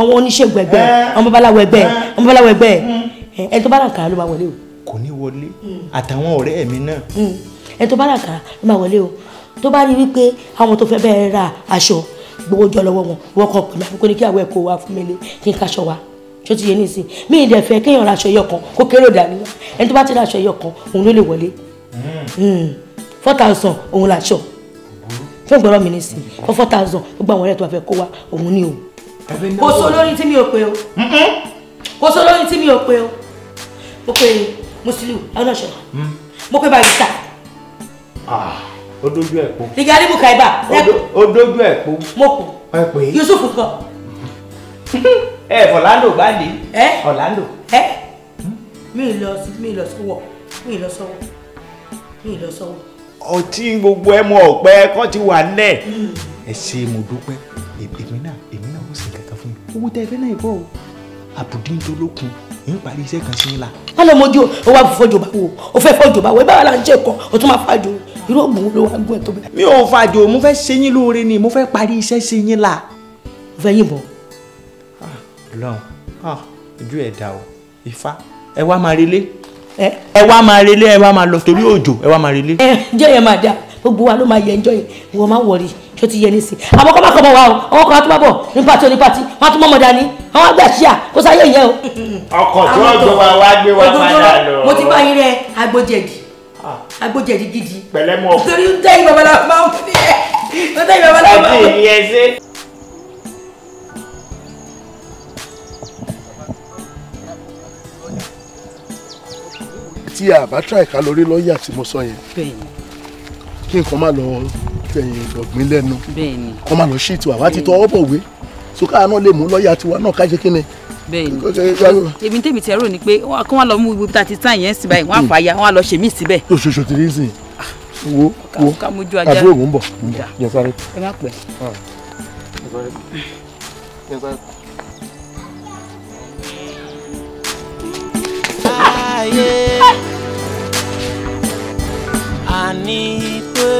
àwọn oníṣègùn ẹgbẹ́ ọmọ báláwo ẹgbẹ́ ọmọ báláwo ẹgbẹ́ ẹ tó bá ra kàrà ló máa wọlé o kò ní wọlé hmm. àtàwọn ọ̀rẹ́ mi náà. Hmm. ẹ tó bá rà kàrà ẹ máa wọlé o tó bá rí wípé àwọn tó fẹ́ bẹ́ẹ̀ ra aṣọ gbowó jọ lọ́wọ́ wọn wọ́kọ̀ pẹ̀lú àkókò ní kí àwọn ẹ̀kọ́ wa fún mi lé kí n kaṣọ wa tó ti yé ní ìsìn mí ìdẹ̀ fẹ́ kéèyàn ra aṣọ yọkan kó kéré dání ẹni tó bá ti ra aṣọ yọkan òun ló lè wọlé hmm. four thousand òun làṣọ fún ìgbọ́rọ̀ mi nísìn fún four thousand gbogbo àwọn ọ̀rẹ́ tó bá fẹ́ kó wa òun ni o. kò sólórí tí mi ò pe o kò sólórí tí mi ò pe o Musiliu ọ̀nà ṣọ̀rọ̀ mo pẹ́ báyìí sà. ó dójú ẹ̀ po. ìgbà ní bukaiba. ó dójú ẹ̀ po. mo kù. ẹ pè é. Yusuf kọ. ẹ Orlando gbàdé. ẹ Orlando. ẹ mi lọ mi lọ sọwọ mi lọ sọwọ mi lọ sọwọ. ọtí gbogbo ẹ mọ ọpẹ kọ ti wà nẹ. Hmm. ẹ ṣe mo dúpẹ́ èmi náà èmi náà ó sì kankan fún mi. owó tẹ ẹ fẹ́ náà yìí bọ̀ o àbùdí ń parí iṣẹ́ kan sí i alọmọdé o wa fọjọ bá wo o fẹ fọjọ bá wo ẹ bá wà láǹ jẹ kọ o tún máa fàjọ irú ògùn ló wà gún ẹ tó bẹ. mi ò fàjọ mo fẹ́ ṣe yín lóore ni mo fẹ́ parí iṣẹ́ ṣe yín la. o fẹ́ yìnbọn. Ah, lọ́n ah, ojú ẹ̀ dà o ifá ẹ wá máa relé ẹ wá máa relé ẹ wá máa lọ torí òjò ẹ wá máa relé. ẹ jẹ́ yẹn máa dáa gbogbo wa ló máa yẹ ẹjọ́ yẹn ìwọ máa wọ̀rì tó ti yẹ ní sí i kọ́ máa kọ́ bọ̀ wá o ọwọ́ kan tó bọ̀ ní pàtó ní pàtí wọn tún mọ̀mọ́dá ni àwọn àgbà ṣíà kó sáyé ìyẹn o. ọkọ̀ tí wọ́n gbé wa wá gbé wa padà lọ. mo ti bá yín rẹ agbójẹ̀dì ah. agbójẹ̀dì gidi. pẹ̀lẹ́ mọ́. torí ń tẹ́ ìbọn máa ń fi ẹ̀ tí a bá tíráì lórí lọ́ọ̀yà tí mo sọ yẹn. bẹ́ẹ̀ni kí nǹkan má lọ fẹ̀yìn dọ̀gbìn lẹ́nu kọ́ má lọ ṣètò àwa ti tọ́ ọ́ bọ̀wé sókà náà lè mú lọ́ọ̀yà tiwa náà ká kí ni èmi tèmi tẹ rò ní pé kí wọn lọ mú ibi tá a ti tán yẹn sí báyìí wọn àfàyà hmm. wọn lọ ṣèmí síbẹ̀. ṣoṣo ti rí sìn wo wo àbúrò mò ń bọ̀ yẹn sáré. ẹ má pẹ́. Ah. ayé àní pé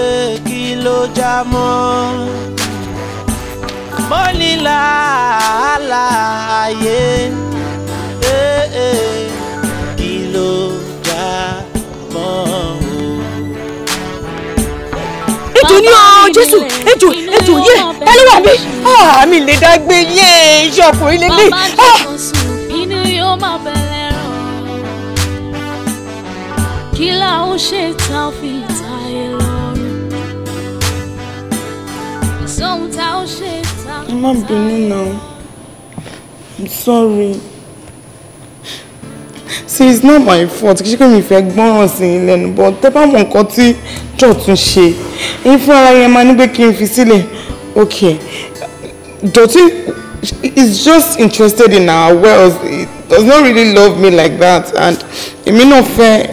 kí ló já mọ́ mo ní làálà ayé kí ló já mọ́ o. ètò ní ọ jésù ejò ejò yé ta wà bí. mi lè dá gbé yé iṣẹ́ ọkùnrin lélẹ̀. bàbá jẹ́ kan sùn inú yóò máa bẹ̀rẹ̀. kí la ó ṣe tá ó fi táyé i'm sorry see it's not my fault She ṣe pé mi fẹ́ gbọ́ràn sí but tẹ́ bá mọ nǹkan tí jọ̀ If I am fún ara yẹn máa ní pé kí n okay dọ̀tí is just interested in our wealth he does not really love me like that and èmi not fair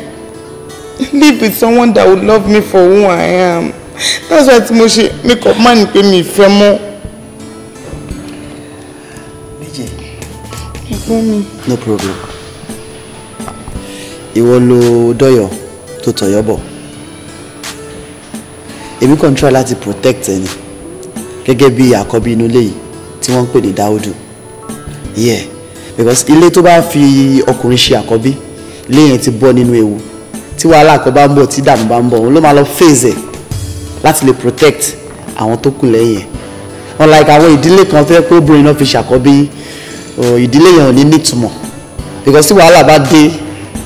live with someone that would love me for who I am that's why tí mo ṣe make up man pé mi ìfẹ́ mọ́. méje. ẹ̀gbọ́n mi. no problem. ìwọ lo dọ́yọ̀ tó tọ̀yọ̀ bọ̀ èmi kàn ń try láti protect ẹni gẹ́gẹ́ bí àkọ́bí inú ilé yìí tí wọ́n ń pè ní dáúdù yeah because ilé tó bá fi ọkùnrin ṣe àkọ́bí ilé yẹn ti bọ́ nínú ewu tí wàhálà kan bá ń bọ̀ tí dààmú bá ń bọ̀ òun ló máa lọ phase láti lè protect àwọn tó kù lẹ́yìn ẹ̀ unlike àwọn ìdílé kan fẹ́ pé obìnrin náà fi ṣàkọ́bí ìdílé yẹn ò ní nítumọ̀ because tí wàhálà bá dé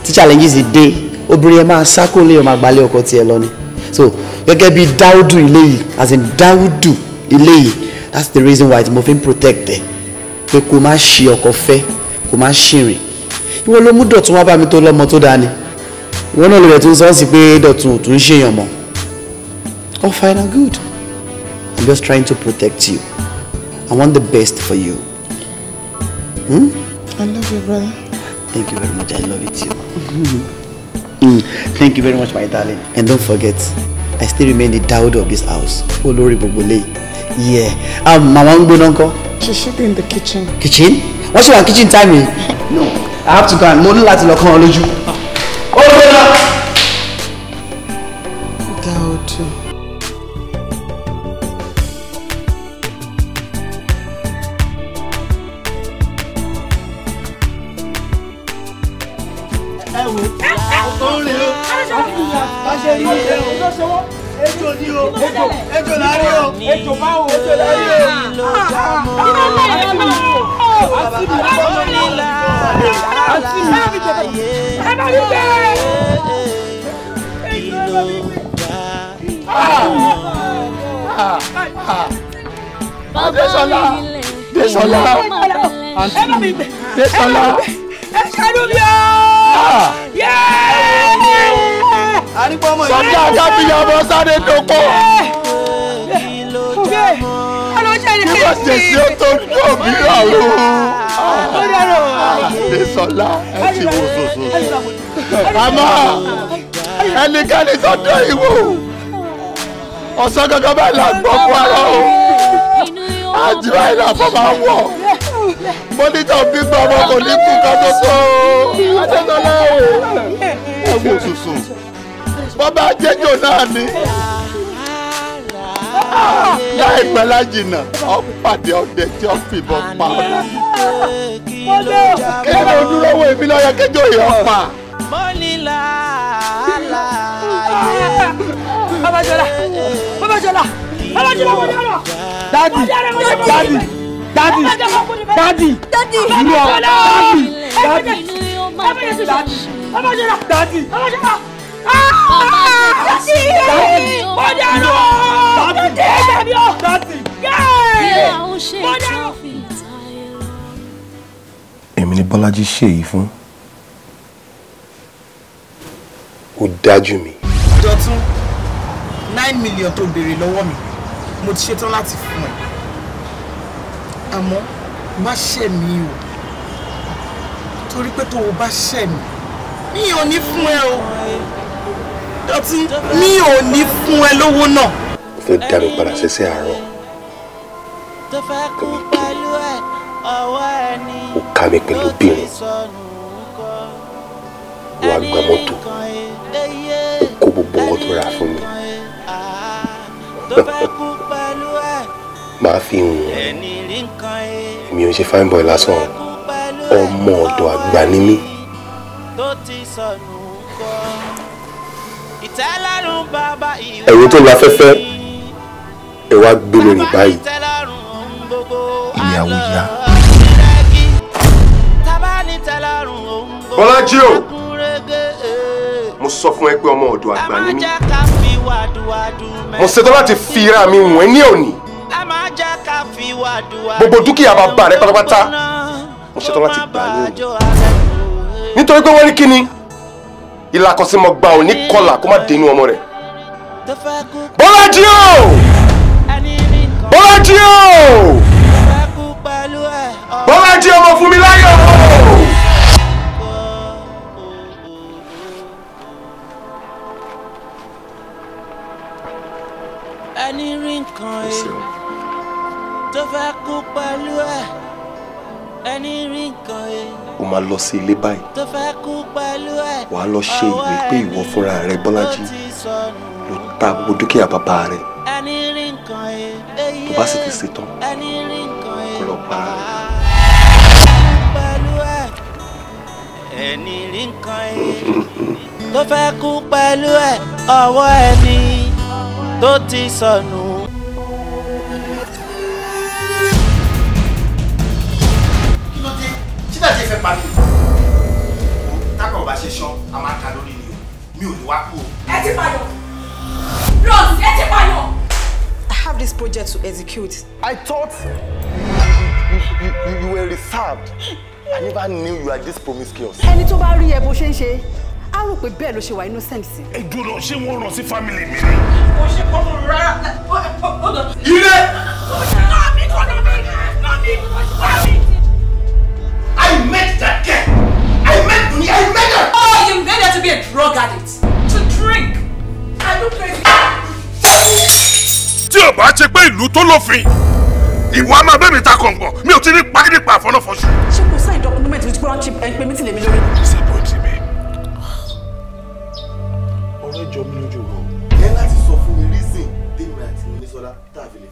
tí challenges dé obìnrin yẹn máa sákò lè máa gbalẹ̀ ọkọ tiẹ̀ lọ ni so gẹ́gẹ́ bí dáúdù ilé yìí as in dáúdù ilé yìí that's the reason why mo fi ń protect ẹ pé kó má ṣe ọkọ fẹ́ kó má ṣìrìn ìwọ ló mú dọ̀tún wá bá mi tó lọ́mọ tó dáa ni wọn náà lè rẹ̀ tó ń sọ sí pé dọ̀tun ò tún ṣèyàn mọ́ all oh, fine and good i'm just trying to protect you i want the best for you hmm? i love you brother thank you very much i love you too mm, thank you very much my darling and don't forget i still remain the dowdy of this house olórí gbogbo lẹ́yìn yeah um, mama ń gbóná she should be in the kitchen. kitchen wọ́n ṣe wà kitchen time yìí. no i have to go and mo ní láti lọ kán ọ lójú. Tọ́lá àǹtí dé Tọ́lá. ẹ ṣàánú mi o. Ah. sọjá adábíyàmọ sáré dòkó. bí wọ́n ṣe ṣe ó tó ní òmíràn ló. dé Tọ́lá ẹ ti wo soso. àmọ́ ẹnikẹ́ni tó dé ìwò ọ̀sán gangan bẹ́ẹ̀ là ń gbọ́ fún ara o àjùlá ìlàfọ́ máa wọ̀ mọ́nítà gbígbà ọmọ kò ní kú ká tó tó adétọ́lá o ẹ̀wù òtútù bọ́bá jẹ́jọ́ náà ni láìpẹ́ lájìnà ọ̀pàdé ọ̀dẹ tí ó fìbọn pa ọ̀la. kéde ojúlówó èmi lọ́yọ̀ kéde òye ọ̀pà. Babajola Babajola Babajola wọlé dadi dadi dadi dadi irú ọ dadi dadi dadi dadi dadi mọdàrọ dadi dadi dadi mọdàrọ. èmi ni bọ́lájí ṣe èyí fún ó dájú mi. dọ̀tún nine million tó béèrè lọ́wọ́ mi mo ti ṣetán láti fún ẹ àmọ́ má ṣẹ̀ mí o torí pé tó o bá ṣẹ̀ mí mi ò ní fún ẹ o dọ̀tí mi ò ní fún ẹ lówó náà. o fẹ́ dá mi padà ṣẹṣẹ àárọ̀ o ká mi pẹ̀lú obìnrin wàá gba mọ́tò o kó gbogbo owó tó rà fún mi máa fi hùn èmi ò ṣe fine boy lásán ọmọ ọ̀dọ̀ àgbà ni mí. ẹ̀yin tó la fẹ́fẹ́ ẹ wá gbé lórí báyìí. ìyàwó ya. Bọ́lájí o eh. mo sọ fún ẹ pé ọmọ ọ̀dọ̀ àgbà ni mí mo ṣetán láti fi ra mi wọ̀n ní òní gbogbo dúkìá bàbá rẹ pátápátá mo ṣetán láti gbà ní òní nítorí pé wọ́n ní kíni ìlàkọsímọ̀gbà ò ní kọlà kó má dénú ọmọ rẹ̀ Bọ́lájí o Bọ́lájí o Bọ́lájí ọmọ Fúnmiláyọ̀. onírí nǹkan ẹ tó fẹ́ kú pẹ̀lú ẹ ẹni rí nǹkan ẹ. o máa lọ sí ilé báyìí. tó fẹ́ kú pẹ̀lú ẹ. wàá lọ ṣe ìwé pé ìwọ fúnra rẹ Bọ́lájí ló ta gbogbo dúkìá bàbá rẹ. ẹni rí nǹkan ẹ. tó bá sì ti ṣetán kó lọ pa ara rẹ. ẹni ẹ tó fẹ́ kú pẹ̀lú ẹ ọwọ́ ẹni tó ti sọnù. kí ló dé tí dàdí ẹ fẹ́ pa mí tákàn bá ṣe ṣan a máa ta lórí ni o mi ò lè wá kú o. ẹ ti pààyàn Rose ẹ ti pààyàn. I have this project to execute. I thought you, you, you, you were reserved. I never knew you were this promiscuous. ẹni tó bá rí ẹ bó ṣe ń ṣe á rò pé bẹ́ẹ̀ ló ṣe wà innocent sí. ẹ jọ̀rọ̀ ṣé wọ́n ràn sí family mi ni. kò ṣe kó fún mi rárá. ilé. náà mi kò náà mi náà mi kò náà mi. I met that girl. I met Dunia. I met her. Oh, you made her to be a drug addict. To drink. I don't look crazy. tí o bá ṣe pé ìlú tó lófin ìwà máa bẹ́ẹ̀ mi ta kọ̀ǹgàn mi ò ti ní pàkínní pa àfọ́nàfọ́sù. ṣé kò sáì dọ́kúmẹ́ntì tó ti gbọ́dọ̀ ṣe pé mi ti lè mi lórí.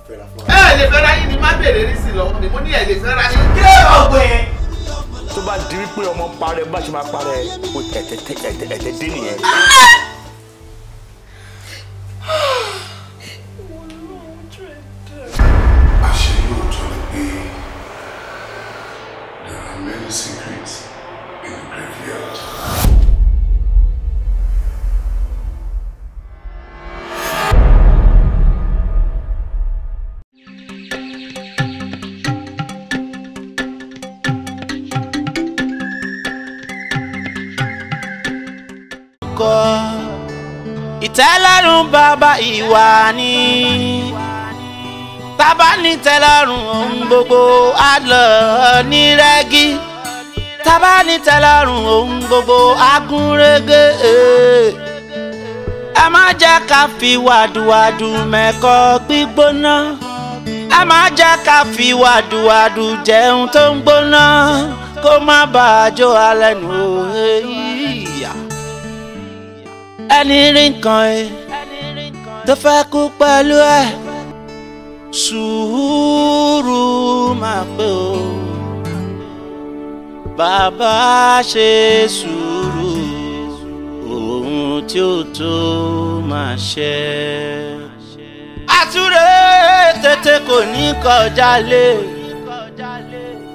ẹ lè fẹ́ra yín ni má bèrè rí sí lọ́wọ́ mi mo ní ẹ lè fẹ́ra yín. kí ló yọ pé. tó bá di wípé ọmọ parẹ́ bá ṣe máa parẹ́ o tẹ̀tẹ̀ tẹ̀tẹ̀ dé nìyẹn. Ah! ní tábà ní tẹ́lọ́rùn ohun gbogbo á lọ ní rẹ́gí tábà ní tẹ́lọ́rùn ohun gbogbo á gún régé ẹ má jẹ́ ká fi wàdùwàdù mẹ́kọ́ gbígbóná ẹ má jẹ́ ká fi wàdùwàdù jẹun tó ń gbóná kó má bàa jó alẹ́ nù ó ẹni rí nǹkan ẹ̀ tó fẹ́ kú pẹ̀lú ẹ̀ sùúrù máa pé o bàbá ṣe sùúrù ohun tí ó tó máa ṣe. àtúrò tètè kò ní kọjá lé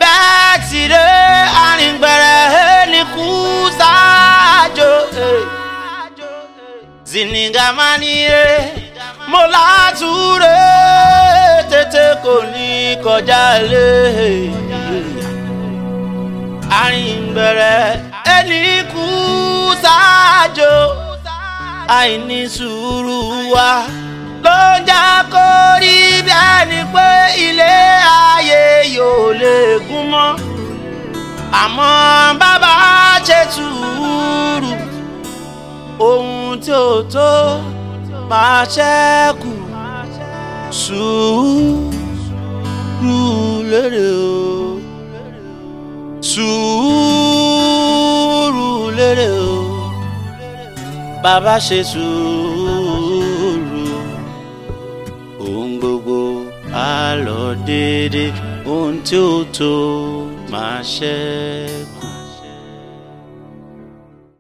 bẹ́ẹ̀ sì ré arìngbẹ̀rẹ̀ ní kú sáájò. Eh zinigamaniye mo látúre tètè kò ní kọjá lé arìnbẹ̀rẹ̀ ẹni kú sáájò àìní sùúrù wa ló ń já kó rí bí ẹni pé ilé ayé yóò lè gún mọ́ àmọ́ bàbá ṣe sùúrù ohun tí ò tó máa ṣẹ́kù sùúrù lérè o sùúrù lérè o bàbá ṣe sùúrù ohun gbogbo á lọ déédéé ohun tí ó tó máa ṣẹ́kù.